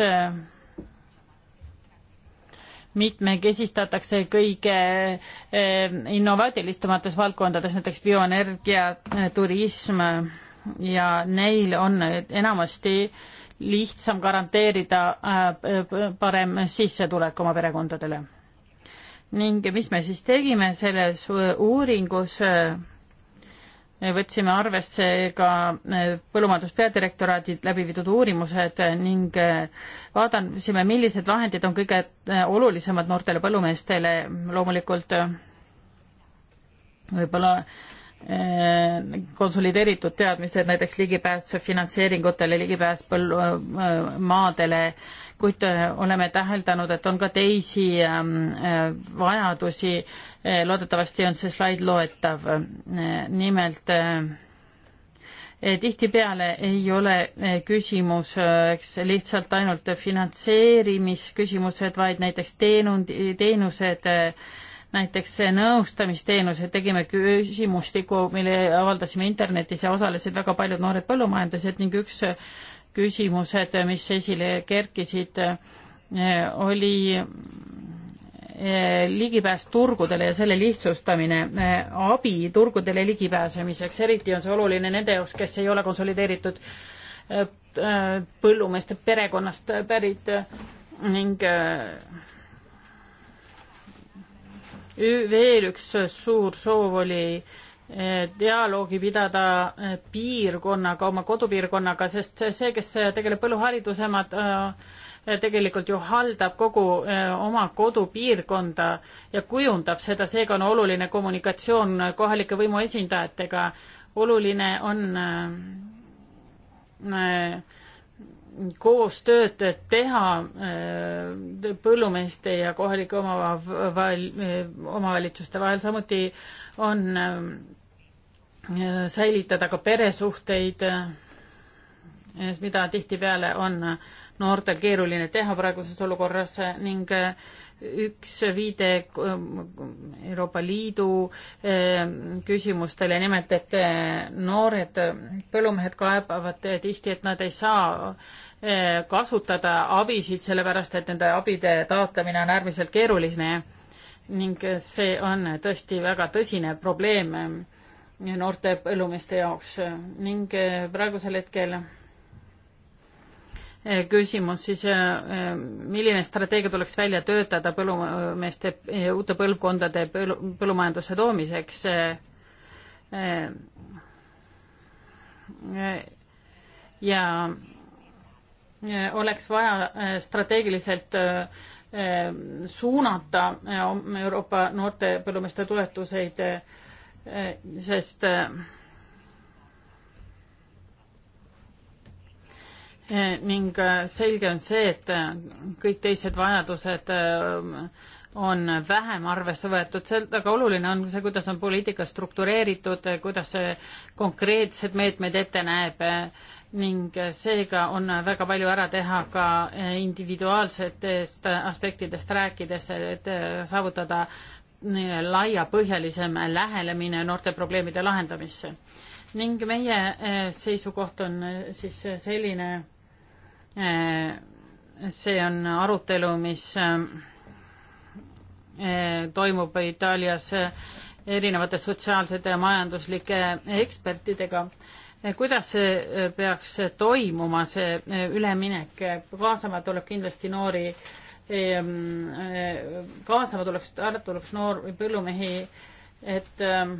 Speaker 4: mitmekesistatakse kõige eh, innovaatilisemates valdkondades, näiteks bioenergia, eh, turism ja neil on enamasti lihtsam garanteerida eh, parem sissetulek oma perekondadele. ning mis me siis tegime selles uuringus, võtsime arvesse ka eh, põllumajandus peadirektoraadi läbi viidud uurimused ning eh, vaadasime, millised vahendid on kõige eh, olulisemad noortele põllumeestele, loomulikult võib-olla konsolideeritud teadmised, näiteks ligipääs finantseeringutele, ligipääs põllu-, maadele kuid äh, oleme täheldanud, et on ka teisi ähm, äh, vajadusi. Äh, loodetavasti on see slaid loetav. nimelt tihtipeale ei ole küsimus, eks lihtsalt ainult finantseerimisküsimused, vaid näiteks teenund-, teenused, näiteks nõustamisteenused, tegime küsimustiku, mille avaldasime internetis ja osalesid väga paljud noored põllumajandused ning üks küsimused, mis esile kerkisid, oli eh, ligipääs turgudele ja selle lihtsustamine, eh, abi turgudele ligipääsemiseks, eriti on see oluline nende jaoks, kes ei ole konsolideeritud eh, põllumeeste perekonnast pärit ning veel üks suur soov oli äh, dialoogi pidada eh, piirkonnaga, oma kodupiirkonnaga, sest see, see, kes eh, tegeleb põlluharidusema, eh, tegelikult ju haldab kogu oma kodupiirkonda ja kujundab seda, seega on oluline kommunikatsioon kohalike võimu esindajatega. oluline on koostööd teha põllumeeste ja kohalike omavalitsuste vahel, samuti on säilitada ka peresuhteid, mida tihtipeale on noortel keeruline teha praeguses olukorras ning üks viide Euroopa Liidu eh, küsimustele, nimelt et eh, noored põllumehed kaebavad tihti, et nad ei saa eh, kasutada abisid, sellepärast et nende abide taotlemine on äärmiselt keeruline ning see on tõesti väga tõsine probleem noorte põllumeeste jaoks ning eh, praegusel hetkel eh, küsimus siis, eh, milline strateegia tuleks välja töötada põllumeeste, uute põlvkondade põllu, põllumajanduse toomiseks? ja oleks vaja strateegiliselt suunata Euroopa noorte põllumeeste toetuseid Äh, sest äh, äh, ning selge on see, et kõik teised vajadused on vähem arvesse võetud, see, aga oluline on see, kuidas on poliitika struktureeritud, kuidas see konkreetsed meetmed ette näeb ning seega on väga palju ära teha ka individuaalsetest aspektidest rääkides, et saavutada laiapõhjalisem lähenemine noorte probleemide lahendamisse. ning meie eh, seisukoht on eh, siis selline, eh, see on arutelu, mis toimub Itaalias erinevate sotsiaalsete ja majanduslike ekspertidega kuidas see peaks toimuma, see üleminek, kaasama tuleb kindlasti noori Ehm, eh, kaasama tuleks, alati tuleks noor põllumehi, et ehm,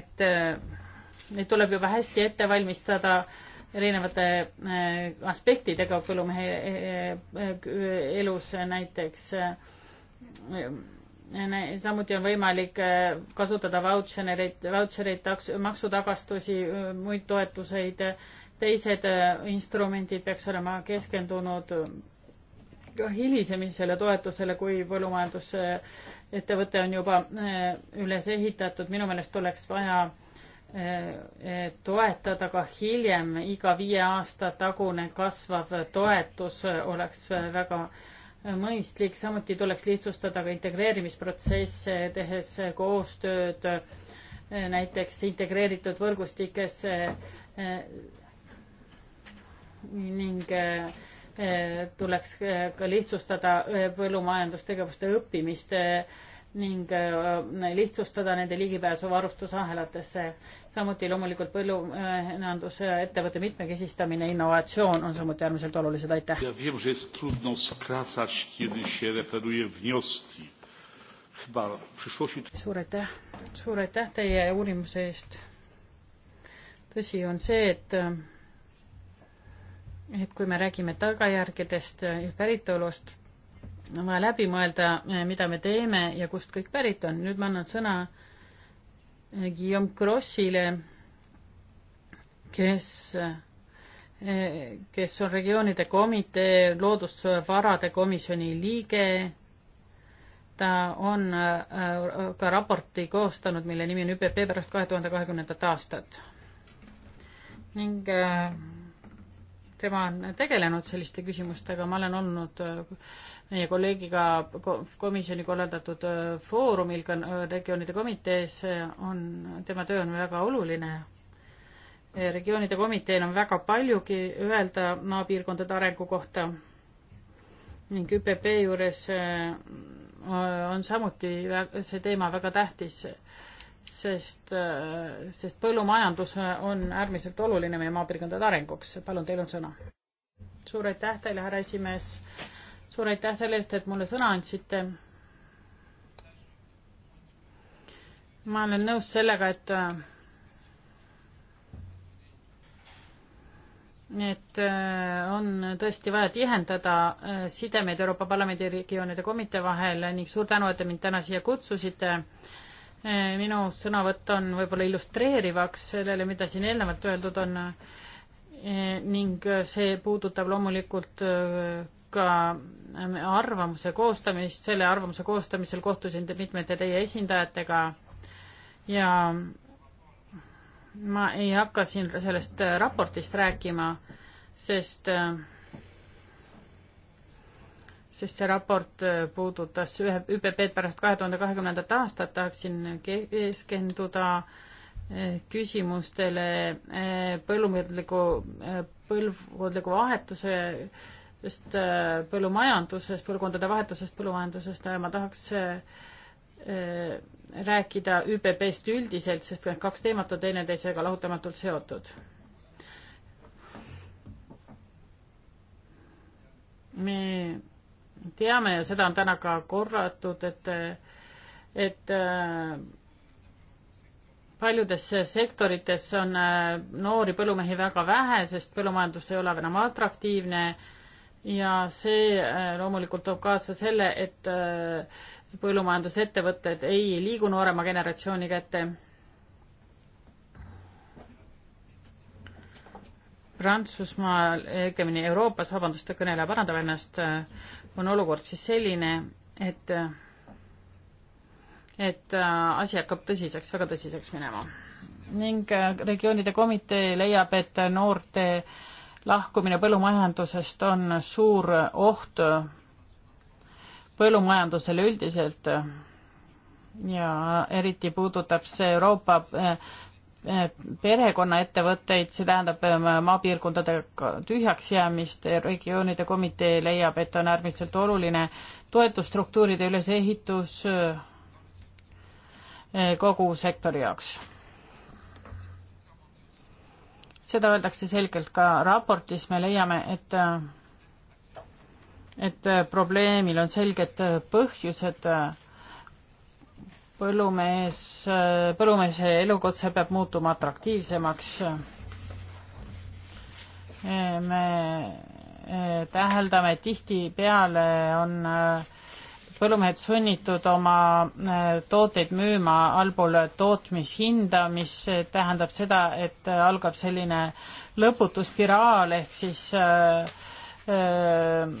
Speaker 4: et eh, neid tuleb juba hästi ette valmistada erinevate eh, aspektidega põllumehe elus näiteks. samuti on võimalik kasutada vautšereid, vautšereid, maksutagastusi, muid toetuseid teised äh, instrumendid peaks olema keskendunud ka hilisemisele toetusele, kui põllumajandusettevõte on juba äh, üles ehitatud, minu meelest oleks vaja äh, toetada ka hiljem, iga viie aasta tagune kasvav toetus oleks väga mõistlik, samuti tuleks lihtsustada ka integreerimisprotsesse, tehes koostööd näiteks integreeritud võrgustikes ning eh, eh, tuleks eh, ka lihtsustada põllumajandustegevuste õppimist ning lihtsustada nende ligipääsu varustusahelatesse. samuti loomulikult põllumajanduse ettevõtte mitmekesistamine, innovatsioon on samuti äärmiselt olulised, aitäh. suur aitäh, suur aitäh teie uurimuse eest. tõsi on see, et et kui me räägime tagajärgedest ja päritolust, on vaja läbi mõelda, mida me teeme ja kust kõik pärit on. nüüd ma annan sõna eh, Guillaume Grossile, kes, eh, kes on regioonide komitee loodusvarade komisjoni liige. ta on eh, ka raporti koostanud, mille nimi on ÜPP pärast kahe tuhande kahekümnendat aastat. ning tema on tegelenud selliste küsimustega, ma olen olnud äh, meie kolleegiga komisjoni korraldatud äh, foorumil ka äh, regioonide komitees, on, tema töö on väga oluline. regioonide komiteel on väga paljugi öelda maapiirkondade arengu kohta ning ÜPP juures on samuti see teema väga tähtis sest, äh, sest põllumajandus on äärmiselt oluline meie maapiirkondade arenguks. palun, teil on sõna. suur aitäh teile, härra esimees. suur aitäh selle eest, et mulle sõna andsite. ma olen nõus sellega, et äh, et äh, on tõesti vaja tihendada sidemeid Euroopa Parlamendi regioonide komitee vahel ning suur tänu, et te mind täna siia kutsusite Eh, minu sõnavõtt on võib-olla illustreerivaks sellele, mida siin eelnevalt öeldud on eh, ning see puudutab loomulikult eh, ka ähm, arvamuse koostamist, selle arvamuse koostamisel kohtusin te mitmete teie esindajatega ja ma ei hakka siin sellest raportist rääkima, sest äh, sest see raport äh, puudutas ühe ÜPP-d pärast kahe tuhande kahekümnendat aastat, tahaksin keskenduda äh, küsimustele äh, põllumajandusliku, põlvkondliku vahetuse sest põllumajandusest, põlvkondade vahetusest põllumajandusest ma tahaks rääkida ÜPP-st üldiselt, sest kaks teemat on teineteisega lahutamatult seotud. me teame ja seda on täna ka korratud, et, et äh, paljudes sektorites on äh, noori põllumehi väga vähe, sest põllumajandus ei ole enam atraktiivne ja see äh, loomulikult toob kaasa selle, et põllumajandusettevõtted ei liigu noorema generatsiooni kätte. Prantsusmaal, õigemini Euroopas, vabandust, ta kõneleb, parandab ennast, on olukord siis selline, et, et äh, asi hakkab tõsiseks, väga tõsiseks minema. ning äh, regioonide komitee leiab, et noorte lahkumine põllumajandusest on suur oht põllumajandusele üldiselt ja eriti puudutab see Euroopa äh, perekonnaettevõtteid, see tähendab maapiirkondade tühjaks jäämist, regioonide komitee leiab, et on äärmiselt oluline toetusstruktuuride ülesehitus eh, kogu sektori jaoks. seda öeldakse selgelt ka raportis, me leiame, et et probleemil on selged põhjused äh, põllumees, põllumehe elukutse peab muutuma atraktiivsemaks. me täheldame, et tihtipeale on äh, põllumehed sunnitud oma äh, tooteid müüma allpool tootmishinda, mis tähendab seda, et algab selline lõputu spiraal ehk siis äh, äh,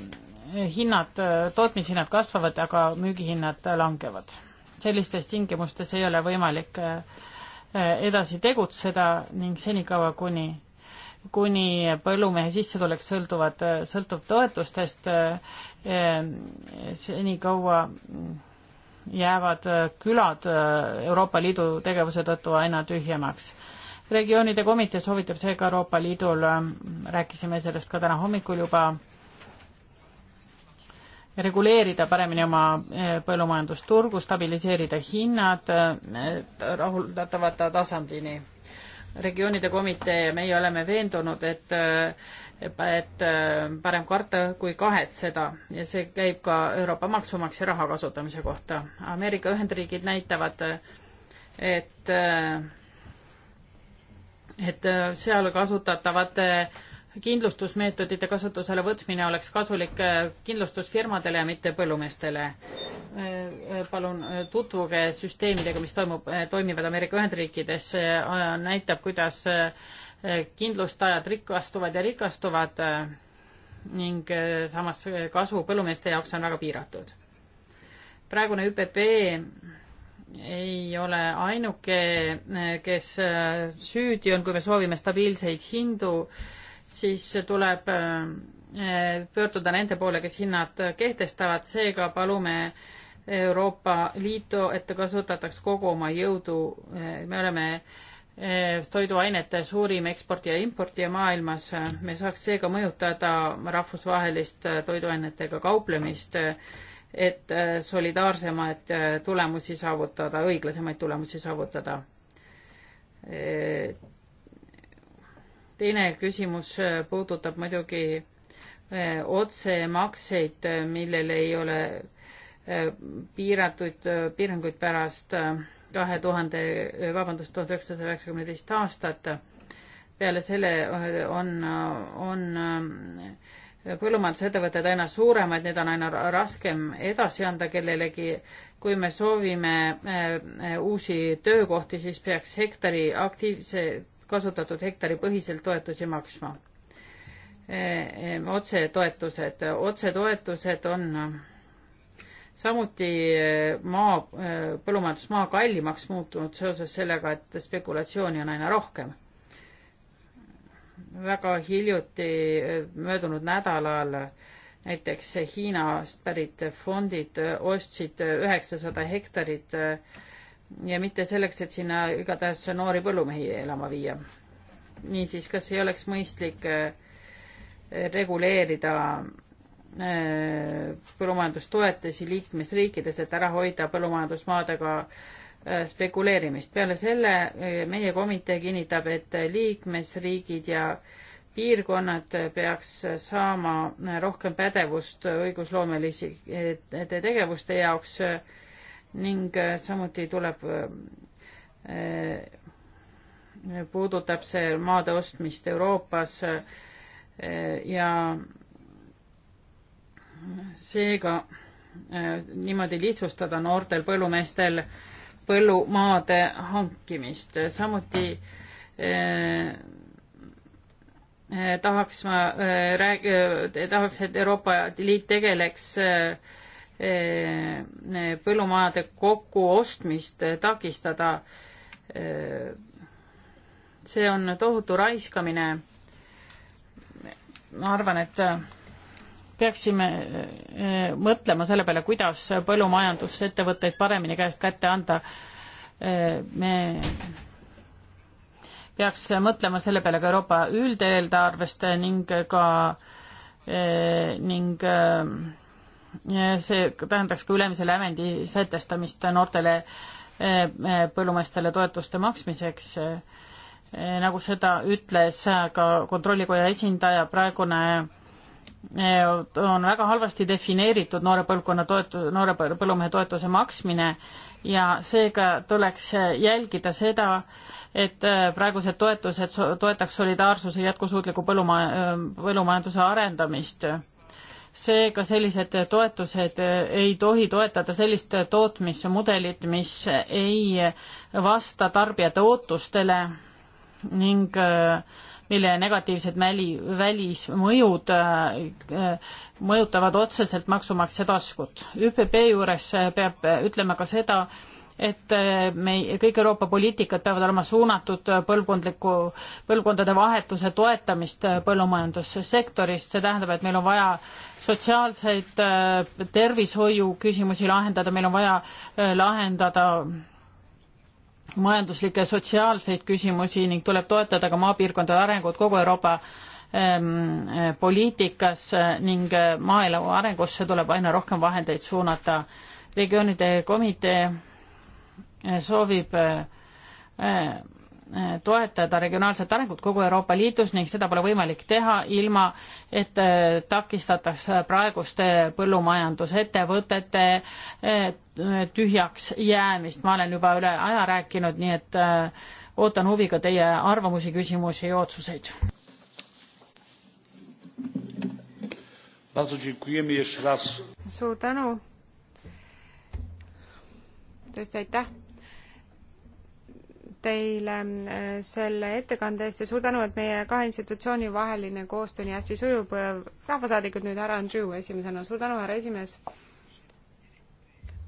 Speaker 4: hinnad, tootmishinnad kasvavad, aga müügihinnad langevad sellistes tingimustes ei ole võimalik äh, edasi tegutseda ning senikaua, kuni, kuni põllumehe sissetulek sõltuvad, sõltub toetustest, äh, senikaua jäävad külad äh, Euroopa Liidu tegevuse tõttu aina tühjemaks. regioonide komitee soovitab seega Euroopa Liidul, rääkisime sellest ka täna hommikul juba, reguleerida paremini oma eh, põllumajandusturgu, stabiliseerida hinnad eh, rahuldatavate tasandini. regioonide komitee ja meie oleme veendunud, et eh, et parem karta kui kahetseda ja see käib ka Euroopa maksumaksja raha kasutamise kohta. Ameerika Ühendriigid näitavad, et et seal kasutatavate äh, kindlustusmeetodite kasutusele võtmine oleks kasulik äh, kindlustusfirmadele ja mitte põllumeestele. Äh, äh, palun tutvuge süsteemidega, mis toimub, toimivad Ameerika Ühendriikides, näitab, kuidas kindlustajad rikastuvad ja rikastuvad ning samas kasu põllumeeste jaoks on väga piiratud. praegune ÜPP ei ole ainuke, kes süüdi on, kui me soovime stabiilseid hindu äh, siis tuleb äh, pöörduda nende poole, kes hinnad kehtestavad, seega palume Euroopa Liitu, et ta kasutataks kogu oma jõudu, äh, me oleme äh, toiduainete suurim eksportija, importija maailmas, me saaks seega mõjutada rahvusvahelist toiduainetega kauplemist, et solidaarsemaid tulemusi saavutada, õiglasemaid tulemusi saavutada teine küsimus äh, puudutab muidugi äh, otsemakseid, äh, millel ei ole piiratud, piiranguid pärast kahe tuhande, vabandust, tuhande üheksasaja üheksakümne teist aastat. peale selle on, on põllumajandusettevõtted aina suuremad, neid on aina raskem edasi anda kellelegi. kui me soovime uusi töökohti, siis peaks hektari aktiivse kasutatud hektari põhiselt toetusi maksma. E, e, otsetoetused, otsetoetused on samuti e, maa, põllumajandusmaa kallimaks muutunud seoses sellega, et spekulatsiooni on aina rohkem. väga hiljuti, möödunud nädalal näiteks Hiinast pärit fondid ostsid üheksasada hektarit äh, ja mitte selleks, et sinna igatahes noori põllumehi elama viia. niisiis, kas ei oleks mõistlik äh, reguleerida äh, põllumajandustoetusi liikmesriikides, et ära hoida põllumajandusmaadega äh, spekuleerimist. peale selle meie komitee kinnitab, et liikmesriigid ja piirkonnad peaks saama rohkem pädevust õigusloomelisi tegevuste jaoks ning äh, samuti tuleb, äh, äh, puudutab see maade ostmist Euroopas ja seega niimoodi lihtsustada noortel põllumeestel põllumaade hankimist, samuti tahaks ma rääg-, tahaks, et Euroopa Liit tegeleks Eh, põllumajade kokkuostmist takistada. Eh, see on tohutu raiskamine. ma arvan, et eh, peaksime mõtlema selle peale, kuidas põllumajandusettevõtteid paremini käest kätte anda. me peaks mõtlema selle peale ka Euroopa üldeelarvest ning ka ning see tähendaks ka ülemise lävendi sätestamist noortele eh, eh, põllumeestele toetuste maksmiseks. Eh, nagu seda ütles ka kontrollikoja esindaja, praegune on väga halvasti defineeritud noore põlvkonna toetu-, noore põllumehe toetuse maksmine ja seega tuleks jälgida seda, et praegused toetused toetaks solidaarsuse jätkusuutliku põlluma-, põllumajanduse arendamist seega sellised toetused eh, ei tohi toetada sellist tootmismudelit, mis ei vasta tarbijate ootustele ning eh, mille negatiivsed väli, välismõjud eh, mõjutavad otseselt maksumaksja taskut. ÜPP juures peab ütlema ka seda, et äh, me, kõik Euroopa poliitikad peavad olema suunatud äh, põlvkondliku, põlvkondade vahetuse toetamist äh, põllumajandussektoris, see tähendab, et meil on vaja sotsiaalseid tervishoiu küsimusi lahendada, meil on vaja lahendada majanduslikke ja sotsiaalseid küsimusi ning tuleb toetada ka maapiirkondade arengut kogu Euroopa ähm, poliitikas ning maaelu arengusse tuleb aina rohkem vahendeid suunata. regioonide komitee Eh, soovib eh, eh, toetada regionaalset arengut kogu Euroopa Liidus ning seda pole võimalik teha ilma, et takistataks praeguste põllumajandusettevõtete tühjaks jäämist. ma olen juba üle aja rääkinud, nii et ootan huviga teie arvamusi, küsimusi ja otsuseid. suur tänu.
Speaker 2: tõesti aitäh teile äh, selle ettekande eest ja suur tänu, et meie kahe institutsiooni vaheline koostöö nii hästi sujub. rahvasaadikud nüüd, härra Andrew esimesena, suur tänu, härra esimees.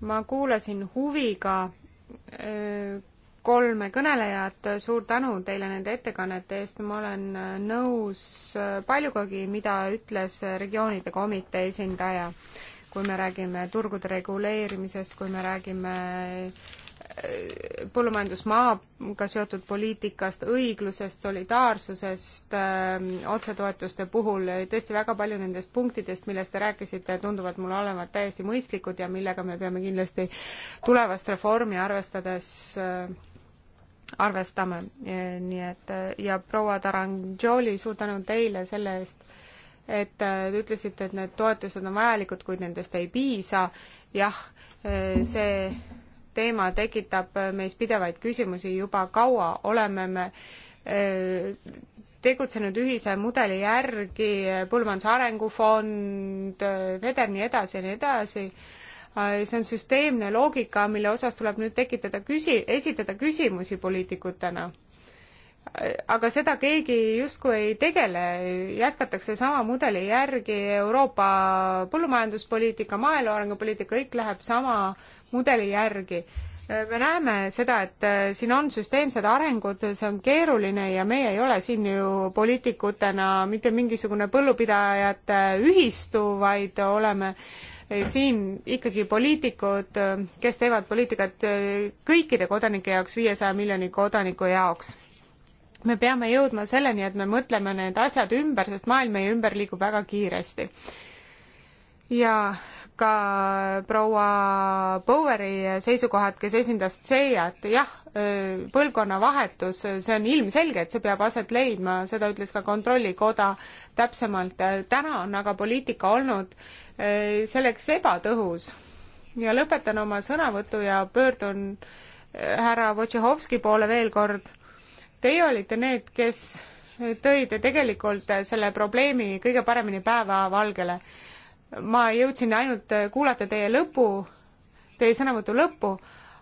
Speaker 2: ma kuulasin huviga äh, kolme kõnelejat, suur tänu teile nende ettekannete eest, ma olen äh, nõus paljugagi, mida ütles regioonide komitee esindaja, kui me räägime turgude reguleerimisest, kui me räägime äh, põllumajandusmaaga seotud poliitikast, õiglusest, solidaarsusest öö, ähm, otsetoetuste puhul, tõesti väga palju nendest punktidest, millest te rääkisite, tunduvad mulle olevat täiesti mõistlikud ja millega me peame kindlasti tulevast reformi arvestades öö, äh, arvestame, nii et äh, ja proua Taranjoli, suur tänu teile selle eest, et äh, te ütlesite, et need toetused on vajalikud, kuid nendest ei piisa, jah, see teema tekitab meis pidevaid küsimusi juba kaua, oleme me äh, tegutsenud ühise mudeli järgi, Põllumajanduse Arengufond, FEDER, nii edasi ja nii edasi, äh, see on süsteemne loogika, mille osas tuleb nüüd tekitada küsi-, esitada küsimusi poliitikutena äh, aga seda keegi justkui ei tegele, jätkatakse sama mudeli järgi, Euroopa põllumajanduspoliitika, maaelu arengupoliitika, kõik läheb sama mudeli järgi. me näeme seda, et äh, siin on süsteemsed arengud, see on keeruline ja meie ei ole siin ju poliitikutena mitte mingisugune põllupidajate ühistu, vaid oleme äh, siin ikkagi poliitikud, äh, kes teevad poliitikat kõikide kodanike jaoks, viiesaja miljoni kodaniku jaoks. me peame jõudma selleni, et me mõtleme need asjad ümber, sest maailm meie ümber liigub väga kiiresti ja ka proua Boweri seisukohad, kes esindas CEA-t, jah, äh, põlvkonnavahetus, see on ilmselge, et see peab aset leidma, seda ütles ka Kontrollikoda täpsemalt. täna on aga poliitika olnud äh, selleks ebatõhus. ja lõpetan oma sõnavõtu ja pöördun äh, härra Wojciechowski poole veel kord. Teie olite need, kes tõid tegelikult selle probleemi kõige paremini päevavalgele ma jõudsin ainult äh, kuulata teie lõpu, teie sõnavõtu lõppu,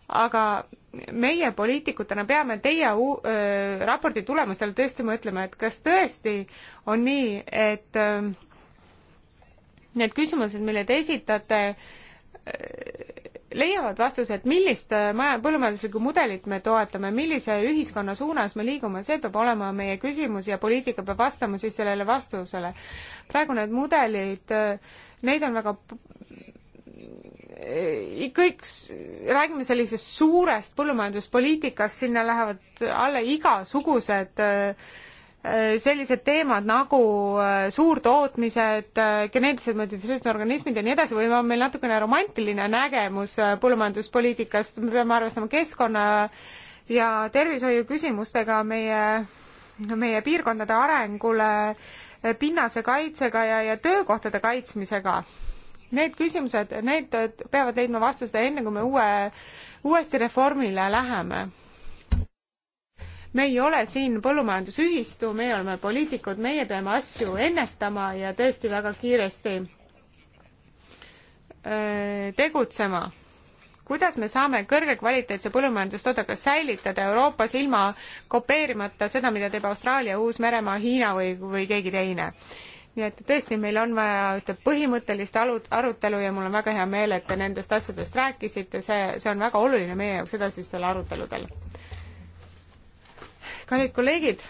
Speaker 2: aga meie poliitikutena peame teie uu, äh, raporti tulemusel tõesti mõtlema, et kas tõesti on nii, et äh, need küsimused, mille te esitate äh,, leiavad vastused, millist äh, maja, põllumajanduslikku mudelit me toetame, millise ühiskonna suunas me liigume, see peab olema meie küsimus ja poliitika peab vastama siis sellele vastusele. praegu need mudelid, äh, neid on väga äh, kõik, räägime sellisest suurest põllumajanduspoliitikast, sinna lähevad alla igasugused äh, Äh, sellised teemad nagu äh, suurtootmised, äh, geneetilised modifitseeritud organismid ja nii edasi, või on meil natukene romantiline nägemus põllumajanduspoliitikast, me peame arvestama keskkonna ja tervishoiu küsimustega meie, meie piirkondade arengule, pinnase kaitsega ja, ja töökohtade kaitsmisega. Need küsimused, need peavad leidma vastuse enne, kui me uue, uuesti reformile läheme me ei ole siin põllumajandusühistu, meie oleme poliitikud, meie peame asju ennetama ja tõesti väga kiiresti öö, äh, tegutsema kuidas me saame kõrgekvaliteetse põllumajandustoodaga säilitada Euroopas ilma kopeerimata seda, mida teeb Austraalia, Uus-Meremaa, Hiina või, või keegi teine. nii et tõesti, meil on vaja ühte põhimõttelist alu-, arutelu ja mul on väga hea meel, et te nendest asjadest rääkisite, see, see on väga oluline meie jaoks edasistel aruteludel kallid kolleegid,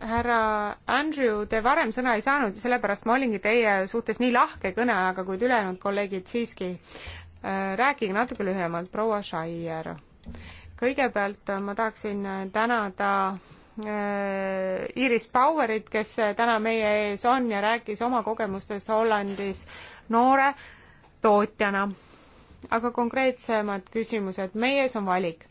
Speaker 2: härra Andrew, te varem sõna ei saanud ja sellepärast ma olingi teie suhtes nii lahke kõneajaga, kuid ülejäänud kolleegid siiski äh, rääkige natuke lühemalt, proua Shire. kõigepealt ma tahaksin tänada äh, Iris Powerit, kes täna meie ees on ja rääkis oma kogemustest Hollandis noore tootjana. aga konkreetsemad küsimused, meie ees on valik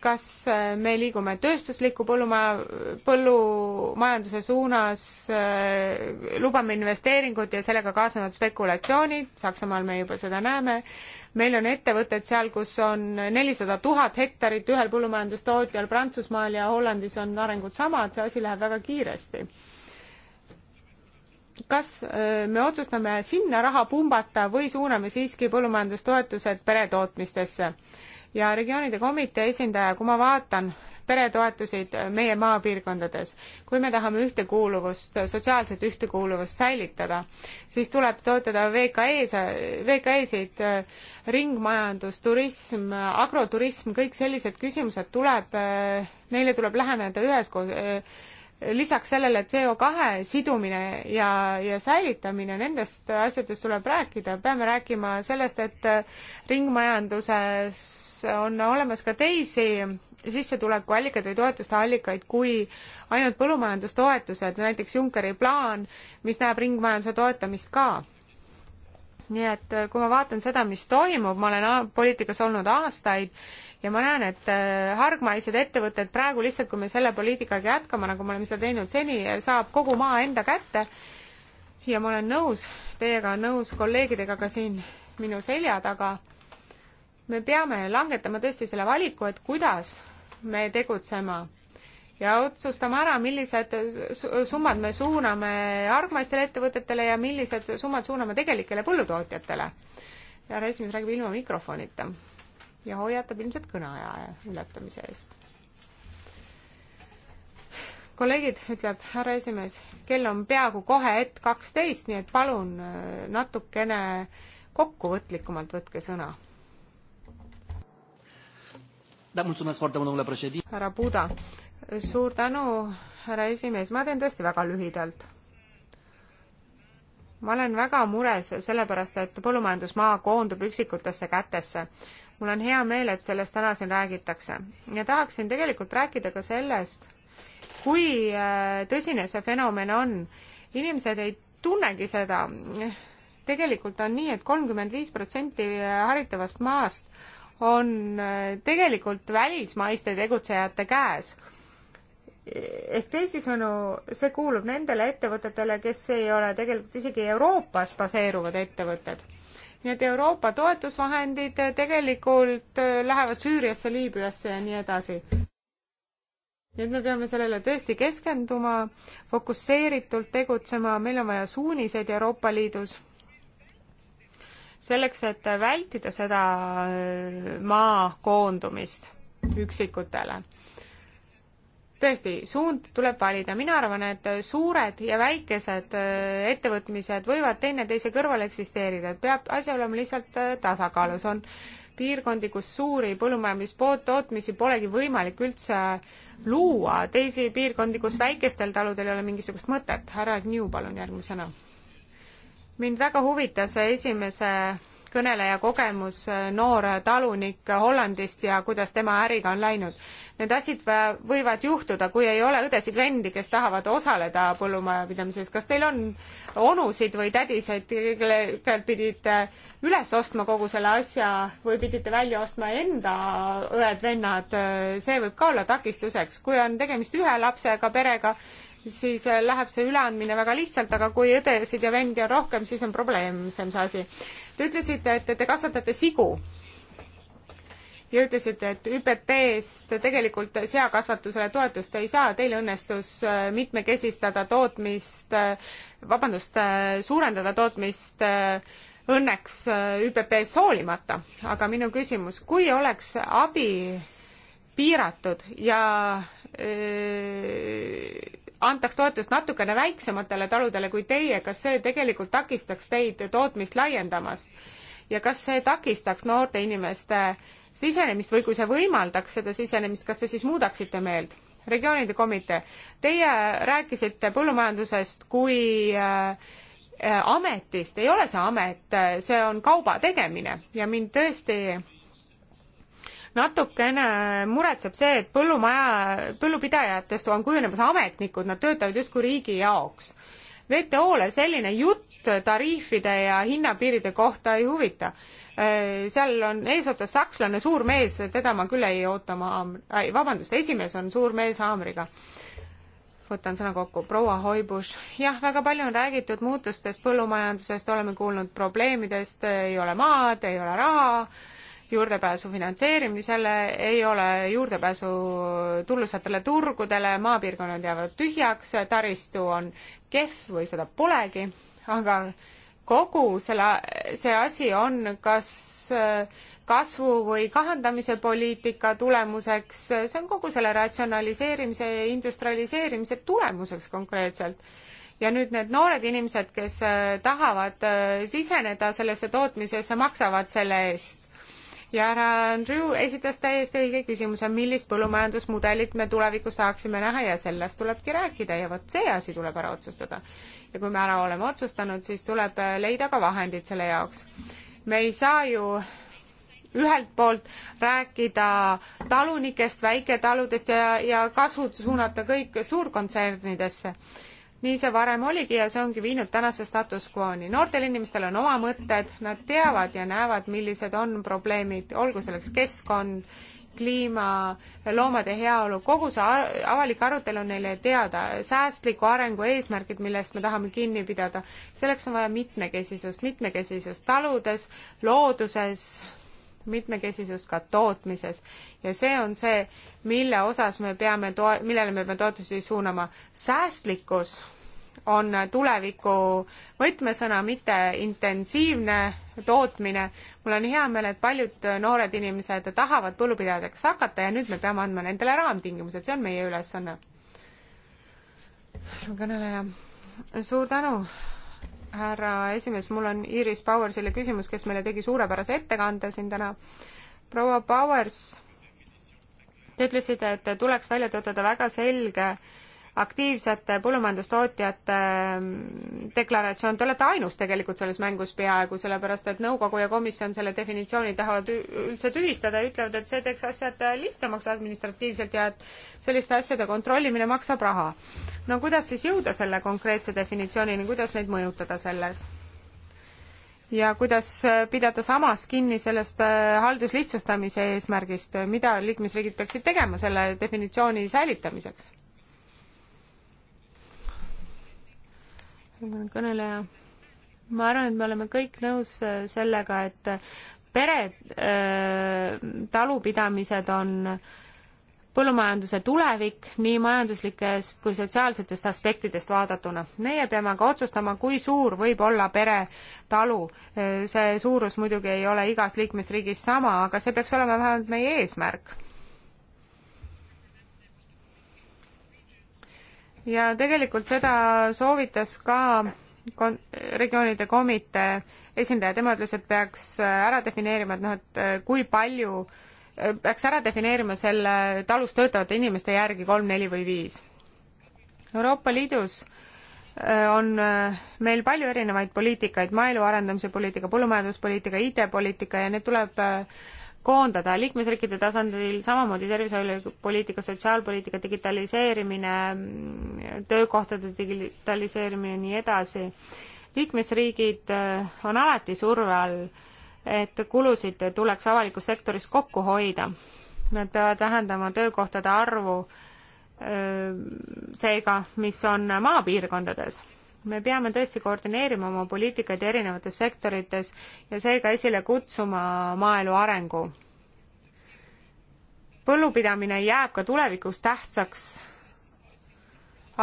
Speaker 2: kas äh, me liigume tööstusliku põllumaja, põllumajanduse suunas, äh, lubame investeeringud ja sellega kaasnevad spekulatsioonid, Saksamaal me juba seda näeme, meil on ettevõtted seal, kus on nelisada tuhat hektarit ühel põllumajandustootjal, Prantsusmaal ja Hollandis on arengud samad, see asi läheb väga kiiresti kas äh, me otsustame sinna raha pumbata või suuname siiski põllumajandustoetused peretootmistesse? ja regioonide komitee esindaja, kui ma vaatan peretoetuseid meie maapiirkondades, kui me tahame ühtekuuluvust, sotsiaalset ühtekuuluvust säilitada, siis tuleb toetada VKE-s, VKE-sid, ringmajandus, turism, agroturism, kõik sellised küsimused tuleb, neile tuleb läheneda üheskoos lisaks sellele CO2 sidumine ja, ja säilitamine, nendest asjadest tuleb rääkida, peame rääkima sellest, et ringmajanduses on olemas ka teisi sissetulekuallikaid või toetuste allikaid kui ainult põllumajandustoetused, näiteks Junckeri plaan, mis näeb ringmajanduse toetamist ka nii et äh, kui ma vaatan seda, mis toimub, ma olen poliitikas olnud aastaid ja ma näen, et äh, hargmaised ettevõtted praegu lihtsalt, kui me selle poliitikaga jätkame, nagu me oleme seda teinud seni, saab kogu maa enda kätte. ja ma olen nõus, teiega nõus kolleegidega ka siin minu selja taga. me peame langetama tõesti selle valiku, et kuidas me tegutsema ja otsustama ära, millised summad me suuname argmaistele ettevõtetele ja millised summad suuname tegelikele põllutootjatele. härra esimees räägib ilma mikrofonita ja hoiatab ilmselt kõneaja ületamise eest. kolleegid, ütleb härra esimees, kell on peaaegu kohe hetk kaksteist, nii et palun äh, natukene kokkuvõtlikumalt võtke sõna. härra Puda suur tänu, härra esimees, ma teen tõesti väga lühidalt. ma olen väga mures sellepärast, et põllumajandusmaa koondub üksikutesse kätesse. mul on hea meel, et sellest täna siin räägitakse ja tahaksin tegelikult rääkida ka sellest, kui äh, tõsine see fenomen on. inimesed ei tunnegi seda. tegelikult on nii et, et kolmkümmend viis protsenti äh, haritavast maast on äh, tegelikult välismaiste tegutsejate käes ehk teisisõnu, see kuulub nendele ettevõtetele, kes ei ole tegelikult isegi Euroopas baseeruvad ettevõtted. nii et Euroopa toetusvahendid tegelikult äh, lähevad Süüriasse, Liibüasse ja nii edasi. nii et me peame sellele tõesti keskenduma, fokusseeritult tegutsema, meil on vaja suuniseid Euroopa Liidus selleks, et vältida seda äh, maa koondumist üksikutele tõesti, suund tuleb valida, mina arvan, et suured ja väikesed äh, ettevõtmised võivad teineteise kõrval eksisteerida, et peab asi olema lihtsalt äh, tasakaalus, on piirkondi, kus suuri põllumajandustootmisi polegi võimalik üldse äh, luua, teisi piirkondi, kus väikestel taludel ei ole mingisugust mõtet. härra Agniu, palun järgmisena. mind väga huvitas esimese kõneleja kogemus, äh, noor talunik Hollandist ja kuidas tema äriga on läinud. Need asjad võivad juhtuda, kui ei ole õdesid-vendi, kes tahavad osaleda põllumajapidamises. kas teil on onusid või tädiseid, kellelt pidite üles ostma kogu selle asja või pidite välja ostma enda õed-vennad? see võib ka olla takistuseks, kui on tegemist ühe lapsega perega, siis äh, läheb see üleandmine väga lihtsalt, aga kui õdesid ja vendi on rohkem, siis on probleemsem see asi. Te ütlesite, et te kasvatate sigu ja ütlesite, et ÜPP-st tegelikult seakasvatusele toetust ei saa, teil õnnestus äh, mitmekesistada tootmist, äh, vabandust, äh, suurendada tootmist õnneks ÜPP-st hoolimata. aga minu küsimus, kui oleks abi piiratud ja öö, antaks toetust natukene väiksematele taludele kui teie, kas see tegelikult takistaks teid tootmist laiendamast? ja kas see takistaks noorte inimeste sisenemist või kui see võimaldaks seda sisenemist, kas te siis muudaksite meelt? regioonide komitee, teie rääkisite põllumajandusest kui äh, äh ametist, ei ole see amet, see on kauba tegemine ja mind tõesti natukene muretseb see, et põllumaja, põllupidajatest on kujunemas ametnikud, nad töötavad justkui riigi jaoks. WTO-le selline jutt tariifide ja hinnapiiride kohta ei huvita. Äh, seal on eesotsas sakslane, suur mees, teda ma küll ei oota, ma haam-, äh, vabandust, esimees on suur mees haamriga võtan sõna kokku, proua Hoibus. jah, väga palju on räägitud muutustest põllumajandusest, oleme kuulnud probleemidest, äh, ei ole maad, ei ole raha, juurdepääsu finantseerimisele, ei ole juurdepääsu tulusatele turgudele, maapiirkonnad jäävad tühjaks, taristu on kehv või seda polegi, aga kogu selle, see asi on kas äh, kasvu või kahandamise poliitika tulemuseks, see on kogu selle ratsionaliseerimise ja industrialiseerimise tulemuseks konkreetselt ja nüüd need noored inimesed, kes äh, tahavad äh, siseneda sellesse tootmisesse, maksavad selle eest ja härra Andrew esitas täiesti õige küsimuse, millist põllumajandusmudelit me tulevikus saaksime näha ja sellest tulebki rääkida ja vot see asi tuleb ära otsustada. ja kui me ära oleme otsustanud, siis tuleb äh, leida ka vahendid selle jaoks. me ei saa ju ühelt poolt rääkida talunikest, väiketaludest ja, ja kasud suunata kõik suurkontsernidesse nii see varem oligi ja see ongi viinud tänase status quo'ni. noortel inimestel on oma mõtted, nad teavad ja näevad, millised on probleemid, olgu selleks keskkond, kliima, loomade heaolu, kogu see avalik arutelu on neile teada, säästliku arengu eesmärgid, millest me tahame kinni pidada, selleks on vaja mitmekesisust, mitmekesisust taludes, looduses, mitmekesisust ka tootmises ja see on see, mille osas me peame toe-, millele me peame toetusi suunama. säästlikkus on tuleviku võtmesõna, mitte intensiivne tootmine. mul on hea meel, et paljud noored inimesed tahavad põllupidajateks hakata ja nüüd me peame andma nendele raamtingimused, see on meie ülesanne. kõneleja, suur tänu, härra esimees, mul on Iris Powersile küsimus, kes meile tegi suurepärase ettekande siin täna. proua Powers, te ütlesite, et tuleks välja töötada väga selge aktiivsete põllumajandustootjate mm, deklaratsioon, te olete ainus tegelikult selles mängus peaaegu, sellepärast et nõukogu ja komisjon selle definitsiooni tahavad üldse tühistada ja ütlevad, et see teeks asjad lihtsamaks administratiivselt ja et selliste asjade kontrollimine maksab raha. no kuidas siis jõuda selle konkreetse definitsioonini, kuidas neid mõjutada selles? ja kuidas pidada samas kinni sellest äh, halduslihtsustamise eesmärgist, mida liikmesriigid peaksid tegema selle definitsiooni säilitamiseks? järgmine kõneleja. ma arvan, et me oleme kõik nõus äh, sellega, et äh, pered, äh, talupidamised on põllumajanduse tulevik nii majanduslikest kui sotsiaalsetest aspektidest vaadatuna. meie peame aga otsustama, kui suur võib olla peretalu. see suurus muidugi ei ole igas liikmesriigis sama, aga see peaks olema vähemalt meie eesmärk ja tegelikult seda soovitas ka kon-, regioonide komitee esindaja, tema ütles, et peaks äh, ära defineerima, et noh, et äh, kui palju, äh, peaks ära defineerima selle talus töötavate inimeste järgi kolm, neli või viis. Euroopa Liidus on meil palju erinevaid poliitikaid, maaelu arendamise poliitika, põllumajanduspoliitika, IT-poliitika ja need tuleb koondada liikmesriikide tasandil, samamoodi tervishoiupoliitika, sotsiaalpoliitika digitaliseerimine, töökohtade digitaliseerimine ja nii edasi. liikmesriigid äh, on alati surve all, et kulusid tuleks avalikus sektoris kokku hoida. Nad peavad vähendama töökohtade arvu äh, seega, mis on maapiirkondades me peame tõesti koordineerima oma poliitikaid erinevates sektorites ja seega esile kutsuma maaelu arengu. põllupidamine jääb ka tulevikus tähtsaks,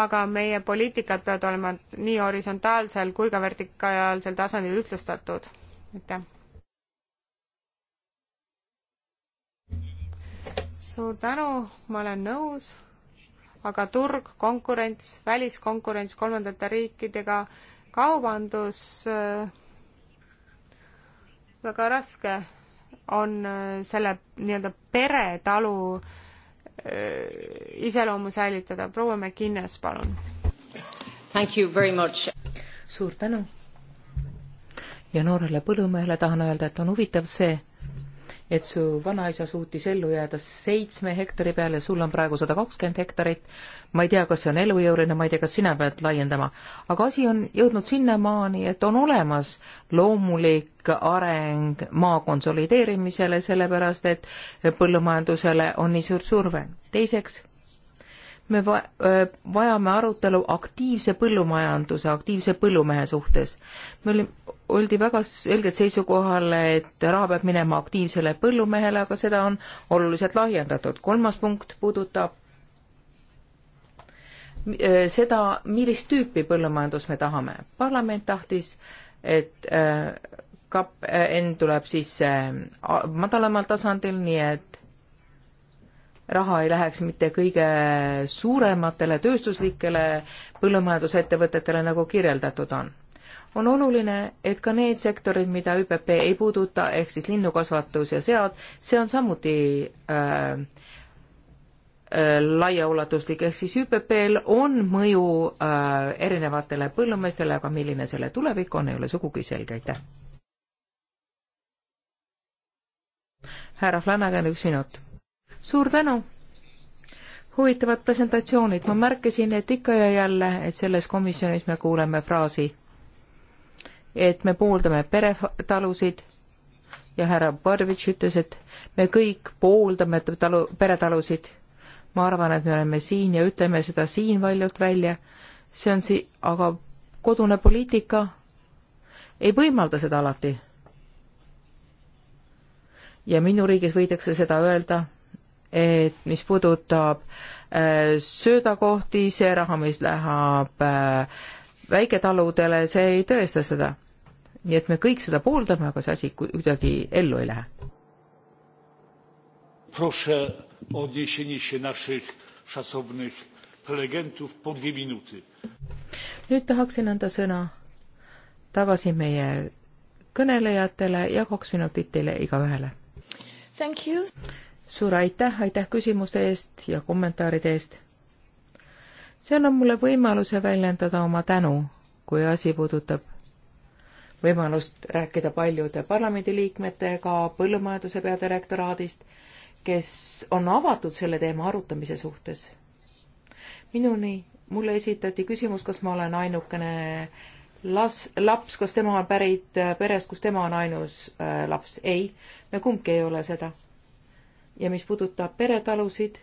Speaker 2: aga meie poliitikad peavad olema nii horisontaalsel kui ka vertikaalsel tasandil ühtlustatud. aitäh. suur tänu, ma olen nõus aga turg, konkurents, väliskonkurents kolmandate riikidega, kaubandus, äh, väga raske on äh, selle nii-öelda peretalu äh, iseloomu säilitada. proua McInnes, palun.
Speaker 3: suur tänu. ja noorele põllumehele tahan öelda, et on huvitav see, et su vanaisa suutis ellu jääda seitsme hektari peale, sul on praegu sada kakskümmend hektarit. ma ei tea, kas see on elujõuline, ma ei tea, kas sina pead laiendama, aga asi on jõudnud sinnamaani, et on olemas loomulik areng maa konsolideerimisele, sellepärast et põllumajandusele on nii suur surve. teiseks me va-, vajame arutelu aktiivse põllumajanduse, aktiivse põllumehe suhtes. me oli, oldi väga selgelt seisukohal, et raha peab minema aktiivsele põllumehele, aga seda on oluliselt lahjendatud. kolmas punkt puudutab seda, millist tüüpi põllumajandust me tahame. parlament tahtis, et äh, kap- äh,, N tuleb siis äh, madalamal tasandil, nii et raha ei läheks mitte kõige suurematele tööstuslikele põllumajandusettevõtetele, nagu kirjeldatud on. on oluline, et ka need sektorid, mida ÜPP ei puuduta, ehk siis linnukasvatus ja sead, see on samuti äh, äh, laiaulatuslik, ehk siis ÜPP-l on mõju äh, erinevatele põllumeestele, aga milline selle tulevik on, ei ole sugugi selge, aitäh. härra Flanagan, üks minut suur tänu! huvitavad presentatsioonid, ma märkasin, et ikka ja jälle, et selles komisjonis me kuuleme fraasi, et me pooldame peretalusid ja härra Barvitš ütles, et me kõik pooldame talu, peretalusid. ma arvan, et me oleme siin ja ütleme seda siin valjult välja, see on si-, aga kodune poliitika ei võimalda seda alati. ja minu riigis võidakse seda öelda et mis puudutab äh, söödakohti, see raha, mis läheb äh, väiketaludele, see ei tõesta seda. nii et me kõik seda pooldame, aga see asi kuidagi ellu ei lähe.
Speaker 1: Proszę o odniesienie się naszych szacownych prelegentów po dwie minuty.
Speaker 3: nüüd tahaksin anda sõna tagasi meie kõnelejatele ja kaks minutit teile igaühele suur aitäh, aitäh küsimuste eest ja kommentaaride eest. see annab mulle võimaluse väljendada oma tänu, kui asi puudutab võimalust rääkida paljude parlamendiliikmetega põllumajanduse peadirektoraadist, kes on avatud selle teema arutamise suhtes. minuni, mulle esitati küsimus, kas ma olen ainukene las-, laps, kas tema on pärit perest, kus tema on ainus äh, laps. ei, me kumbki ei ole seda ja mis puudutab peretalusid,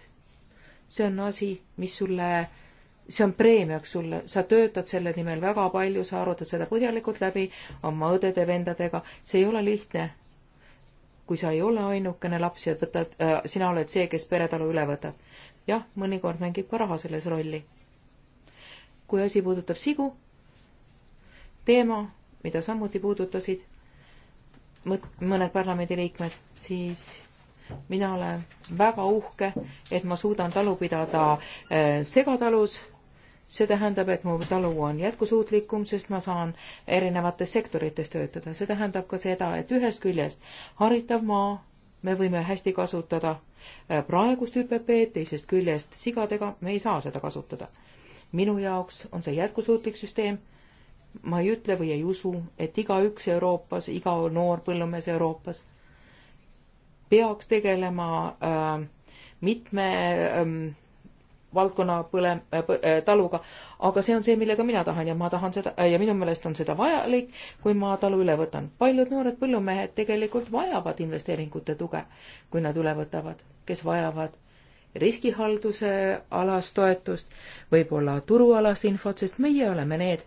Speaker 3: see on asi, mis sulle, see on preemiaks sulle, sa töötad selle nimel väga palju, sa arutad seda põhjalikult läbi oma õdede-vendadega, see ei ole lihtne. kui sa ei ole ainukene laps ja võtad äh,, sina oled see, kes peretalu üle võtab. jah, mõnikord mängib ka raha selles rolli. kui asi puudutab sigu, teema, mida samuti puudutasid mõt-, mõned parlamendiliikmed, siis mina olen väga uhke, et ma suudan talu pidada äh, segatalus. see tähendab, et mu talu on jätkusuutlikum, sest ma saan erinevates sektorites töötada. see tähendab ka seda, et ühest küljest haritav maa, me võime hästi kasutada äh, praegust ÜPP-d, teisest küljest sigadega me ei saa seda kasutada. minu jaoks on see jätkusuutlik süsteem ma ei ütle või ei usu, et igaüks Euroopas, iga noor põllumees Euroopas peaks tegelema ähm, mitme ähm, valdkonna põle- äh, äh,, taluga, aga see on see, millega mina tahan ja ma tahan seda äh, ja minu meelest on seda vajalik, kui ma talu üle võtan. paljud noored põllumehed tegelikult vajavad investeeringute tuge, kui nad üle võtavad, kes vajavad riskihalduse alast toetust, võib-olla turualast infot, sest meie oleme need,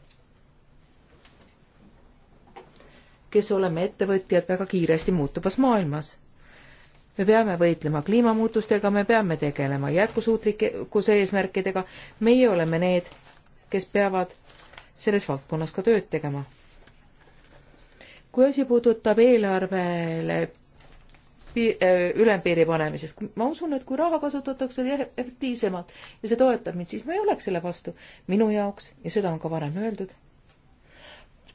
Speaker 3: kes oleme ettevõtjad väga kiiresti muutuvas maailmas me peame võitlema kliimamuutustega, me peame tegelema jätkusuutlikkuse eesmärkidega, meie oleme need, kes peavad selles valdkonnas ka tööd tegema. kui asi puudutab eelarvele pi-, äh, ülempiiri panemisest, ma usun, et kui raha kasutatakse efektiivsemalt ja see toetab mind, siis ma ei oleks selle vastu minu jaoks ja seda on ka varem öeldud.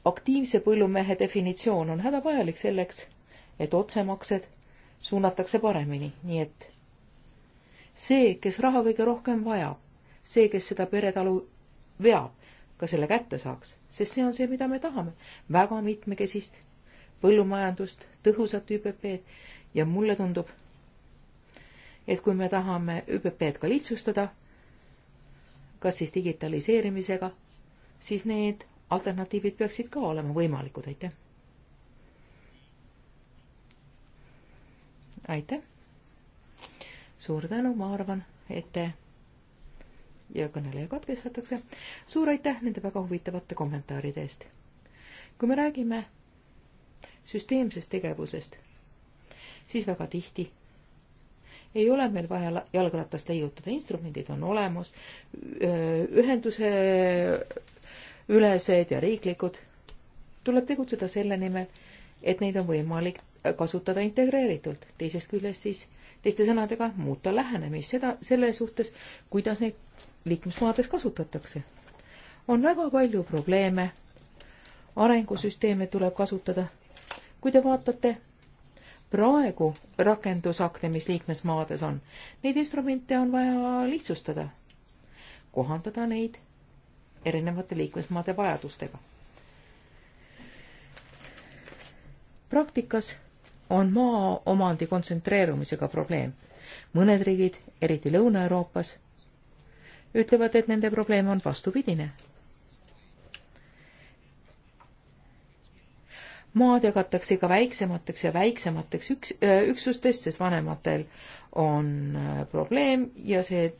Speaker 3: aktiivse põllumehe definitsioon on hädavajalik selleks, et otsemaksed suunatakse paremini, nii et see, kes raha kõige rohkem vajab, see, kes seda peretalu veab, ka selle kätte saaks, sest see on see, mida me tahame. väga mitmekesist põllumajandust, tõhusat ÜPP-d ja mulle tundub, et kui me tahame ÜPP-d ka lihtsustada, kas siis digitaliseerimisega, siis need alternatiivid peaksid ka olema võimalikud, aitäh! aitäh! suur tänu, ma arvan, et te ja kõneleja katkestatakse. suur aitäh nende väga huvitavate kommentaaride eest. kui me räägime süsteemsest tegevusest, siis väga tihti ei ole meil vaja jalgratast leiutada, instrumendid on olemas, ühenduse ülesed ja riiklikud. tuleb tegutseda selle nimel, et neid on võimalik kasutada integreeritult, teisest küljest siis teiste sõnadega muuta lähenemist seda, selle suhtes, kuidas neid liikmesmaades kasutatakse. on väga palju probleeme, arengusüsteeme tuleb kasutada. kui te vaatate praegu rakendusakte, mis liikmesmaades on, neid instrumente on vaja lihtsustada, kohandada neid erinevate liikmesmaade vajadustega. praktikas on maaomandi kontsentreerumisega probleem. mõned riigid, eriti Lõuna-Euroopas, ütlevad, et nende probleem on vastupidine. maad jagatakse ikka väiksemateks ja väiksemateks üks, äh, üksustest, sest vanematel on äh, probleem ja see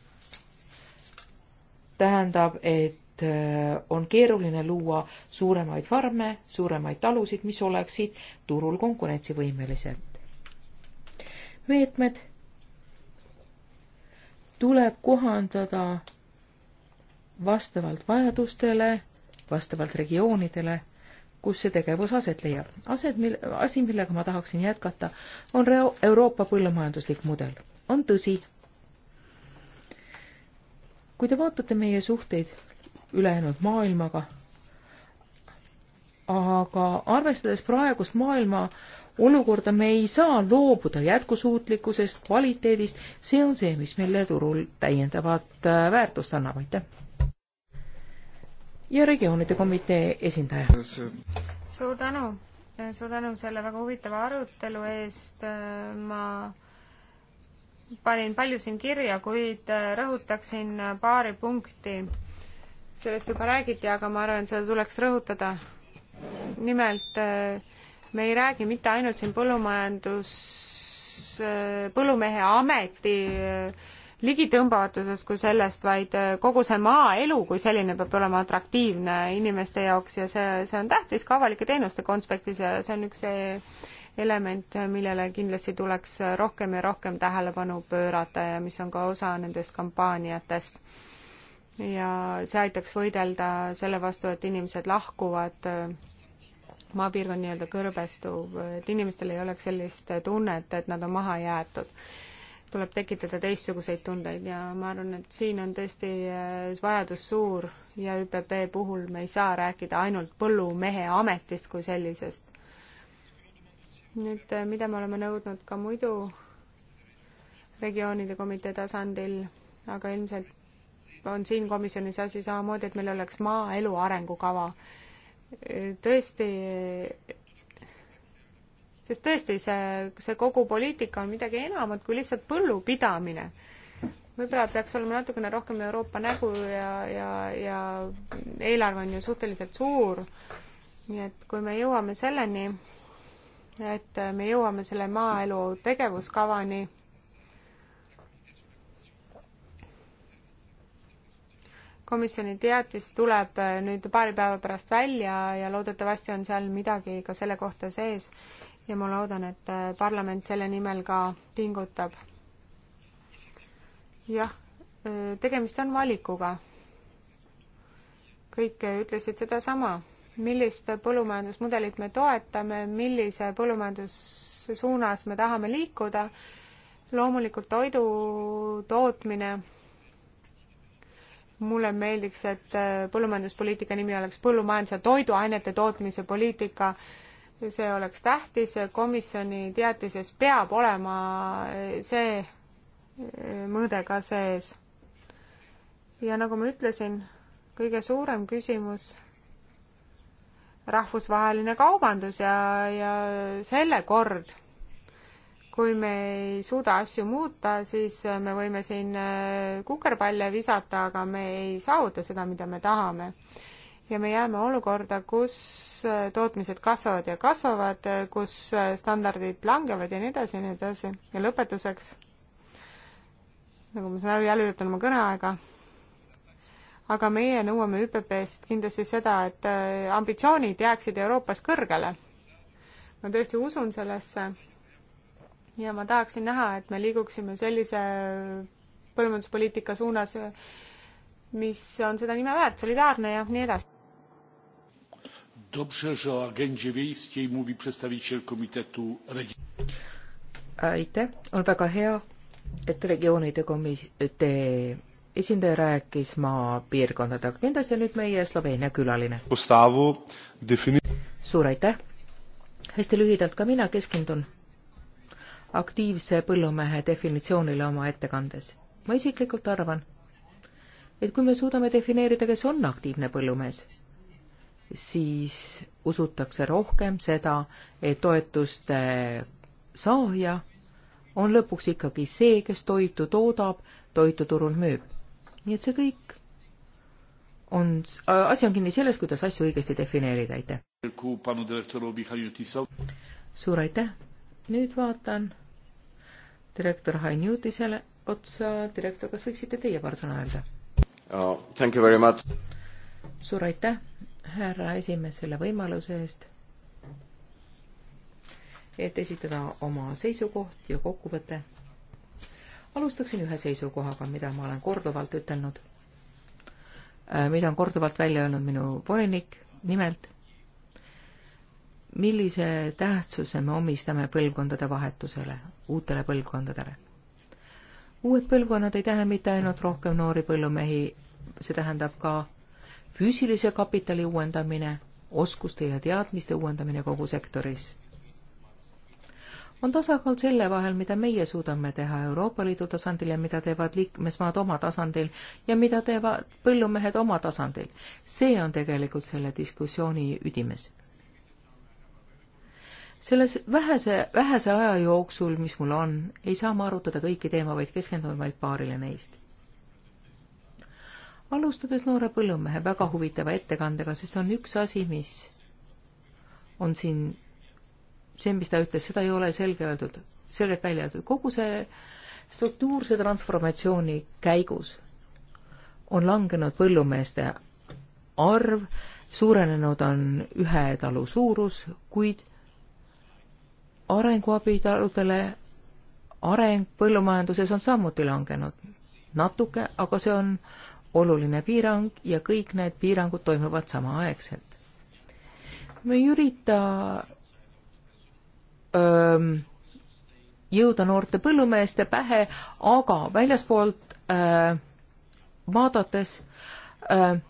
Speaker 3: tähendab, et Äh, on keeruline luua suuremaid farme, suuremaid talusid, mis oleksid turul konkurentsivõimelised. meetmed tuleb kohandada vastavalt vajadustele, vastavalt regioonidele, kus see tegevus aset leiab. ased, mil-, asi, millega ma tahaksin jätkata, on reo-, Euroopa põllumajanduslik mudel. on tõsi. kui te vaatate meie suhteid ülejäänud maailmaga. aga arvestades praegust maailma olukorda, me ei saa loobuda jätkusuutlikkusest, kvaliteedist, see on see, mis meile turul täiendavat äh, väärtust annab, aitäh! ja regioonide komitee esindaja.
Speaker 2: suur tänu, suur tänu selle väga huvitava arutelu eest, ma panin palju siin kirja, kuid äh, rõhutaksin paari punkti sellest juba räägiti, aga ma arvan, et seda tuleks rõhutada. nimelt äh, me ei räägi mitte ainult siin põllumajandus, äh, põllumehe ameti äh, ligitõmbavatusest kui sellest, vaid kogu see maaelu kui selline peab olema atraktiivne inimeste jaoks ja see, see on tähtis ka avalike teenuste konspektis ja see on üks element, millele kindlasti tuleks rohkem ja rohkem tähelepanu pöörata ja mis on ka osa nendest kampaaniatest ja see aitaks võidelda selle vastu, et inimesed lahkuvad äh, maapiirkond nii-öelda kõrbestuv, äh, et inimestel ei oleks sellist äh, tunnet, et nad on maha jäetud. tuleb tekitada teistsuguseid tundeid ja ma arvan, et siin on tõesti vajadus suur ja ÜPP puhul me ei saa rääkida ainult põllumehe ametist kui sellisest. nüüd, mida me oleme nõudnud ka muidu regioonide komitee tasandil, aga ilmselt on siin komisjonis asi samamoodi, et meil oleks maaelu arengukava. tõesti, sest tõesti, see, see kogu poliitika on midagi enamat kui lihtsalt põllupidamine. võib-olla peaks olema natukene rohkem Euroopa nägu ja, ja, ja eelarve on ju suhteliselt suur, nii et kui me jõuame selleni, et me jõuame selle maaelu tegevuskavani komisjoni teatis tuleb äh, nüüd paari päeva pärast välja ja loodetavasti on seal midagi ka selle kohta sees ja ma loodan, et äh, parlament selle nimel ka pingutab. jah, äh, tegemist on valikuga. kõik ütlesid sedasama, millist põllumajandusmudelit me toetame, millise põllumajanduse suunas me tahame liikuda, loomulikult toidu tootmine mulle meeldiks, et äh, põllumajanduspoliitika nimi oleks põllumajanduse toiduainete tootmise poliitika. see oleks tähtis, komisjoni teatises peab olema äh, see äh, mõõde ka sees. ja nagu ma ütlesin, kõige suurem küsimus rahvusvaheline kaubandus ja, ja selle kord kui me ei suuda asju muuta, siis me võime siin äh, kukerpalle visata, aga me ei saavuta seda, mida me tahame. ja me jääme olukorda, kus äh, tootmised kasvavad ja kasvavad, äh, kus standardid langevad ja nii edasi ja nii edasi. ja lõpetuseks, nagu ma saan aru, jälle ületan oma kõneaega, aga meie nõuame ÜPP-st kindlasti seda, et ambitsioonid jääksid Euroopas kõrgele. ma tõesti usun sellesse ja ma tahaksin näha, et me liiguksime sellise põllumajanduspoliitika suunas, mis on seda nime väärt, solidaarne ja nii edasi.
Speaker 1: Dobrze, że o agendzie wiejskiej mówi przedstawiciel komitetu
Speaker 3: aitäh, on väga hea, et regioonide komitee esindaja rääkis maapiirkondade agendast ja nüüd meie Sloveenia külaline. suur aitäh! hästi lühidalt ka mina keskendun aktiivse põllumehe definitsioonile oma ettekandes. ma isiklikult arvan, et kui me suudame defineerida, kes on aktiivne põllumees, siis usutakse rohkem seda, et toetuste saaja on lõpuks ikkagi see, kes toitu toodab, toitu turul müüb. nii et see kõik on, äh, asi on kinni selles, kuidas asju õigesti defineerida, aitäh. suur aitäh nüüd vaatan direktor Hain Juutisele otsa. direktor, kas võiksite teie paar sõna öelda oh,? Thank you very much. suur aitäh, härra esimees, selle võimaluse eest, et esitada oma seisukoht ja kokkuvõte. alustaksin ühe seisukohaga, mida ma olen korduvalt ütelnud, äh, mida on korduvalt välja öelnud minu volinik, nimelt millise tähtsuse me omistame põlvkondade vahetusele, uutele põlvkondadele? uued põlvkonnad ei tähenda mitte ainult rohkem noori põllumehi, see tähendab ka füüsilise kapitali uuendamine, oskuste ja teadmiste uuendamine kogu sektoris. on tasakaal selle vahel, mida meie suudame teha Euroopa Liidu tasandil ja mida teevad liikmesmaad oma tasandil ja mida teevad põllumehed oma tasandil. see on tegelikult selle diskussiooni üdimes selles vähese, vähese aja jooksul, mis mul on, ei saa ma arutada kõiki teema, vaid keskendun vaid paarile neist. alustades noore põllumehe väga huvitava ettekandega, sest on üks asi, mis on siin, see, mis ta ütles, seda ei ole selge öeldud, selgelt välja öeldud, kogu see struktuurse transformatsiooni käigus on langenud põllumeeste arv, suurenenud on ühe talu suurus, kuid arenguabitaludele areng põllumajanduses on samuti langenud. natuke, aga see on oluline piirang ja kõik need piirangud toimuvad samaaegselt. me ei ürita öö, ähm, jõuda noorte põllumeeste pähe, aga väljaspoolt öö, äh, vaadates öö, äh,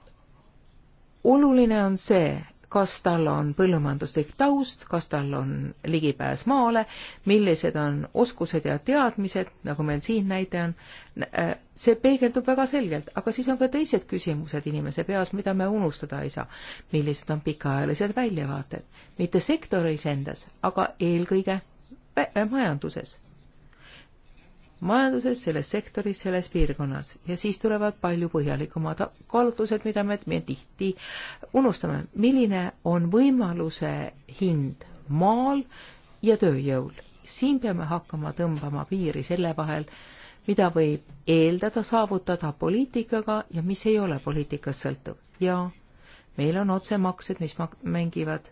Speaker 3: oluline on see, kas tal on põllumajanduslik taust, kas tal on ligipääs maale, millised on oskused ja teadmised, nagu meil siin näide on, äh, see peegeldub väga selgelt, aga siis on ka teised küsimused inimese peas, mida me unustada ei saa. millised on pikaajalised väljavaated, mitte sektori iseendas, aga eelkõige majanduses majanduses, selles sektoris, selles piirkonnas ja siis tulevad palju põhjalikumad kaalutlused, mida me, me tihti unustame. milline on võimaluse hind maal ja tööjõul? siin peame hakkama tõmbama piiri selle vahel, mida võib eeldada saavutada poliitikaga ja mis ei ole poliitikast sõltuv. ja meil on otsemaksed, mis mängivad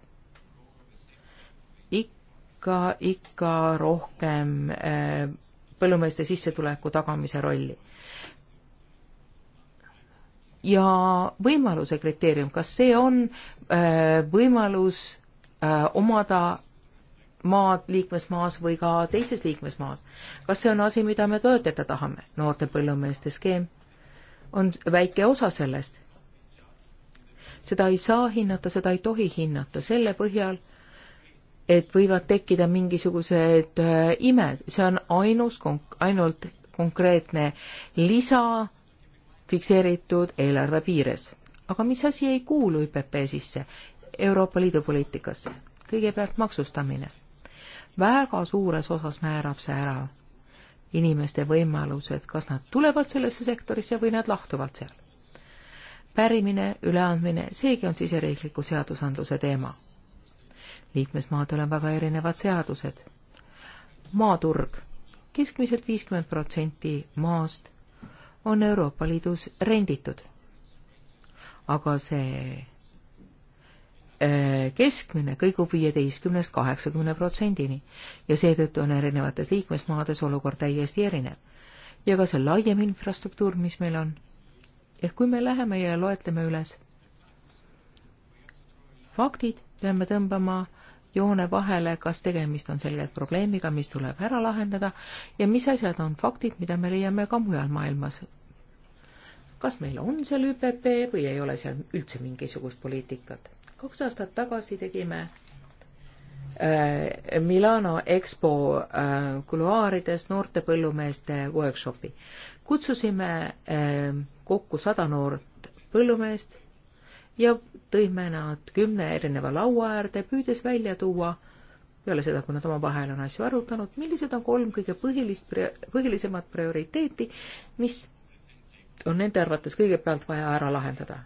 Speaker 3: ikka, ikka rohkem äh, põllumeeste sissetuleku tagamise rolli. ja võimaluse kriteerium, kas see on äh, võimalus äh, omada maad liikmesmaas või ka teises liikmesmaas. kas see on asi, mida me toetada tahame? noorte põllumeeste skeem on väike osa sellest. seda ei saa hinnata, seda ei tohi hinnata selle põhjal, et võivad tekkida mingisugused äh, imed, see on ainus, ainult konkreetne lisa fikseeritud eelarve piires. aga mis asi ei kuulu ÜPP sisse, Euroopa Liidu poliitikasse? kõigepealt maksustamine. väga suures osas määrab see ära inimeste võimalused, kas nad tulevad sellesse sektorisse või nad lahtuvad seal. pärimine, üleandmine, seegi on siseriikliku seadusandluse teema liikmesmaadel on väga erinevad seadused. maaturg. keskmiselt viiskümmend protsenti maast on Euroopa Liidus renditud. aga see äh, keskmine kõigub viieteistkümnest kaheksakümne protsendini ja seetõttu on erinevates liikmesmaades olukord täiesti erinev. ja ka see laiem infrastruktuur, mis meil on. ehk kui me läheme ja loetleme üles faktid, peame tõmbama joone vahele, kas tegemist on selgelt probleemiga, mis tuleb ära lahendada ja mis asjad on faktid, mida me leiame ka mujal maailmas. kas meil on seal ÜPP või ei ole seal üldse mingisugust poliitikat? kaks aastat tagasi tegime äh, Milano EXPO äh, kuluaarides noorte põllumeeste workshopi. kutsusime äh, kokku sada noort põllumeest ja tõime nad kümne erineva laua äärde, püüdes välja tuua peale seda, kui nad omavahel on asju arutanud, millised on kolm kõige põhilist, põhilisemat prioriteeti, mis on nende arvates kõigepealt vaja ära lahendada.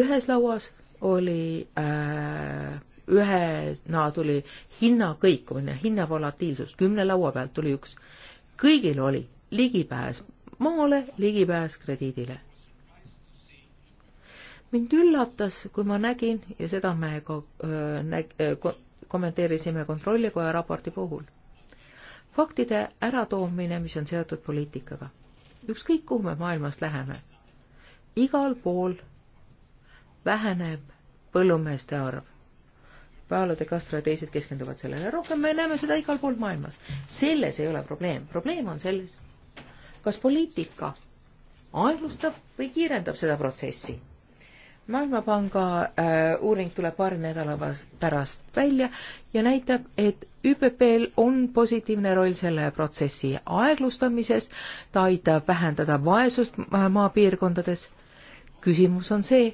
Speaker 3: ühes lauas oli äh, ühena no, tuli hinna kõikumine, hinna volatiilsus, kümne laua pealt tuli üks. kõigil oli ligipääs maale, ligipääs krediidile mind üllatas, kui ma nägin ja seda me ka näg-, kommenteerisime Kontrollikoja raporti puhul, faktide äratoomine, mis on seotud poliitikaga. ükskõik, kuhu me maailmas läheme, igal pool väheneb põllumeeste arv. Paolo de Castro ja teised keskenduvad sellele rohkem, me näeme seda igal pool maailmas. selles ei ole probleem, probleem on selles, kas poliitika aeglustab või kiirendab seda protsessi maailmapanga äh, uuring tuleb paari nädala pärast välja ja näitab, et ÜPP-l on positiivne roll selle protsessi aeglustamises, ta aitab vähendada vaesust maapiirkondades. küsimus on see,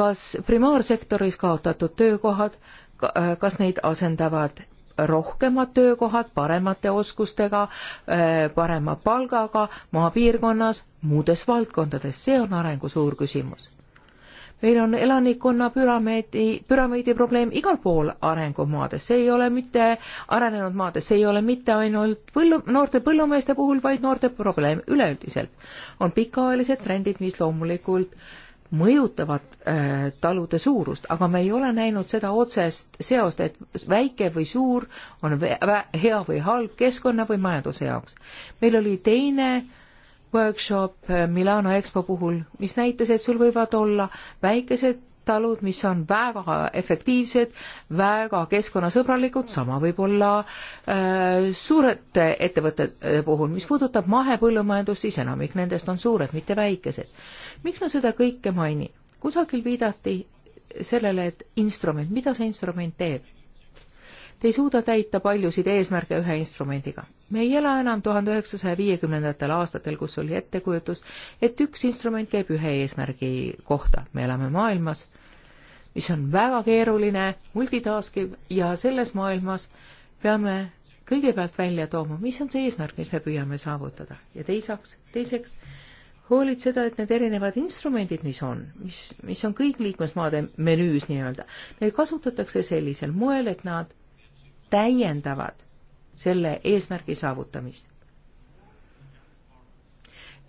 Speaker 3: kas primaarsektoris kaotatud töökohad, äh, kas neid asendavad rohkemad töökohad paremate oskustega, äh, parema palgaga maapiirkonnas, muudes valdkondades, see on arengu suur küsimus meil on elanikkonna püramiidi, püramiidi probleem igal pool arengumaades, see ei ole mitte arenenud maades, see ei ole mitte ainult põllu, noorte põllumeeste puhul, vaid noorte probleem üleüldiselt. on pikaajalised trendid, mis loomulikult mõjutavad äh, talude suurust, aga me ei ole näinud seda otsest seost, et väike või suur on vä hea või halb keskkonna või majanduse jaoks. meil oli teine äh, workshop eh, Milano EXPO puhul, mis näitas, et sul võivad olla väikesed talud, mis on väga efektiivsed, väga keskkonnasõbralikud, sama võib olla äh, suurete ettevõtete puhul. mis puudutab mahepõllumajandust, siis enamik nendest on suured, mitte väikesed. miks ma seda kõike mainin? kusagil viidati sellele, et instrument, mida see instrument teeb? Te ei suuda täita paljusid eesmärke ühe instrumendiga. me ei ela enam tuhande üheksasaja viiekümnendatel aastatel, kus oli ettekujutus, et üks instrument käib ühe eesmärgi kohta. me elame maailmas, mis on väga keeruline, multitaskiv ja selles maailmas peame kõigepealt välja tooma, mis on see eesmärk, mis me püüame saavutada ja teisaks, teiseks hoolitseda, et need erinevad instrumendid, mis on, mis, mis on kõik liikmesmaade menüüs nii-öelda, neid kasutatakse sellisel moel, et nad täiendavad selle eesmärgi saavutamist.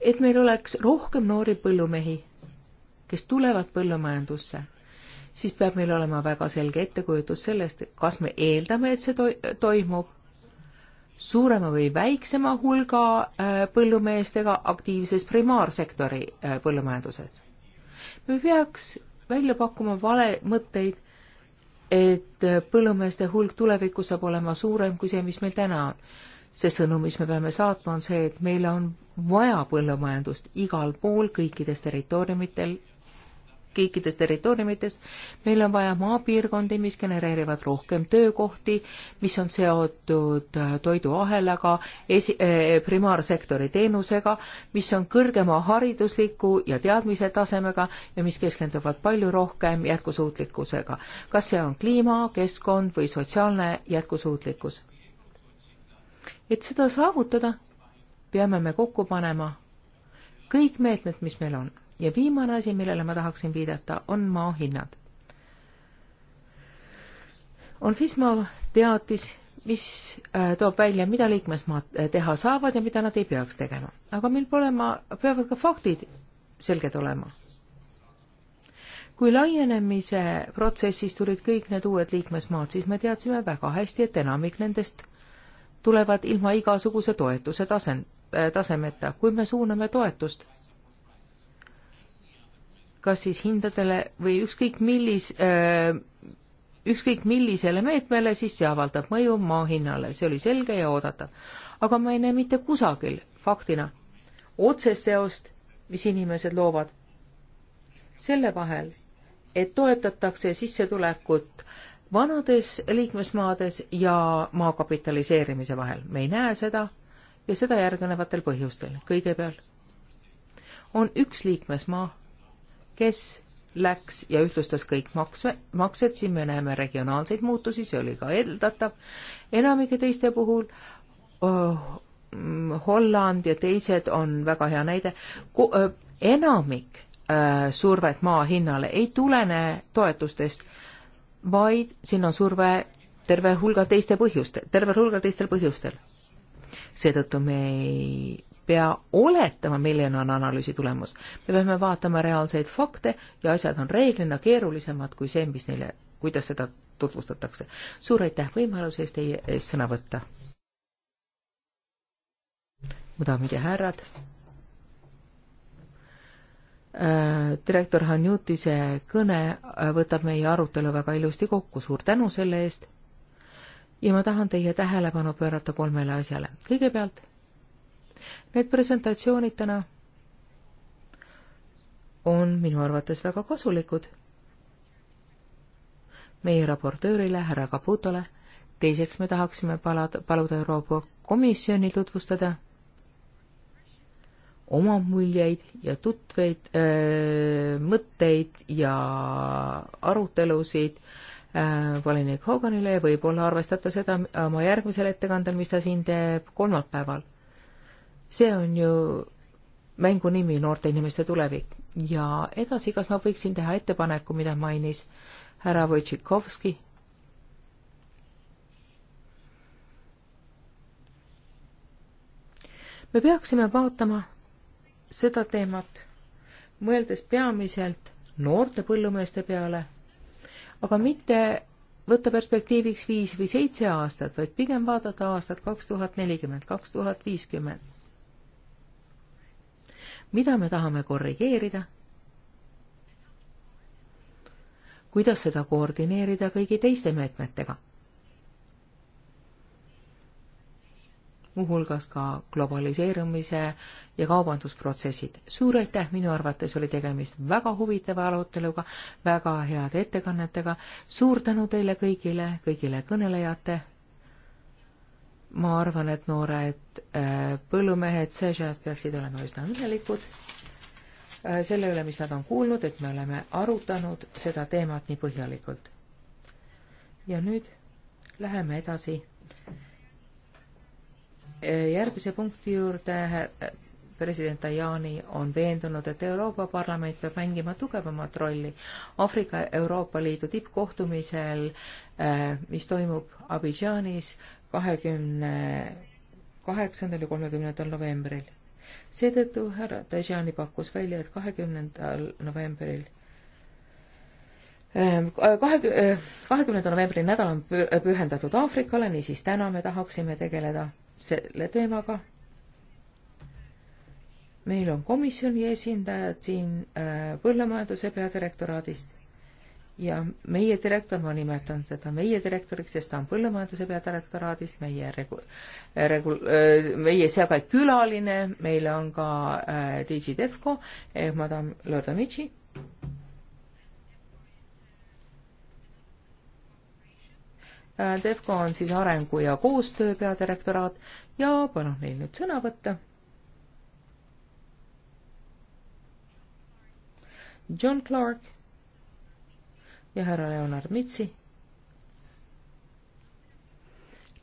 Speaker 3: et meil oleks rohkem noori põllumehi, kes tulevad põllumajandusse, siis peab meil olema väga selge ettekujutus sellest, kas me eeldame, et see to toimub suurema või väiksema hulga äh, põllumeestega aktiivses primaarsektori äh, põllumajanduses. me peaks välja pakkuma vale mõtteid et põllumeeste hulk tulevikus saab olema suurem kui see, mis meil täna on. see sõnum, mis me peame saatma, on see, et meil on vaja põllumajandust igal pool, kõikides territooriumitel kõikides territooriumites. meil on vaja maapiirkondi, mis genereerivad rohkem töökohti, mis on seotud äh, toiduahelaga, esi- eh,, primaarsektori teenusega, mis on kõrgema haridusliku ja teadmise tasemega ja mis keskenduvad palju rohkem jätkusuutlikkusega. kas see on kliima, keskkond või sotsiaalne jätkusuutlikkus? et seda saavutada, peame me kokku panema kõik meetmed, mis meil on ja viimane asi, millele ma tahaksin viidata, on maa hinnad. on FISMA teatis, mis äh, toob välja, mida liikmesmaad äh, teha saavad ja mida nad ei peaks tegema. aga meil pole ma, peavad ka faktid selged olema. kui laienemise protsessis tulid kõik need uued liikmesmaad, siis me teadsime väga hästi, et enamik nendest tulevad ilma igasuguse toetuse tasem-, äh, tasemeta. kui me suuname toetust kas siis hindadele või ükskõik millis, äh, ükskõik millisele meetmele, siis see avaldab mõju maa hinnale, see oli selge ja oodatav. aga ma ei näe mitte kusagil faktina otsest seost, mis inimesed loovad selle vahel, et toetatakse sissetulekut vanades liikmesmaades ja maa kapitaliseerimise vahel. me ei näe seda ja seda järgnevatel põhjustel. kõigepealt on üks liikmesmaa, kes läks ja ühtlustas kõik maksve, maksed, siin me näeme regionaalseid muutusi, see oli ka eeldatav. enamike teiste puhul oh, Holland ja teised on väga hea näide, enamik äh, survet maa hinnale ei tulene toetustest, vaid siin on surve terve hulga teiste põhjuste, terve hulga teistel põhjustel. seetõttu me ei pea oletama, milline on analüüsi tulemus. me peame vaatama reaalseid fakte ja asjad on reeglina keerulisemad kui see, mis neile, kuidas seda tutvustatakse. suur aitäh võimaluse eest teie ees sõna võtta. mu daamid ja härrad, äh, direktor Hanjutise kõne äh, võtab meie arutelu väga ilusti kokku, suur tänu selle eest. ja ma tahan teie tähelepanu pöörata kolmele asjale. kõigepealt Need presentatsioonid täna on minu arvates väga kasulikud meie raportöörile, härra Caputole, teiseks me tahaksime palada, paluda Euroopa Komisjoni tutvustada oma muljeid ja tutveid äh,, mõtteid ja arutelusid äh, volinik Hoganile ja võib-olla arvestada seda oma järgmisel ettekandel, mis ta siin teeb kolmapäeval see on ju mängu nimi, noorte inimeste tulevik. ja edasi, kas ma võiksin teha ettepaneku, mida mainis härra Wojtšikovski? me peaksime vaatama seda teemat, mõeldes peamiselt noorte põllumeeste peale, aga mitte võtta perspektiiviks viis või seitse aastat, vaid pigem vaadata aastat kaks tuhat nelikümmend, kaks tuhat viiskümmend mida me tahame korrigeerida, kuidas seda koordineerida kõigi teiste meetmetega, muuhulgas ka globaliseerumise ja kaubandusprotsessid. suur aitäh, minu arvates oli tegemist väga huvitava aruteluga, väga heade ettekannetega, suur tänu teile kõigile, kõigile kõnelejate ma arvan, et noored äh, põllumehed seejuures peaksid olema üsna õnnelikud äh, selle üle, mis nad on kuulnud, et me oleme arutanud seda teemat nii põhjalikult. ja nüüd läheme edasi äh, järgmise punkti juurde. president Tajani on veendunud, et Euroopa Parlament peab mängima tugevamat rolli Aafrika Euroopa Liidu tippkohtumisel, mis toimub Abidžaanis kahekümne kaheksandal ja kolmekümnendal novembril. seetõttu härra Tajani pakkus välja, et kahekümnendal novembril ähm, kahekümne, kahekümnenda novembri nädal on pühendatud Aafrikale, niisiis täna me tahaksime tegeleda selle teemaga. meil on komisjoni esindajad siin äh, põllumajanduse peadirektoraadist ja meie direktor, ma nimetan seda meie direktoriks, sest ta on põllumajanduse peadirektoraadist, meie regu-, regu-, äh, meie seal ka külaline, meil on ka äh, DJ Defco ehk madam Lordomitši. Äh, Defco on siis arengu ja koostöö peadirektoraat ja palun neil nüüd sõna võtta John Clark ja härra Leonard Mitsi.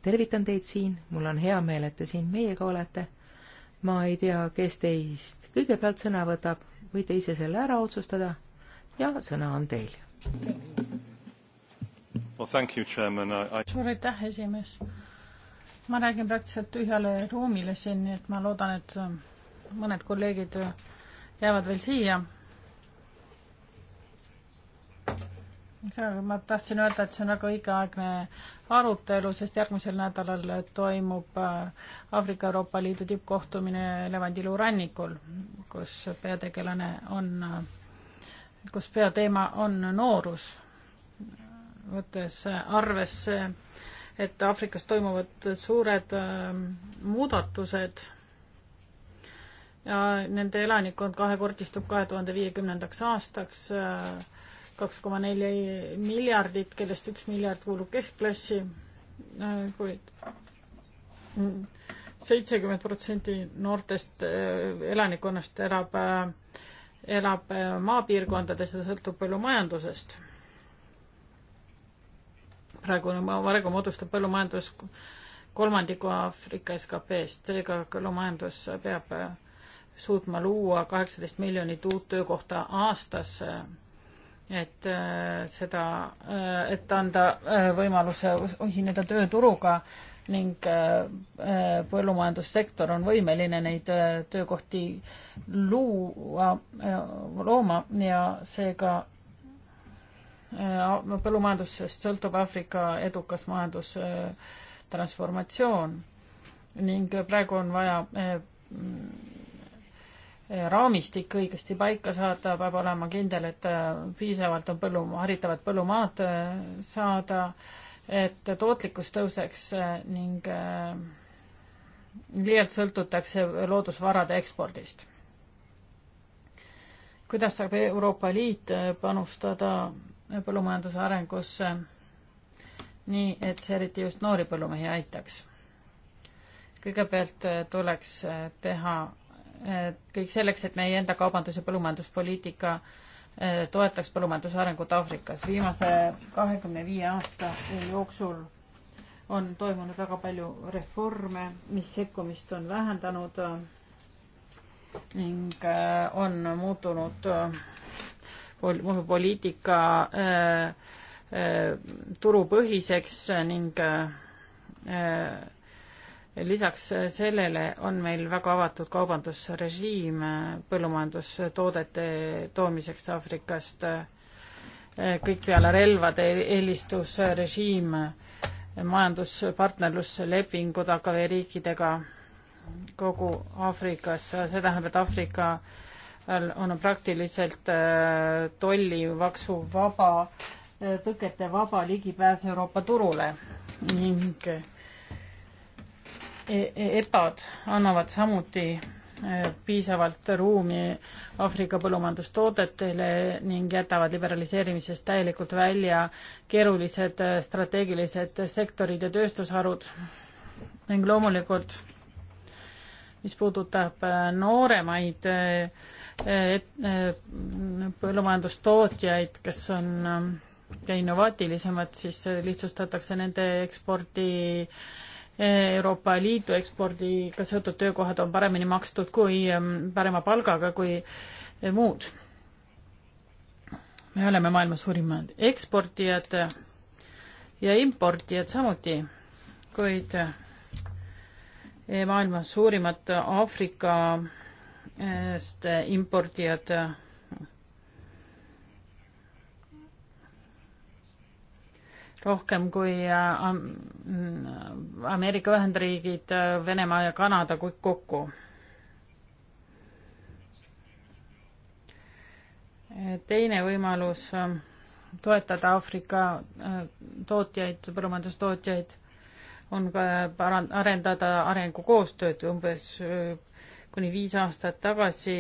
Speaker 3: tervitan teid siin, mul on hea meel, et te siin meiega olete. ma ei tea, kes teist kõigepealt sõna võtab, võite ise selle ära otsustada ja sõna on teil. suur
Speaker 4: aitäh, esimees. ma räägin praktiliselt tühjale ruumile siin, nii et ma loodan, et äh, mõned kolleegid äh, jäävad veel siia ma tahtsin öelda, et see on väga õigeaegne arutelu, sest järgmisel nädalal toimub äh, Aafrika Euroopa Liidu tippkohtumine Levandiluu rannikul, kus peategelane on, äh, kus peateema on noorus, võttes arvesse, et Aafrikas toimuvad suured äh, muudatused ja nende elanikkond kahekordistub kahe tuhande viiekümnendaks aastaks äh, kaks koma neli miljardit, kellest üks miljard kuulub keskklassi, äh, kuid seitsekümmend protsenti noortest äh, elanikkonnast elab, äh, elab maapiirkondades ja sõltub palju majandusest. praegune, praegu moodustab põllumajandus kolmandiku Aafrika SKP-st, seega põllumajandus peab suutma luua kaheksateist miljonit uut töökohta aastas et äh, seda, äh, et anda äh, võimaluse ühineda tööturuga ning põllumajandussektor on võimeline neid töökohti luua, looma ja seega põllumajandusest sõltub Aafrika edukas majandustransformatsioon ning praegu on vaja Eh, raamistik õigesti paika saada, peab olema kindel, et eh, piisavalt on põllu, haritavat põllumaad eh, saada, et tootlikkus tõuseks ning liialt sõltutakse loodusvarade ekspordist. kuidas saab Euroopa Liit panustada põllumajanduse arengusse nii, et see eriti just noori põllumehi aitaks? kõigepealt tuleks teha kõik selleks, et meie enda kaubandus- ja põllumajanduspoliitika eh, toetaks põllumajanduse arengut Aafrikas. viimase kahekümne viie aasta jooksul on toimunud väga palju reforme, mis sekkumist on vähendanud ning eh, on muutunud poliitika eh, turupõhiseks ning lisaks sellele on meil väga avatud kaubandusrežiim põllumajandustoodete toomiseks Aafrikast, kõik peale relvade eelistusrežiim, majanduspartnerluslepingud AKV riikidega kogu Aafrikas, see tähendab, et Aafrika on praktiliselt äh, tollivaksu vaba, äh, tõkete vaba ligipääs Euroopa turule ning E-, e-, EPA-d annavad samuti e, piisavalt ruumi Aafrika põllumajandustoodetele ning jätavad liberaliseerimisest täielikult välja keerulised strateegilised sektorid ja tööstusharud. ning loomulikult, mis puudutab nooremaid põllumajandustootjaid, kes on ja innovaatilisemad, siis lihtsustatakse nende ekspordi äh, Euroopa Liidu ekspordiga seotud töökohad on paremini makstud kui parema palgaga kui eh, muud. me oleme maailma suurimad eksportijad ja importijad samuti, kuid eh, maailma suurimad Aafrikast eh, impordijad rohkem kui äh, Ameerika Ühendriigid, äh, Venemaa ja Kanada kõik kokku. teine võimalus äh, toetada Aafrika tootjaid, põllumajandustootjaid, on ka paran-, arendada arengukoostööd umbes kuni viis aastat tagasi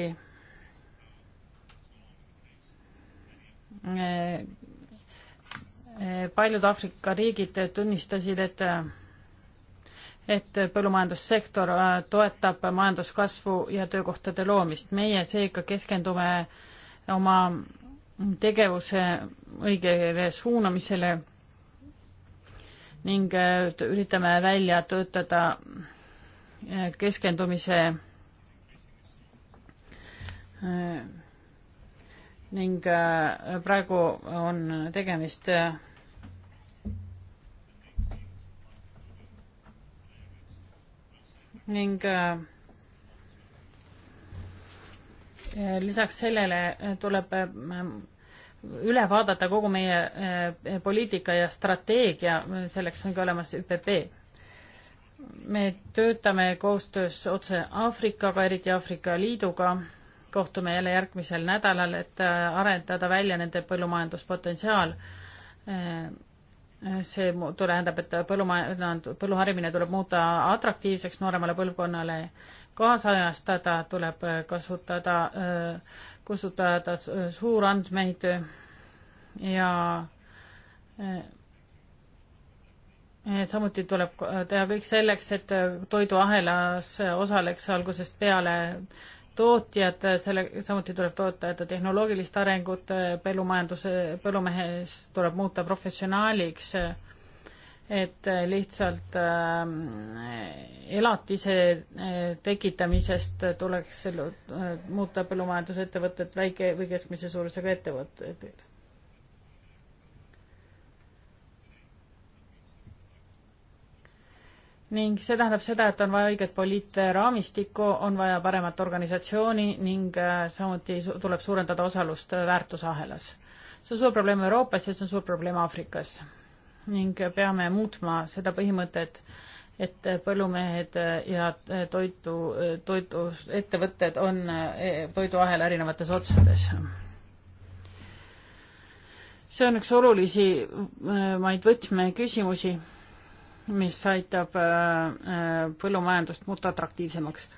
Speaker 4: paljud Aafrika riigid tunnistasid, et et põllumajandussektor äh, toetab majanduskasvu ja töökohtade loomist. meie seega keskendume oma tegevuse õigele suunamisele ning äh, üritame välja töötada äh, keskendumise ning praegu on tegemist ning äh, äh, lisaks sellele äh, tuleb üle vaadata kogu meie poliitika ja strateegia, selleks on ka olemas ÜPP. me töötame koostöös otse Aafrikaga, eriti Aafrika Liiduga, kohtume jälle järgmisel nädalal, et arendada välja nende põllumajanduspotentsiaal see tähendab, et põllumajand, põlluharimine tuleb muuta atraktiivseks nooremale põlvkonnale, kaasajastada, tuleb kasutada, kustutada suurandmeid ja eh, samuti tuleb teha kõik selleks, et toiduahelas osaleks algusest peale tootjad, selle, samuti tuleb toetada tehnoloogilist arengut, äh, põllumajanduse, põllumehes tuleb muuta professionaaliks, et lihtsalt ähm, äh, elatise tekitamisest tuleks äh, muuta põllumajandusettevõtted väike või keskmise suurusega ettevõtted ning see tähendab seda, et on vaja õiget poliitraamistikku, on vaja paremat organisatsiooni ning äh, samuti tuleb suurendada osalust äh, väärtusahelas. see on suur probleem Euroopas ja see on suur probleem Aafrikas. ning äh, peame muutma seda põhimõtet, et põllumehed ja toitu, toiduettevõtted on e-, toiduahela erinevates otsades. see on üks olulisi, ma ei, võtmeküsimusi mis aitab äh, äh, põllumajandust muuta atraktiivsemaks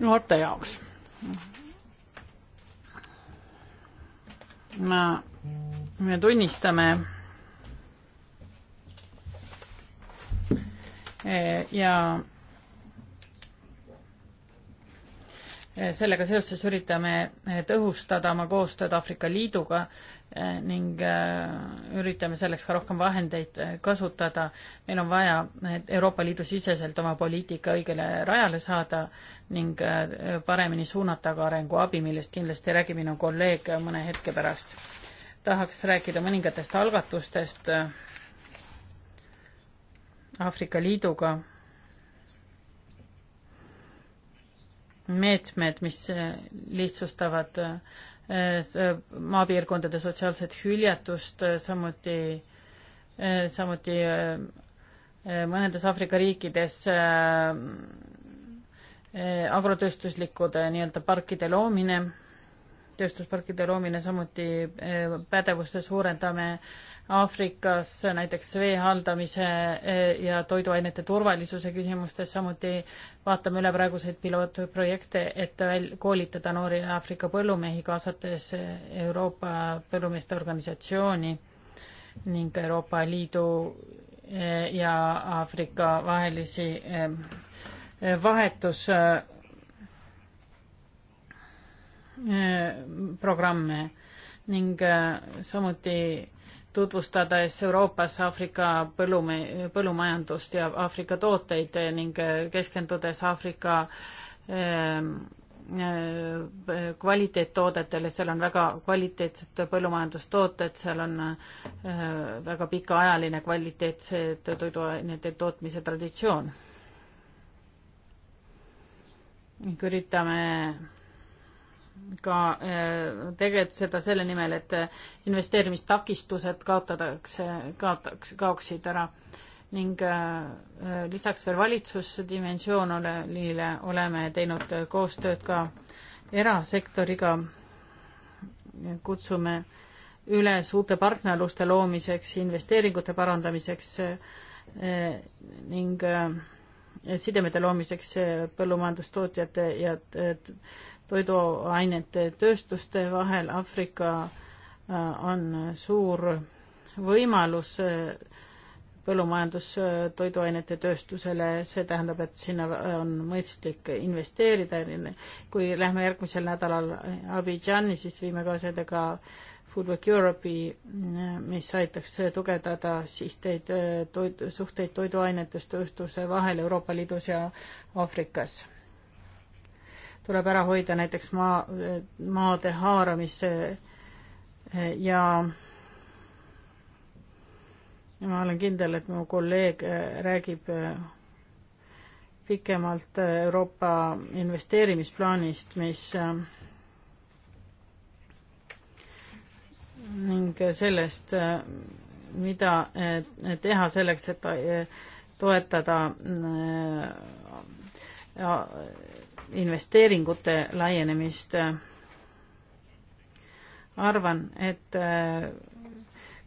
Speaker 4: noorte jaoks. ma, me tunnistame äh, ja sellega seoses üritame tõhustada oma koostööd Aafrika Liiduga Eh, ning eh, üritame selleks ka rohkem vahendeid eh, kasutada. meil on vaja Euroopa Liidu siseselt oma poliitika õigele rajale saada ning paremini suunata ka arenguabi, millest kindlasti räägib minu kolleeg mõne hetke pärast. tahaks rääkida mõningatest algatustest Aafrika Liiduga. meetmed, mis lihtsustavad Äh, äh, maapiirkondade sotsiaalset hüljatust, äh, samuti, samuti mõnedes Aafrika riikides agrotööstuslikud nii-öelda parkide loomine, tööstusparkide loomine, samuti pädevuste suurendame, Aafrikas näiteks vee haldamise e, ja toiduainete turvalisuse küsimustes, samuti vaatame üle praeguseid pilootprojekte, et koolitada noori Aafrika põllumehi, kaasates Euroopa Põllumeeste Organisatsiooni ning Euroopa Liidu e, ja Aafrika vahelisi e, vahetusprogramme ning samuti tutvustades Euroopas Aafrika põllume-, põllumajandust ja Aafrika tooteid ning keskendudes Aafrika ehm, ehm, kvaliteettoodetele, seal on väga kvaliteetsed põllumajandustooted, seal on eh, väga pikaajaline kvaliteetsed toiduainete tootmise traditsioon. ning üritame ka äh, tegutseda selle nimel, et äh, investeerimistakistused kaotatakse, kaotaks, kaoksid ära ning äh, lisaks veel valitsusdimensioonile oleme teinud koostööd ka erasektoriga, kutsume üles uute partnerluste loomiseks, investeeringute parandamiseks ning sidemete loomiseks põllumajandustootjate ja toiduainete tööstuste vahel. Aafrika äh, on suur võimalus äh, põllumajandustoiduainete äh, tööstusele, see tähendab, et sinna on mõistlik investeerida. kui lähme järgmisel nädalal Abidjani, siis viime kaasada ka Foodwork Europe'i, mis aitaks tugevdada sihteid, toid, suhteid toiduainetes tööstuse vahel Euroopa Liidus ja Aafrikas tuleb ära hoida näiteks maa, maade haaramist eh, ja ma olen kindel, et mu kolleeg eh, räägib eh, pikemalt Euroopa investeerimisplaanist, mis ning sellest, mida teha selleks, et toetada investeeringute laienemist. arvan, et äh,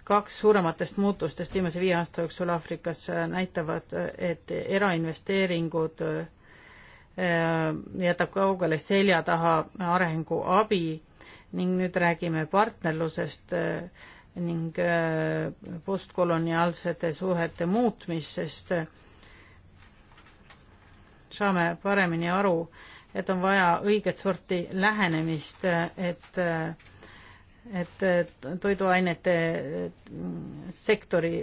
Speaker 4: kaks suurematest muutustest viimase viie aasta jooksul Aafrikas äh, näitavad, et erainvesteeringud äh, jätab kaugele selja taha arenguabi ning nüüd räägime partnerlusest ning postkoloniaalsete suhete muutmisest saame paremini aru, et on vaja õiget sorti lähenemist, et et toiduainete sektori,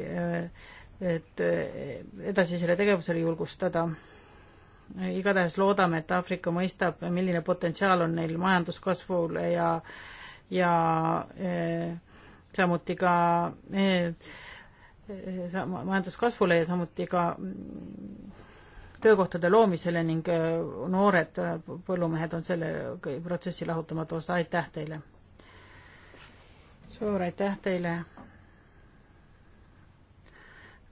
Speaker 4: et edasisele tegevusele julgustada. igatahes loodame, et Aafrika mõistab, milline potentsiaal on neil majanduskasvule ja ja e, samuti ka e, e, majanduskasvule ja samuti ka töökohtade loomisele ning äh, noored äh, põllumehed on selle protsessi lahutamatu osa, aitäh teile! suur aitäh teile!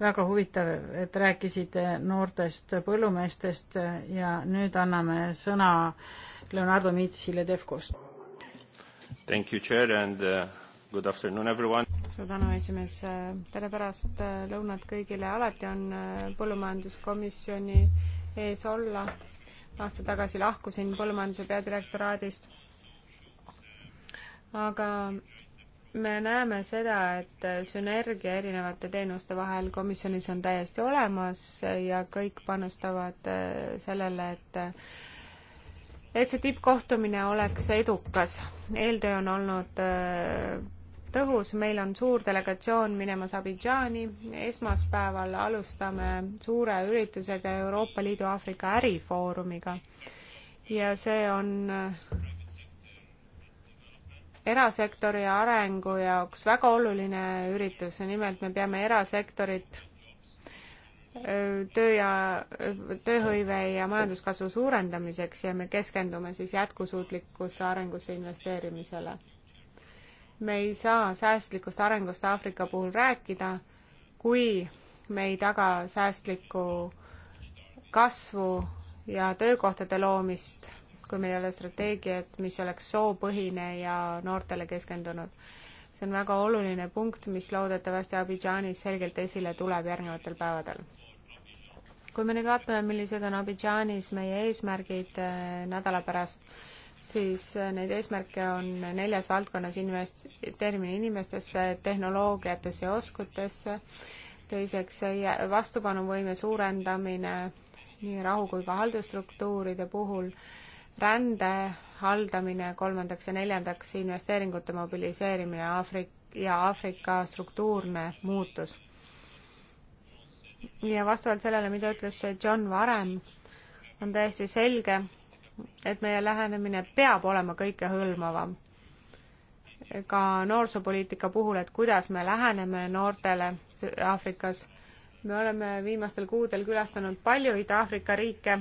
Speaker 4: väga huvitav, et rääkisite noortest põllumeestest ja nüüd anname sõna Leonardo Mitsile Defcost. Thank you, chair and uh Good afternoon, everyone! suur tänu, esimees! tere pärast äh, lõunat kõigile, alati
Speaker 2: on äh, põllumajanduskomisjoni ees olla. aasta tagasi lahkusin põllumajanduse peadirektoraadist. aga me näeme seda, et äh, sünergia erinevate teenuste vahel komisjonis on täiesti olemas ja kõik panustavad sellele, et et see tippkohtumine oleks edukas. eeltöö on olnud tõhus, meil on suur delegatsioon minemas Abidžaani, esmaspäeval alustame suure üritusega Euroopa Liidu Aafrika ärifoorumiga ja see on äh, erasektori arengu jaoks väga oluline üritus, nimelt me peame erasektorit äh, töö ja, äh, tööhõive ja majanduskasvu suurendamiseks ja me keskendume siis jätkusuutlikkuse arengusse investeerimisele me ei saa säästlikust arengust Aafrika puhul rääkida, kui me ei taga säästlikku kasvu ja töökohtade loomist, kui meil ei ole strateegiat, mis oleks soopõhine ja noortele keskendunud. see on väga oluline punkt, mis loodetavasti Abidžaanis selgelt esile tuleb järgnevatel päevadel. kui me nüüd vaatame, millised on Abidžaanis meie eesmärgid eh, nädala pärast, siis äh, neid eesmärke on neljas valdkonnas investeerimine inimestesse, tehnoloogiatesse ja oskutesse, teiseks äh, vastupanuvõime suurendamine nii rahu- kui ka haldusstruktuuride puhul, rände haldamine, kolmandaks ja neljandaks investeeringute mobiliseerimine Aafrik- ja Aafrika struktuurne muutus. ja vastavalt sellele, mida ütles John varem, on täiesti selge, et meie lähenemine peab olema kõikehõlmavam. ka noorsoopoliitika puhul, et kuidas me läheneme noortele Aafrikas. me oleme viimastel kuudel külastanud palju Ida-Aafrika riike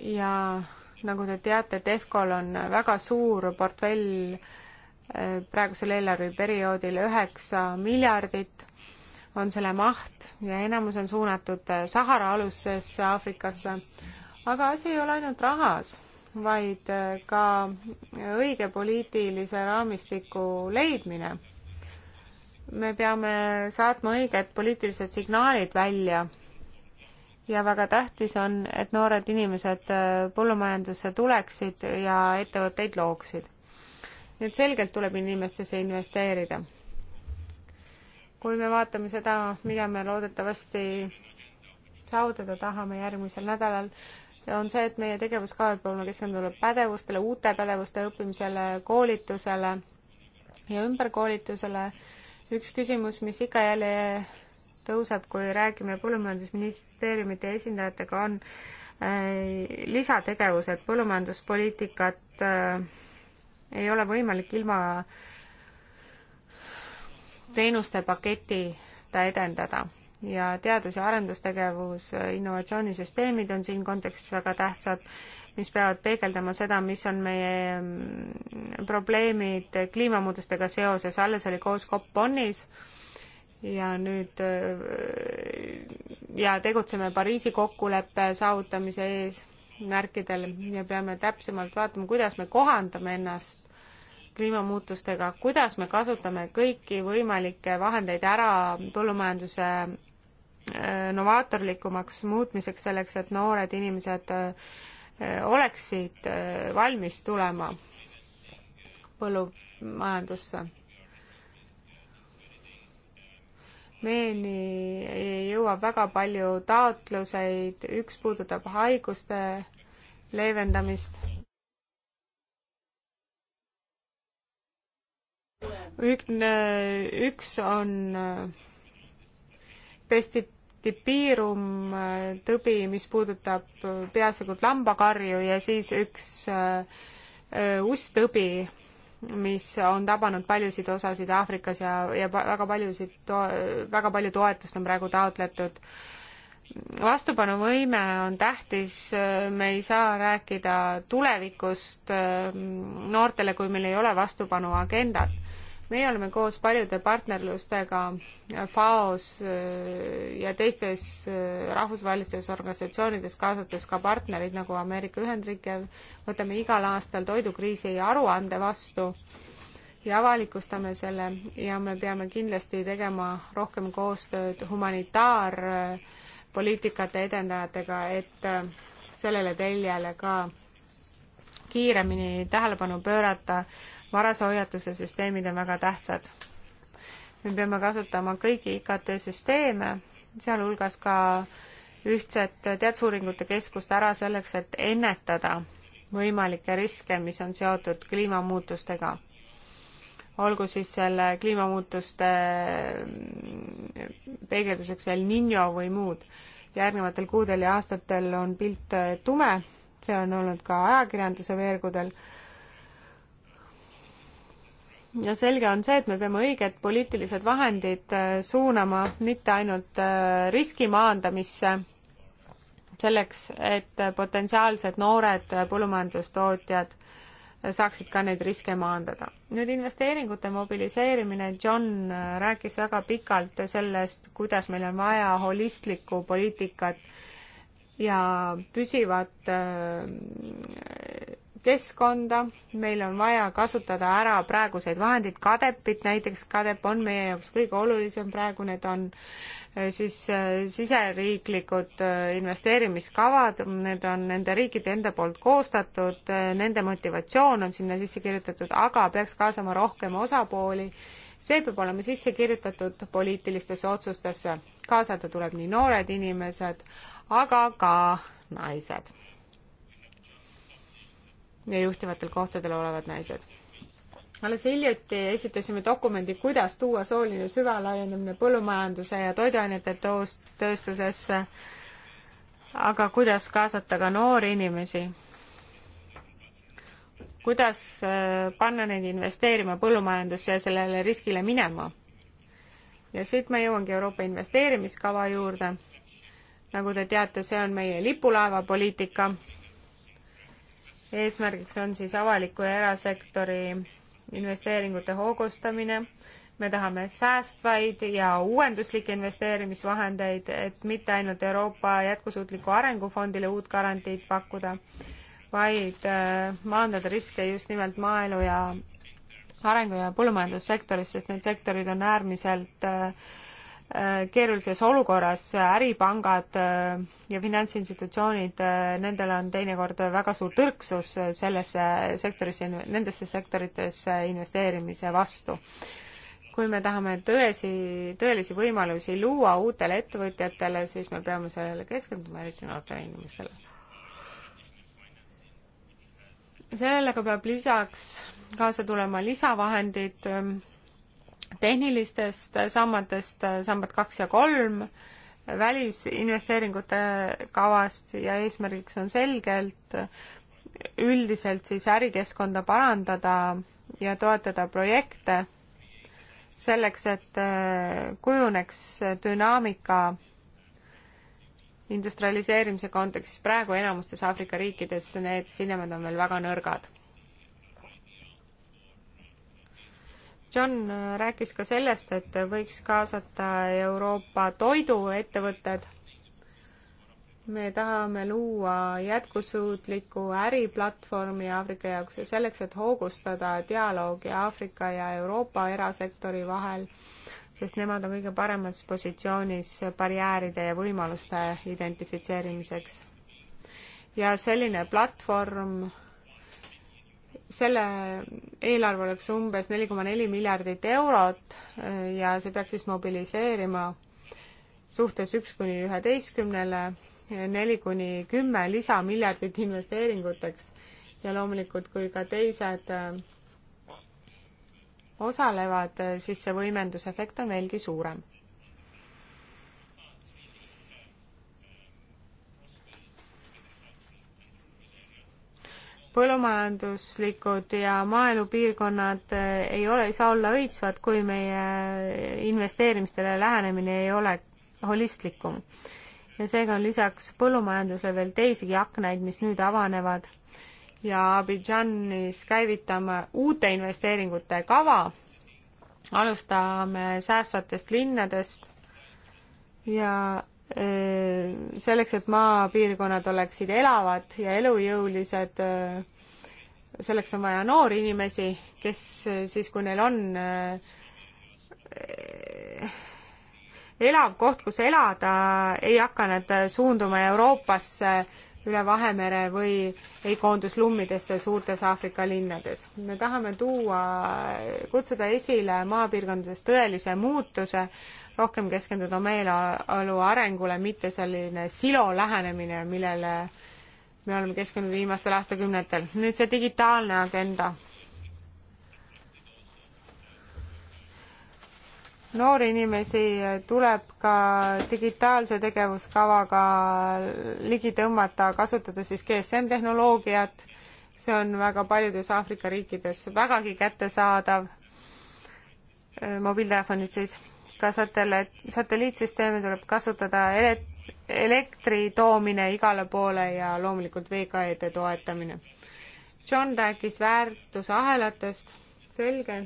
Speaker 2: ja nagu te teate, TEFCO-l on väga suur portfell eh, praegusel eelarveperioodil üheksa miljardit on selle maht ja enamus on suunatud eh, Sahara alustesse Aafrikasse aga asi ei ole ainult rahas, vaid äh, ka õige poliitilise raamistiku leidmine. me peame saatma õiged poliitilised signaalid välja ja väga tähtis on, et noored inimesed äh, põllumajandusse tuleksid ja ettevõtteid looksid. nii et selgelt tuleb inimestesse investeerida. kui me vaatame seda, mida me loodetavasti saavutada tahame järgmisel nädalal, on see, et meie tegevuskavad peavad olema keskendunud pädevustele, uute pädevuste õppimisele, koolitusele ja ümberkoolitusele. üks küsimus, mis ikka jälle tõuseb, kui räägime Põllumajandusministeeriumite esindajatega, on äh, lisategevused, põllumajanduspoliitikat äh, ei ole võimalik ilma teenuste paketita edendada ja teadus- ja arendustegevus, innovatsioonisüsteemid on siin kontekstis väga tähtsad, mis peavad peegeldama seda, mis on meie mm, probleemid kliimamuutustega seoses, alles oli koos COP Bonnis ja nüüd ja tegutseme Pariisi kokkuleppe saavutamise eesmärkidel ja peame täpsemalt vaatama, kuidas me kohandame ennast kliimamuutustega, kuidas me kasutame kõiki võimalikke vahendeid ära põllumajanduse Äh, novaatorlikumaks muutmiseks, selleks et noored inimesed äh, oleksid äh, valmis tulema põllumajandusse. meieni jõuab väga palju taotluseid, üks puudutab haiguste leevendamist. üks on pesti-, dipiirum äh, tõbi, mis puudutab äh, peaasjagu lambakarju ja siis üks äh, usttõbi, mis on tabanud paljusid osasid Aafrikas ja, ja väga paljusid, väga palju toetust on praegu taotletud vastupanuvõime on tähtis, me ei saa rääkida tulevikust noortele, kui meil ei ole vastupanuagendat meie oleme koos paljude partnerlustega FAO-s äh, ja teistes äh, rahvusvahelistes organisatsioonides, kaasates ka partnerid nagu Ameerika Ühendriike, võtame igal aastal toidukriisi aruande vastu ja avalikustame selle ja me peame kindlasti tegema rohkem koostööd humanitaarpoliitikate äh, edendajatega, et sellele teljele ka kiiremini tähelepanu pöörata, varase hoiatuse süsteemid on väga tähtsad. me peame kasutama kõiki IKT süsteeme, sealhulgas ka ühtset teadusuuringute keskust ära selleks, et ennetada võimalikke riske, mis on seotud kliimamuutustega. olgu siis selle kliimamuutuste mm, peegelduseks El Niño või muud. järgnevatel kuudel ja aastatel on pilt äh, tume see on olnud ka ajakirjanduse veergudel. ja selge on see, et me peame õiged poliitilised vahendid äh, suunama mitte ainult äh, riski maandamisse, selleks, et potentsiaalsed noored äh, põllumajandustootjad saaksid ka neid riske maandada. nüüd investeeringute mobiliseerimine, John rääkis väga pikalt sellest, kuidas meil on vaja holistlikku poliitikat ja püsivat äh, keskkonda, meil on vaja kasutada ära praeguseid vahendeid, Kadepit näiteks, Kadep on meie jaoks kõige olulisem praegu, need on äh, siis äh, siseriiklikud investeerimiskavad, need on nende riikide enda poolt koostatud, nende motivatsioon on sinna sisse kirjutatud, aga peaks kaasama rohkem osapooli, see peab olema sisse kirjutatud poliitilistesse otsustesse, kaasata tuleb nii noored inimesed, aga ka naised. ja juhtivatel kohtadel olevad naised. alles hiljuti esitasime dokumendi, kuidas tuua sooline süvalaiendamine põllumajanduse ja toiduainete tööstusesse, aga kuidas kaasata ka noori inimesi kuidas äh, panna neid investeerima põllumajandusse ja sellele riskile minema. ja siit ma jõuangi Euroopa investeerimiskava juurde nagu te teate, see on meie lipulaevapoliitika. eesmärgiks on siis avaliku ja erasektori investeeringute hoogustamine. me tahame säästvaid ja uuenduslikke investeerimisvahendeid, et mitte ainult Euroopa Jätkusuutliku Arengufondile uut garantiid pakkuda, vaid äh, maandada riske just nimelt maaelu ja arengu- ja põllumajandussektoris, sest need sektorid on äärmiselt äh, keerulises olukorras, äripangad äh, ja finantsinstitutsioonid, äh, nendel on teinekord väga suur tõrksus äh, sellesse sektorisse, nendesse sektoritesse investeerimise vastu. kui me tahame tõesi, tõelisi võimalusi luua uutele ettevõtjatele, siis me peame sellele keskenduma, eriti noortele inimestele. sellega peab lisaks kaasa tulema lisavahendid tehnilistest sammadest sambad kaks ja kolm, välisinvesteeringute kavast ja eesmärgiks on selgelt üldiselt siis ärikeskkonda parandada ja toetada projekte selleks, et äh, kujuneks dünaamika industrialiseerimise kontekstis praegu enamustes Aafrika riikides need sidemed on veel väga nõrgad. John äh, rääkis ka sellest, et võiks kaasata Euroopa toiduettevõtted. me tahame luua jätkusuutliku äriplatvormi Aafrika jaoks ja selleks, et hoogustada dialoogi Aafrika ja Euroopa erasektori vahel, sest nemad on kõige paremas positsioonis barjääride ja võimaluste identifitseerimiseks. ja selline platvorm selle eelarve oleks umbes neli koma neli miljardit eurot äh, ja see peaks siis mobiliseerima suhtes üks kuni üheteistkümnele äh, neli kuni kümme lisamiljardit investeeringuteks ja loomulikult, kui ka teised äh, osalevad, siis see võimendusefekt on veelgi suurem. põllumajanduslikud ja maaelupiirkonnad eh, ei ole, ei saa olla õitsvad, kui meie investeerimistele lähenemine ei ole holistlikum. ja seega on lisaks põllumajandusele veel teisigi aknaid, mis nüüd avanevad ja Abidžanis käivitame uute investeeringute kava, alustame säästvatest linnadest ja Äh, selleks, et maapiirkonnad oleksid elavad ja elujõulised, äh, selleks on vaja noori inimesi, kes äh, siis, kui neil on elav koht, kus elada, ei hakka nad suunduma Euroopasse üle Vahemere või ei koondu slummidesse suurtes Aafrika linnades. me tahame tuua, kutsuda esile maapiirkondades tõelise muutuse, rohkem keskenduda meeleolu arengule, mitte selline silo lähenemine, millele me oleme keskendunud viimastel aastakümnetel. nüüd see digitaalne agenda. noori inimesi tuleb ka digitaalse tegevuskavaga ligi tõmmata, kasutades siis GSM tehnoloogiat, see on väga paljudes Aafrika riikides vägagi kättesaadav, mobiiltelefonid siis ka satelle-, satelliitsüsteeme tuleb kasutada, elektri toomine igale poole ja loomulikult VKE-de toetamine. John rääkis väärtusahelatest, selge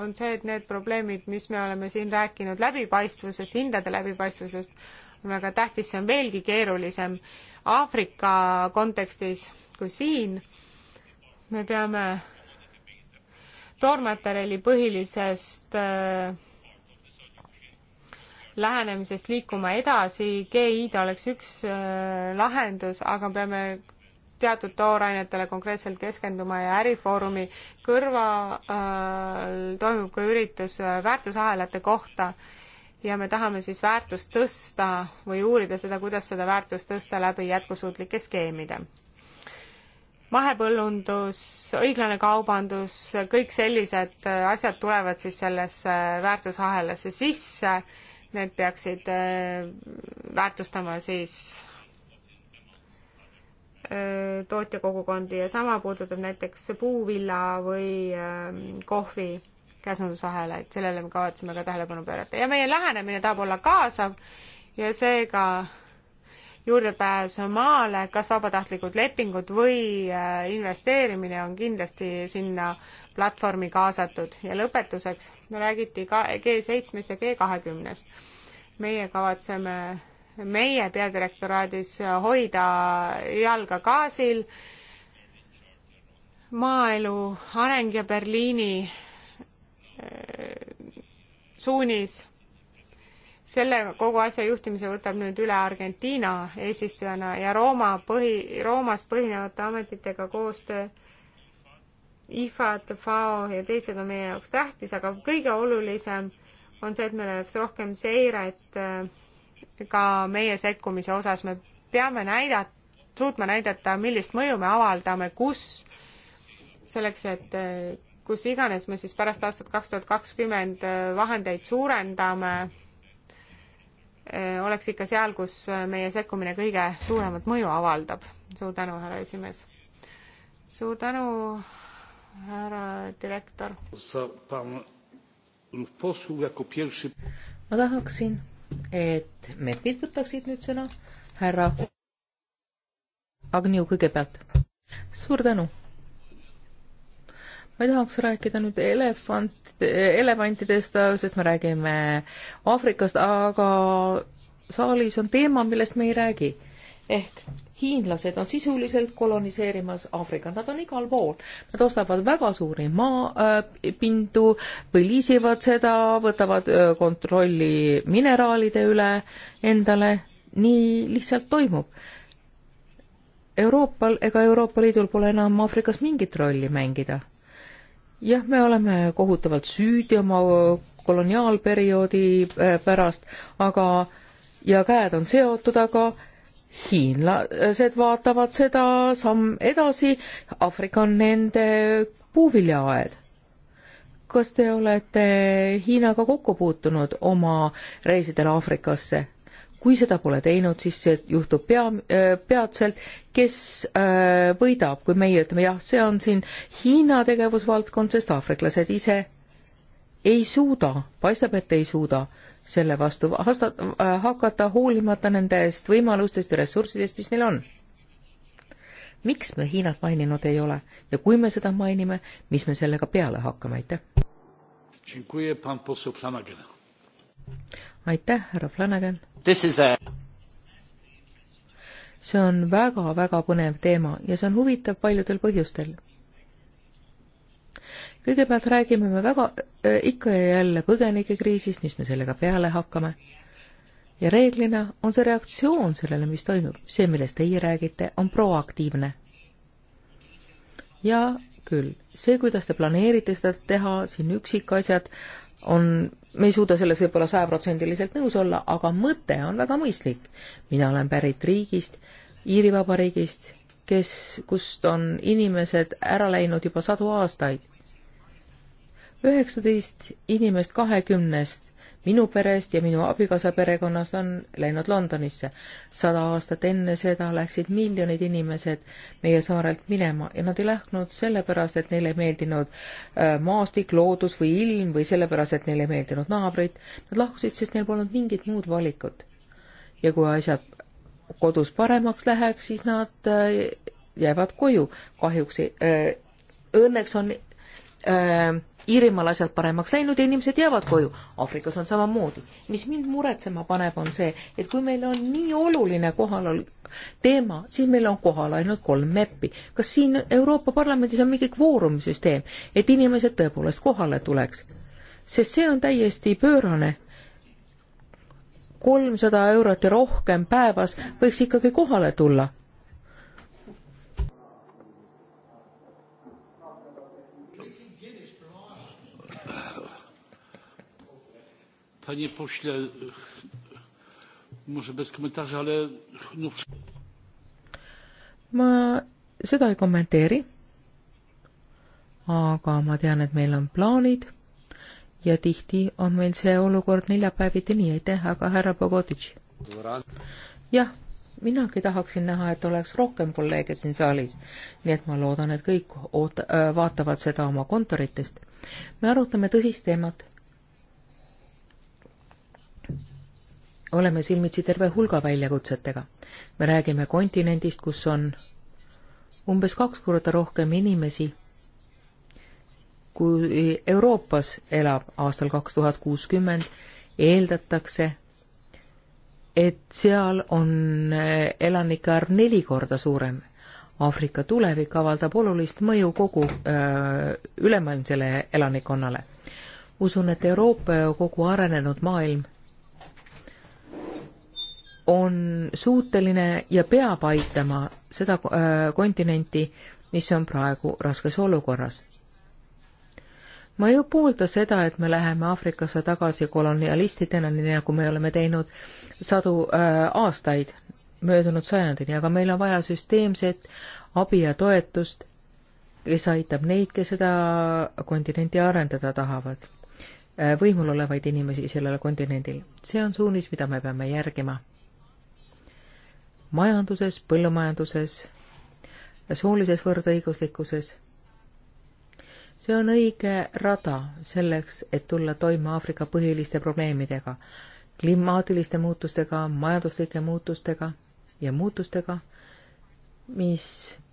Speaker 2: on see, et need probleemid, mis me oleme siin rääkinud läbipaistvusest, hindade läbipaistvusest, on väga tähtis, see on veelgi keerulisem Aafrika kontekstis kui siin. me peame toormaterjali põhilisest äh, lähenemisest liikuma edasi, GI-d oleks üks äh, lahendus, aga peame teatud toorainetele konkreetselt keskenduma ja Ärifoorumi kõrval äh, toimub ka üritus äh, väärtusahelate kohta ja me tahame siis väärtust tõsta või uurida seda, kuidas seda väärtust tõsta läbi jätkusuutlike skeemide. mahepõllundus, õiglane kaubandus, kõik sellised äh, asjad tulevad siis sellesse väärtusahelasse sisse need peaksid äh, väärtustama siis äh, tootjakogukondi ja sama puudutab näiteks puuvilla või ähm, kohvi käsundusahelaid, sellele me kavatseme ka tähelepanu pöörata ja meie lähenemine tahab olla kaasav ja seega juurdepääs maale, kas vabatahtlikud lepingud või äh, investeerimine on kindlasti sinna platvormi kaasatud. ja lõpetuseks no, räägiti ka G7-st ja G20-st. meie kavatseme meie peadirektoraadis hoida jalga gaasil, maaelu areng ja Berliini äh, suunis selle kogu asja juhtimise võtab nüüd üle Argentiina eesistujana ja Rooma põhi, Roomas põhinevate ametitega koostöö IFAD, FAO ja teised on meie jaoks tähtis, aga kõige olulisem on see, et meil oleks rohkem seiret äh, ka meie sekkumise osas, me peame näidata, suutma näidata, millist mõju me avaldame, kus, selleks et äh, kus iganes me siis pärast aastat kaks tuhat kakskümmend äh, vahendeid suurendame Äh, oleks ikka seal, kus äh, meie sekkumine kõige suuremat mõju avaldab. suur tänu, härra esimees. suur tänu, härra direktor.
Speaker 3: ma tahaksin, et MEP-id võtaksid nüüd sõna, härra Agniu kõigepealt. suur tänu ma ei tahaks rääkida nüüd elefant, elevantidest, sest me räägime Aafrikast, aga saalis on teema, millest me ei räägi. ehk hiinlased on sisuliselt koloniseerimas Aafrikat, nad on igal pool. Nad ostavad väga suuri maapindu äh,, põliisivad seda, võtavad äh, kontrolli mineraalide üle endale, nii lihtsalt toimub Euroopal ega Euroopa Liidul pole enam Aafrikas mingit rolli mängida jah, me oleme kohutavalt süüdi oma äh, koloniaalperioodi äh, pärast, aga ja käed on seotud, aga hiinlased vaatavad seda samm edasi, Aafrika on nende puuviljaaed. kas te olete Hiinaga kokku puutunud oma reisidel Aafrikasse? kui seda pole teinud, siis see juhtub pea, äh, peatselt, kes äh, võidab, kui meie ütleme jah, see on siin Hiina tegevusvaldkond, sest aafriklased ise ei suuda, paistab, et ei suuda selle vastu hasta, äh, hakata, hoolimata nendest võimalustest ja ressurssidest, mis neil on. miks me Hiinat maininud ei ole ja kui me seda mainime, mis me sellega peale hakkame, aitäh? aitäh, härra Flanagan! see on väga-väga põnev teema ja see on huvitav paljudel põhjustel. kõigepealt räägime me väga äh, ikka ja jälle põgenikekriisist, mis me sellega peale hakkame. ja reeglina on see reaktsioon sellele, mis toimub, see, millest teie räägite, on proaktiivne. ja küll, see, kuidas te planeerite seda teha, siin üksikasjad on, me ei suuda selles võib-olla sajaprotsendiliselt nõus olla, aga mõte on väga mõistlik. mina olen pärit riigist, Iiri Vabariigist, kes, kust on inimesed ära läinud juba sadu aastaid. üheksateist inimest kahekümnest minu perest ja minu abikaasa perekonnast on läinud Londonisse. sada aastat enne seda läksid miljonid inimesed meie saarelt minema ja nad ei lähtunud sellepärast, et neile ei meeldinud äh, maastik, loodus või ilm või sellepärast, et neile ei meeldinud naabrid. Nad lahkusid, sest neil polnud mingit muud valikut. ja kui asjad kodus paremaks läheks, siis nad äh, jäävad koju. kahjuks ei äh,, õnneks on äh, Iirimaal asjad paremaks läinud ja inimesed jäävad koju. Aafrikas on samamoodi. mis mind muretsema paneb, on see, et kui meil on nii oluline kohalol- teema, siis meil on kohal ainult kolm MEP-i. kas siin Euroopa Parlamendis on mingi kvoorumisüsteem, et inimesed tõepoolest kohale tuleks? sest see on täiesti pöörane. kolmsada eurot ja rohkem päevas võiks ikkagi kohale tulla
Speaker 1: Panie pośle, może bez komentarza, ale no...
Speaker 3: ma seda ei kommenteeri. aga ma tean, et meil on plaanid ja tihti on meil see olukord neljapäeviti, nii aitäh, aga härra Bogotitš. jah, minagi tahaksin näha, et oleks rohkem kolleege siin saalis, nii et ma loodan, et kõik oot-, vaatavad seda oma kontoritest. me arutame tõsist teemat oleme silmitsi terve hulga väljakutsetega. me räägime kontinendist, kus on umbes kaks korda rohkem inimesi, kui Euroopas elab aastal kaks tuhat kuuskümmend, eeldatakse, et seal on elanike arv neli korda suurem. Aafrika tulevik avaldab olulist mõju kogu öö, ülemaailmsele elanikkonnale. usun, et Euroopa ja kogu arenenud maailm on suuteline ja peab aitama seda äh, kontinenti, mis on praegu raskes olukorras. ma ei poolda seda, et me läheme Aafrikasse tagasi kolonialistidena, nii nagu me oleme teinud sadu äh, aastaid, möödunud sajandini, aga meil on vaja süsteemset abi ja toetust, kes aitab neid, kes seda kontinenti arendada tahavad äh, võimul olevaid inimesi sellel kontinendil. see on suunis, mida me peame järgima majanduses, põllumajanduses, soolises võrdõiguslikkuses. see on õige rada selleks, et tulla toime Aafrika põhiliste probleemidega, klimaatiliste muutustega, majanduslike muutustega ja muutustega, mis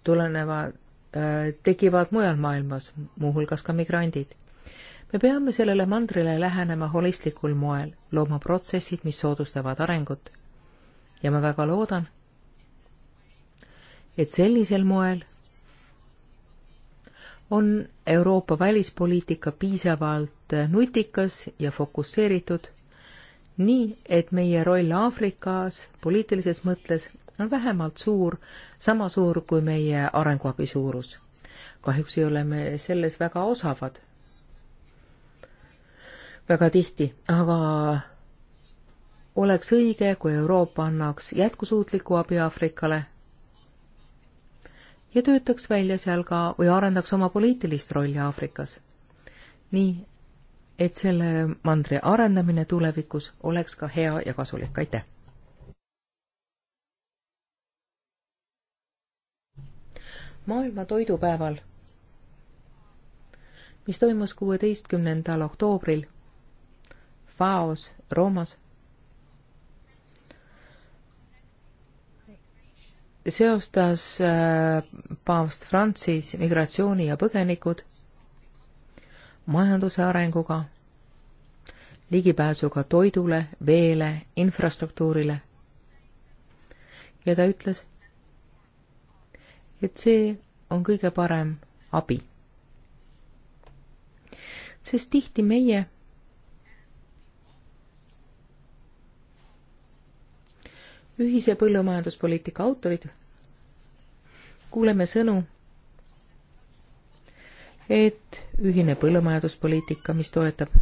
Speaker 3: tulenevad, äh, tekivad mujal maailmas, muuhulgas ka migrandid me peame sellele mandrile lähenema holistlikul moel, looma protsessid, mis soodustavad arengut. ja ma väga loodan, et sellisel moel on Euroopa välispoliitika piisavalt nutikas ja fokusseeritud, nii et meie roll Aafrikas poliitilises mõttes on vähemalt suur, sama suur kui meie arenguabi suurus. kahjuks ei ole me selles väga osavad. väga tihti, aga oleks õige, kui Euroopa annaks jätkusuutliku abi Aafrikale ja töötaks välja seal ka või arendaks oma poliitilist rolli Aafrikas. nii, et selle mandri arendamine tulevikus oleks ka hea ja kasulik, aitäh! maailma toidupäeval, mis toimus kuueteistkümnendal oktoobril FAO-s Roomas seostas äh, paavst Francis migratsiooni ja põgenikud majanduse arenguga, ligipääsuga toidule, veele, infrastruktuurile. ja ta ütles, et see on kõige parem abi. sest tihti meie ühise põllumajanduspoliitika autorid. kuuleme sõnu, et ühine põllumajanduspoliitika, mis toetab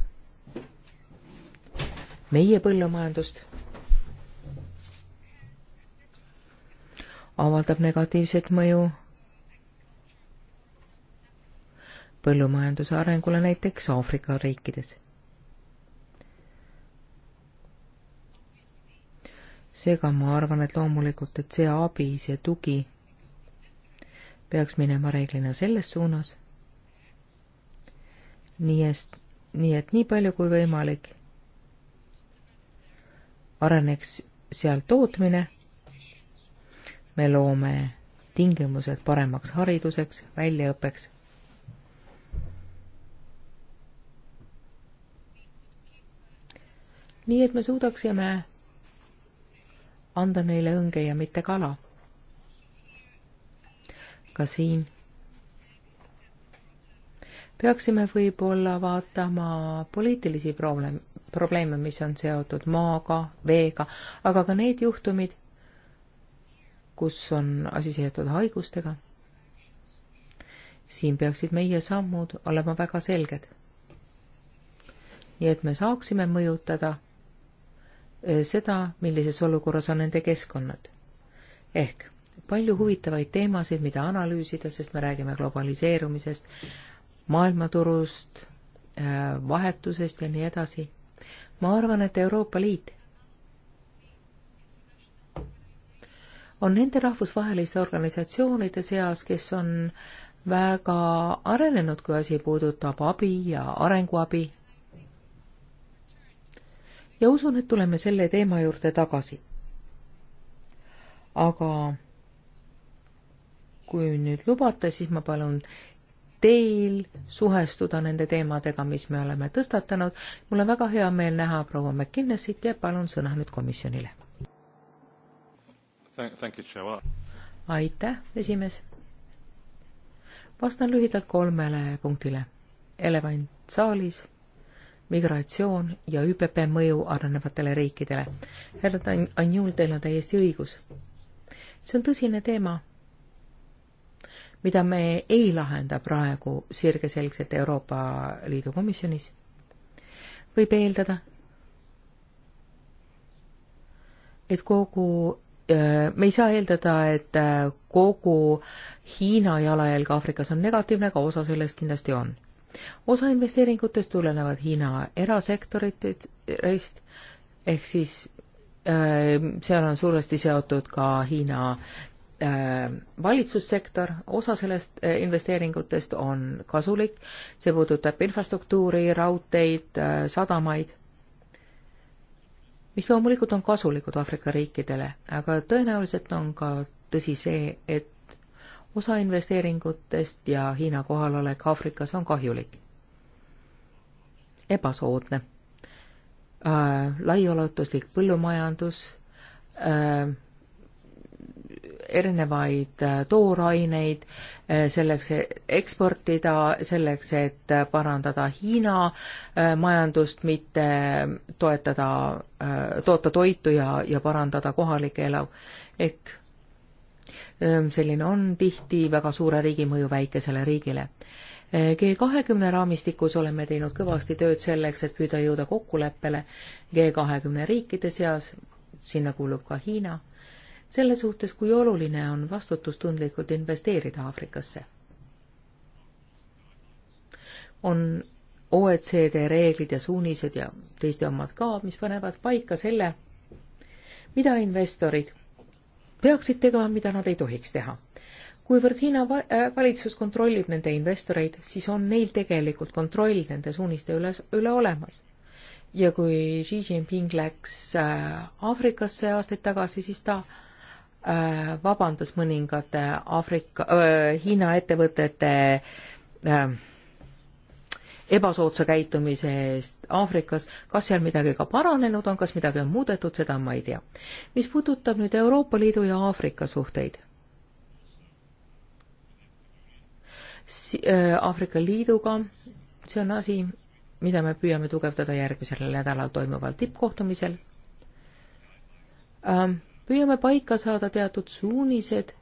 Speaker 3: meie põllumajandust, avaldab negatiivset mõju põllumajanduse arengule näiteks Aafrika riikides seega ma arvan, et loomulikult, et see abi, see tugi peaks minema reeglina selles suunas, nii et, nii et nii palju kui võimalik areneks seal tootmine, me loome tingimused paremaks hariduseks, väljaõppeks. nii et me suudaksime anda neile õnge ja mitte kala. ka siin peaksime võib-olla vaatama poliitilisi probleem, probleeme, mis on seotud maaga, veega, aga ka need juhtumid, kus on asi seotud haigustega. siin peaksid meie sammud olema väga selged. nii et me saaksime mõjutada Eh, seda, millises olukorras on nende keskkonnad. ehk palju huvitavaid teemasid, mida analüüsida, sest me räägime globaliseerumisest, maailmaturust, eh, vahetusest ja nii edasi. ma arvan, et Euroopa Liit on nende rahvusvaheliste organisatsioonide seas, kes on väga arenenud, kui asi puudutab abi ja arenguabi ja usun, et tuleme selle teema juurde tagasi. aga kui nüüd lubate, siis ma palun teil suhestuda nende teemadega, mis me oleme tõstatanud. mul on väga hea meel näha proua McKinnesit ja palun sõna nüüd komisjonile. aitäh, esimees. vastan lühidalt kolmele punktile. elevant saalis migratsioon ja ÜPP mõju arenevatele riikidele. härra Anjul, teil on täiesti õigus. see on tõsine teema, mida me ei lahenda praegu sirgeselgselt Euroopa Liidu komisjonis. võib eeldada, et kogu äh, me ei saa eeldada, et äh, kogu Hiina jalajälg Aafrikas on negatiivne, aga osa sellest kindlasti on osa investeeringutest tulenevad Hiina erasektoritest ehk siis äh, seal on suuresti seotud ka Hiina äh, valitsussektor, osa sellest äh, investeeringutest on kasulik, see puudutab infrastruktuuri, raudteid, äh, sadamaid, mis loomulikult on kasulikud Aafrika riikidele, aga tõenäoliselt on ka tõsi see, et osa investeeringutest ja Hiina kohalolek Aafrikas on kahjulik. ebasoodne äh,. laiaulatuslik põllumajandus äh,, erinevaid äh, tooraineid äh, selleks eksportida, selleks, et äh, parandada Hiina äh, majandust, mitte toetada, äh, toota toitu ja, ja parandada kohalikke elu. ehk selline on tihti väga suure riigi mõju väikesele riigile. G kahekümne raamistikus oleme teinud kõvasti tööd selleks, et püüda jõuda kokkuleppele G kahekümne riikide seas, sinna kuulub ka Hiina, selle suhtes, kui oluline on vastutustundlikult investeerida Aafrikasse. on OECD reeglid ja suunised ja teiste omad ka, mis panevad paika selle, mida investorid peaksid tegema, mida nad ei tohiks teha. kuivõrd Hiina äh, valitsus kontrollib nende investoreid, siis on neil tegelikult kontroll nende suuniste üle, üle olemas. ja kui Xi Jinping läks äh, Aafrikasse aastaid tagasi, siis ta äh, vabandas mõningate Aafrika äh,, Hiina ettevõtete äh, ebasoodsa käitumise eest Aafrikas, kas seal midagi ka paranenud on, kas midagi on muudetud, seda ma ei tea. mis puudutab nüüd Euroopa Liidu ja Aafrika suhteid si, äh, Aafrika Liiduga, see on asi, mida me püüame tugevdada järgmisel nädalal toimuval tippkohtumisel. Ähm, püüame paika saada teatud suunised,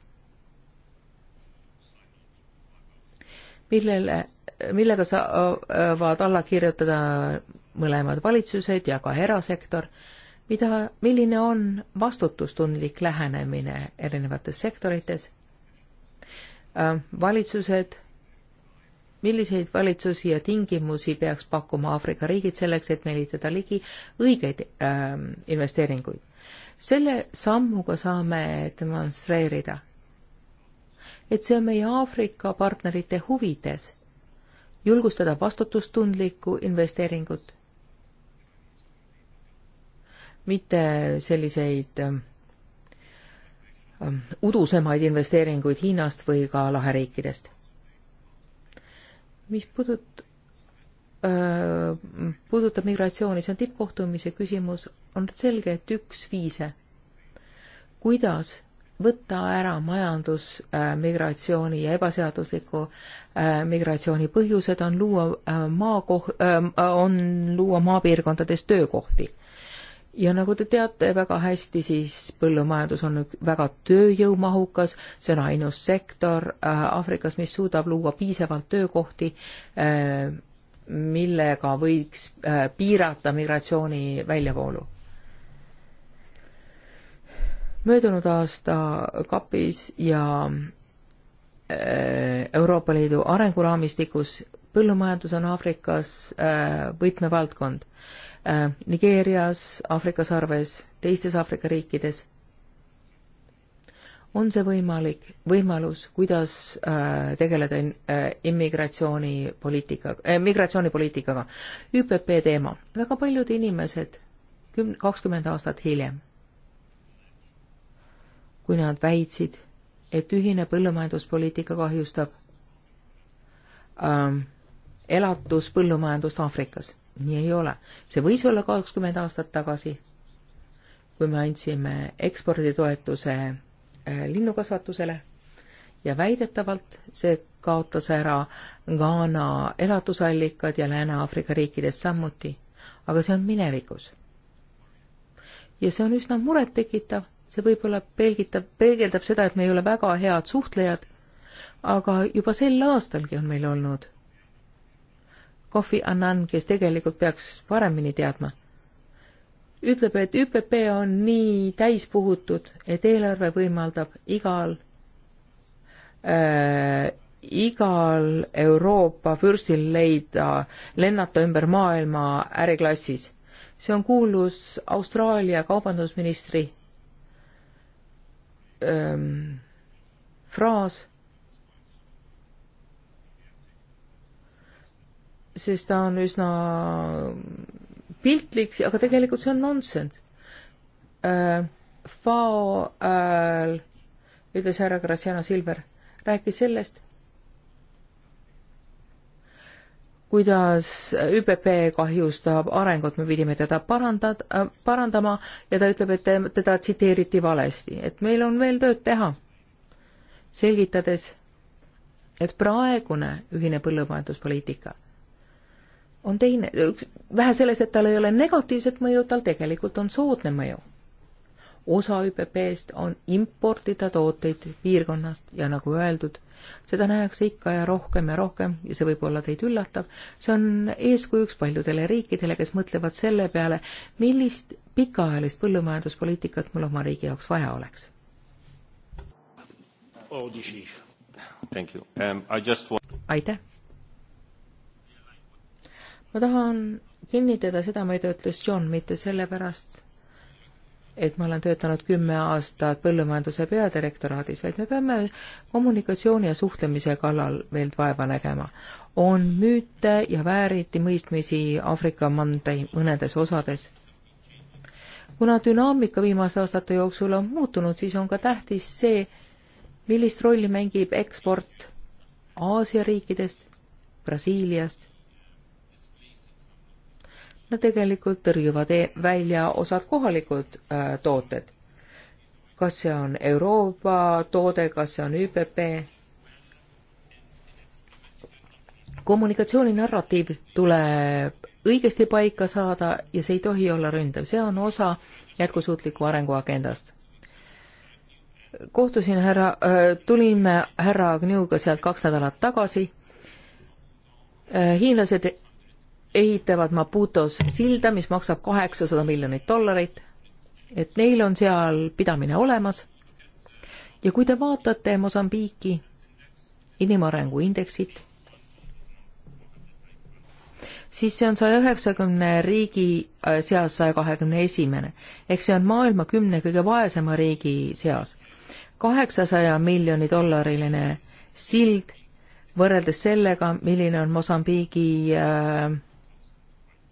Speaker 3: millele millega saavad alla kirjutada mõlemad valitsused ja ka erasektor, mida, milline on vastutustundlik lähenemine erinevates sektorites, valitsused, milliseid valitsusi ja tingimusi peaks pakkuma Aafrika riigid selleks, et meelitada ligi õigeid äh, investeeringuid. selle sammuga saame demonstreerida, et see on meie Aafrika partnerite huvides julgustada vastutustundlikku investeeringut, mitte selliseid ähm, ähm, udusemaid investeeringuid Hiinast või ka laheriikidest. mis pudut-, äh, puudutab migratsiooni, see on tippkohtumise küsimus, on selge, et üks viise, kuidas võtta ära majandusmigratsiooni äh, ja ebaseadusliku äh, migratsiooni põhjused on luua äh, maakoh-, on luua maapiirkondades töökohti. ja nagu te teate väga hästi, siis põllumajandus on väga tööjõumahukas, see on ainus sektor Aafrikas, mis suudab luua piisavalt töökohti, millega võiks piirata migratsiooni väljavoolu möödunud aasta kapis ja äh, Euroopa Liidu arenguraamistikus põllumajandus on Aafrikas äh, võtmevaldkond. Äh, Nigeerias, Aafrika sarves, teistes Aafrika riikides on see võimalik, võimalus, kuidas tegeleda immigratsioonipoliitikaga eh,, migratsioonipoliitikaga. ÜPP teema, väga paljud inimesed küm-, kakskümmend aastat hiljem kui nad väitsid, et ühine põllumajanduspoliitika kahjustab ähm, elatuspõllumajandust Aafrikas. nii ei ole. see võis olla kakskümmend aastat tagasi, kui me andsime eksporditoetuse äh, linnukasvatusele ja väidetavalt see kaotas ära Ghana elatusallikad ja Lääne-Aafrika riikides samuti. aga see on minevikus. ja see on üsna murettekitav, see võib-olla pelgitab, peegeldab seda, et me ei ole väga head suhtlejad, aga juba sel aastalgi on meil olnud Kofi Annan, kes tegelikult peaks paremini teadma, ütleb, et ÜPP on nii täis puhutud, et eelarve võimaldab igal äh, igal Euroopa fürstil leida, lennata ümber maailma äriklassis. see on kuulus Austraalia kaubandusministri ähm, fraas, sest ta on üsna piltlik, aga tegelikult see on nonsense äh,. FAO äh, ütles härra Graciano Silver, rääkis sellest kuidas ÜPP kahjustab arengut, me pidime teda parandad, parandama ja ta ütleb, et teda tsiteeriti valesti, et meil on veel tööd teha. selgitades, et praegune ühine põllumajanduspoliitika on teine, vähe sellest, et tal ei ole negatiivset mõju, tal tegelikult on soodne mõju. osa ÜPP-st on importida tooteid piirkonnast ja nagu öeldud, seda nähakse ikka ja rohkem ja rohkem ja see võib olla teid üllatav, see on eeskujuks paljudele riikidele, kes mõtlevad selle peale, millist pikaajalist põllumajanduspoliitikat mul oma riigi jaoks vaja oleks.
Speaker 1: Um,
Speaker 3: aitäh! ma tahan kinnitada seda, mida ütles John, mitte sellepärast, et ma olen töötanud kümme aastat põllumajanduse peadirektoraadis, vaid me peame kommunikatsiooni ja suhtlemise kallal veel vaeva nägema. on müüte ja vääritimõistmisi Aafrika mandai mõnedes osades. kuna dünaamika viimaste aastate jooksul on muutunud, siis on ka tähtis see, millist rolli mängib eksport Aasia riikidest, Brasiiliast Nad tegelikult tõrjuvad e välja osad kohalikud äh, tooted. kas see on Euroopa toode, kas see on ÜPP? kommunikatsiooninarratiiv tuleb õigesti paika saada ja see ei tohi olla ründav, see on osa jätkusuutliku arengu agendast. kohtusin härra äh,, tulime härra Agniuga sealt kaks nädalat tagasi äh,. hiinlased ehitavad Maputos silda, mis maksab kaheksasada miljonit dollarit, et neil on seal pidamine olemas. ja kui te vaatate Mosambiiki inimarengu indeksit, siis see on saja üheksakümne riigi äh, seas saja kahekümne esimene ehk see on maailma kümne kõige vaesema riigi seas. kaheksasaja miljoni dollariline sild võrreldes sellega, milline on Mosambiigi äh,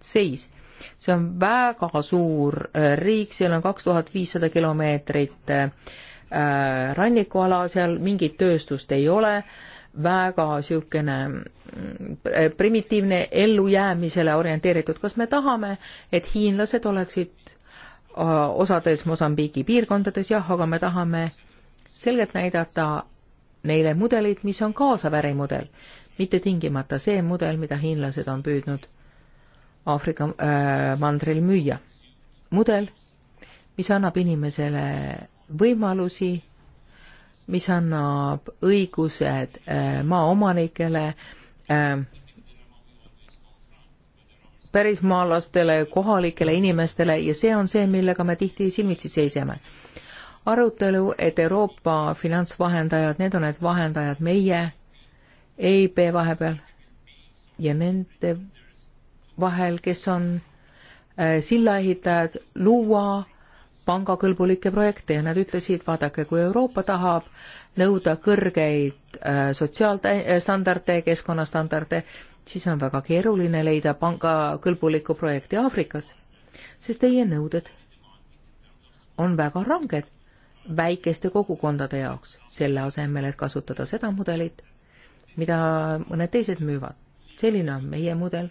Speaker 3: seis. see on väga suur äh, riik, seal on kaks tuhat viissada kilomeetrit äh, rannikuala, seal mingit tööstust ei ole, väga niisugune äh, primitiivne ellujäämisele orienteeritud, kas me tahame, et hiinlased oleksid osades Mosambiigi piirkondades, jah, aga me tahame selgelt näidata neile mudelit, mis on kaasav ärimudel, mitte tingimata see mudel, mida hiinlased on püüdnud Aafrika äh, mandril müüa. mudel, mis annab inimesele võimalusi, mis annab õigused äh, maaomanikele äh,, pärismaalastele, kohalikele inimestele ja see on see, millega me tihti silmitsi seisame. arutelu, et Euroopa finantsvahendajad, need on need vahendajad meie EIB vahepeal ja nende vahel, kes on äh, sillaehitajad, luua pangakõlbulikke projekte ja nad ütlesid, vaadake, kui Euroopa tahab nõuda kõrgeid äh, sotsiaalstandarde, äh, keskkonnastandarde, siis on väga keeruline leida pangakõlbulikku projekti Aafrikas, sest teie nõuded on väga ranged väikeste kogukondade jaoks, selle asemel, et kasutada seda mudelit, mida mõned teised müüvad. selline on meie mudel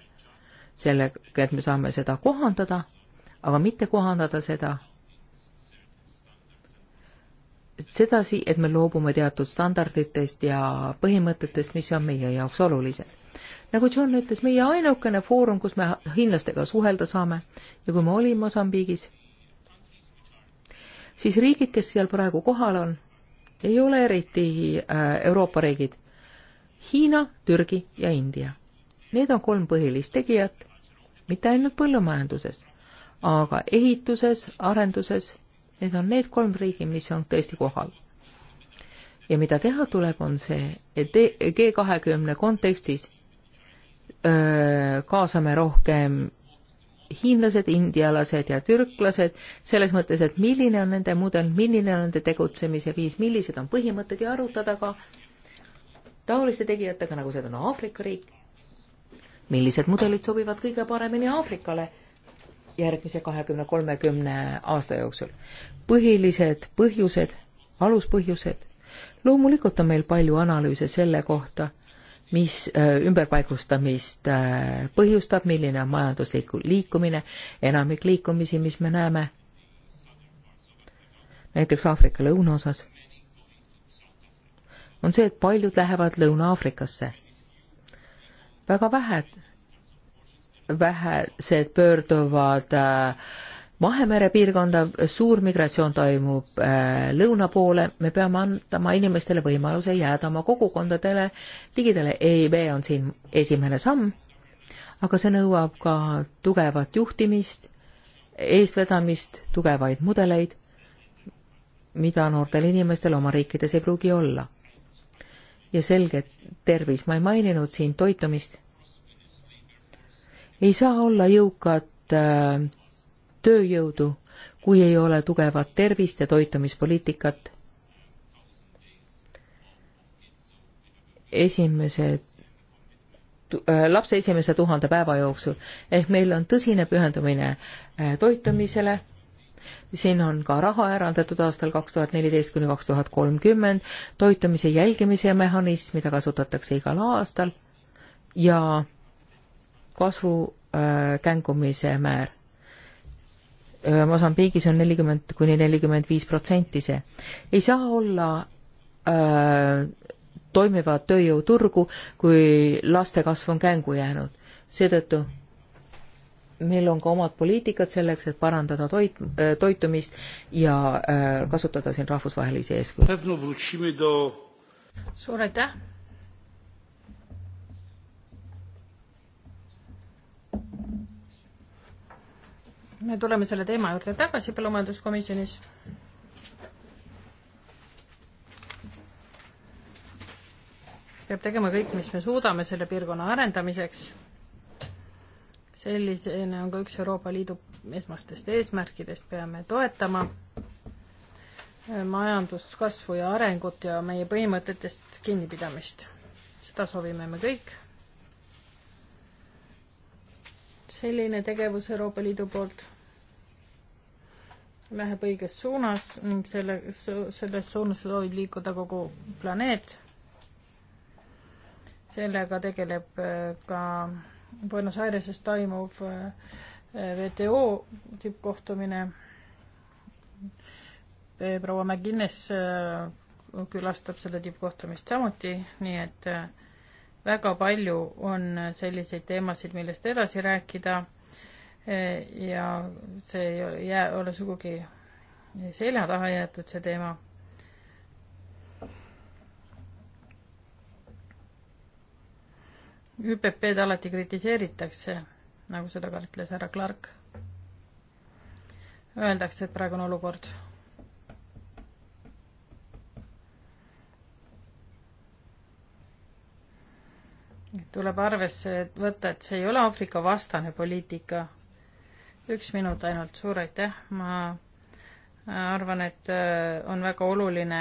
Speaker 3: sellega, et me saame seda kohandada, aga mitte kohandada seda sedasi, et me loobume teatud standarditest ja põhimõtetest, mis on meie jaoks olulised nagu John ütles, meie ainukene foorum, kus me hiinlastega suhelda saame ja kui ma olin Mosambiigis, siis riigid, kes seal praegu kohal on, ei ole eriti äh, Euroopa riigid. Hiina, Türgi ja India. Need on kolm põhilist tegijat, mitte ainult põllumajanduses, aga ehituses, arenduses, need on need kolm riigi, mis on tõesti kohal. ja mida teha tuleb, on see, et G kahekümne kontekstis öö, kaasame rohkem hiinlased, indialased ja türklased, selles mõttes, et milline on nende mudel, milline on nende tegutsemise viis, millised on põhimõtted ja arutada ka taoliste tegijatega, nagu seda on Aafrika riik, millised mudelid sobivad kõige paremini Aafrikale järgmise kahekümne, kolmekümne aasta jooksul. põhilised põhjused, aluspõhjused, loomulikult on meil palju analüüse selle kohta, mis äh, ümberpaigustamist äh, põhjustab, milline on majanduslik liikumine, enamik liikumisi, mis me näeme näiteks Aafrika lõunaosas, on see, et paljud lähevad Lõuna-Aafrikasse väga vähed, vähesed pöörduvad äh, Vahemere piirkonda, suur migratsioon toimub äh, lõuna poole, me peame andma inimestele võimaluse jääda oma kogukondadele ligidale. EIB on siin esimene samm, aga see nõuab ka tugevat juhtimist, eestvedamist, tugevaid mudeleid, mida noortel inimestel oma riikides ei pruugi olla ja selge tervis. ma ei maininud siin toitumist. ei saa olla jõukat äh, tööjõudu, kui ei ole tugevat tervist ja toitumispoliitikat. esimese äh, lapse esimese tuhande päeva jooksul ehk meil on tõsine pühendumine äh, toitumisele siin on ka raha eraldatud aastal kaks tuhat neliteist kuni kaks tuhat kolmkümmend, toitumise jälgimise mehhanism, mida kasutatakse igal aastal ja kasvu äh, kängumise määr. Äh, Mosambiigis on nelikümmend kuni nelikümmend viis protsenti see. ei saa olla äh, toimivat tööjõuturgu, kui laste kasv on kängu jäänud. seetõttu meil on ka omad poliitikad selleks, et parandada toit, äh, toitumist ja äh, kasutada siin rahvusvahelisi
Speaker 1: eeskujusid.
Speaker 4: suur aitäh! me tuleme selle teema juurde tagasi põllumajanduskomisjonis. peab tegema kõik, mis me suudame selle piirkonna arendamiseks sellisena on ka üks Euroopa Liidu esmastest eesmärkidest, peame toetama äh, majanduskasvu ja arengut ja meie põhimõtetest kinnipidamist. seda soovime me kõik. selline tegevus Euroopa Liidu poolt läheb õiges suunas ning selle, selles suunas soovib liikuda kogu planeet. sellega tegeleb äh, ka Buenos Aireses toimuv äh, WTO tippkohtumine. Äh, proua McGuinness äh, külastab seda tippkohtumist samuti, nii et väga palju on selliseid teemasid, millest edasi rääkida. ja see ei jää, ole sugugi selja taha jäetud, see teema. ÜPP-d alati kritiseeritakse, nagu seda ka ütles härra Clark. Öeldakse, et praegune olukord tuleb arvesse võtta, et see ei ole Aafrika vastane poliitika. üks minut ainult, suur aitäh, ma arvan, et äh, on väga oluline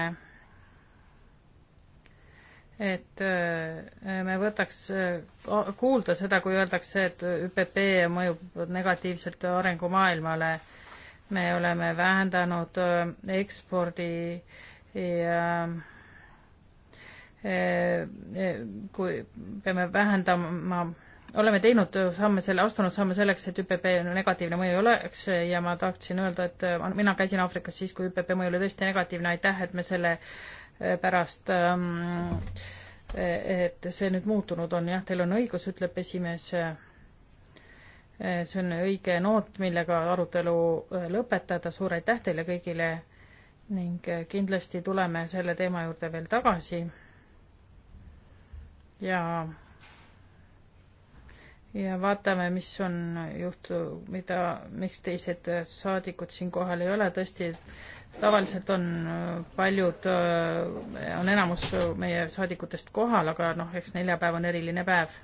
Speaker 4: et äh, me võtaks äh, kuulda seda, kui öeldakse, et ÜPP mõjub negatiivselt arengumaailmale. me oleme vähendanud äh, ekspordi ja kui peame vähendama, oleme teinud samme selle, astunud samme selleks, et ÜPP negatiivne mõju ei oleks ja ma tahtsin öelda, et mina käisin Aafrikas siis, kui ÜPP mõju oli tõesti negatiivne, aitäh, et me selle pärast, ähm, et see nüüd muutunud on, jah, teil on õigus, ütleb esimees, äh, see on õige noot, millega arutelu äh, lõpetada, suur aitäh teile kõigile ning äh, kindlasti tuleme selle teema juurde veel tagasi ja ja vaatame, mis on juhtu, mida, miks teised saadikud siin kohal ei ole, tõesti, tavaliselt on äh, paljud, äh, on enamus meie saadikutest kohal, aga noh, eks neljapäev on eriline päev.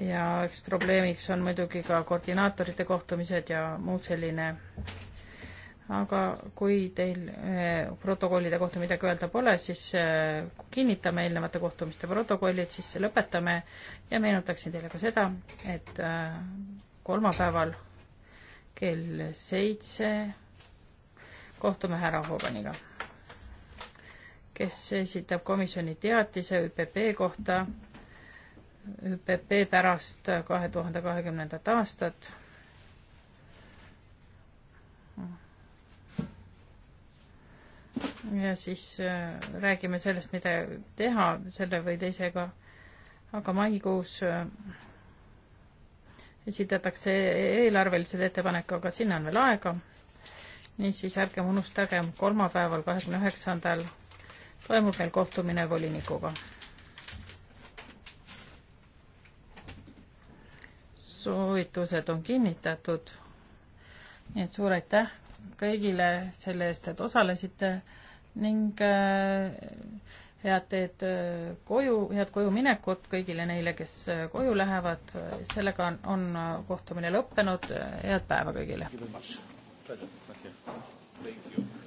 Speaker 4: ja eks probleemiks on muidugi ka koordinaatorite kohtumised ja muu selline aga kui teil eh, protokollide kohta midagi öelda pole, siis eh, kinnitame eelnevate kohtumiste protokollid, siis lõpetame ja meenutaksin teile ka seda, et eh, kolmapäeval kell seitse kohtume härra Hoganiga, kes esitab komisjoni teatise ÜPP kohta, ÜPP pärast kahe tuhande kahekümnendat aastat ja siis äh, räägime sellest, mida teha selle või teisega. aga maikuus äh, esitatakse eelarvelised ettepanek, aga sinna on veel aega. niisiis ärgem unustagem, kolmapäeval, kahekümne üheksandal toimub meil kohtumine volinikuga. soovitused on kinnitatud. nii et suur aitäh kõigile selle eest, et osalesite ning äh, head teed äh, koju, head koju minekut kõigile neile, kes äh, koju lähevad. sellega on, on kohtumine lõppenud, head päeva kõigile.
Speaker 1: Thank you.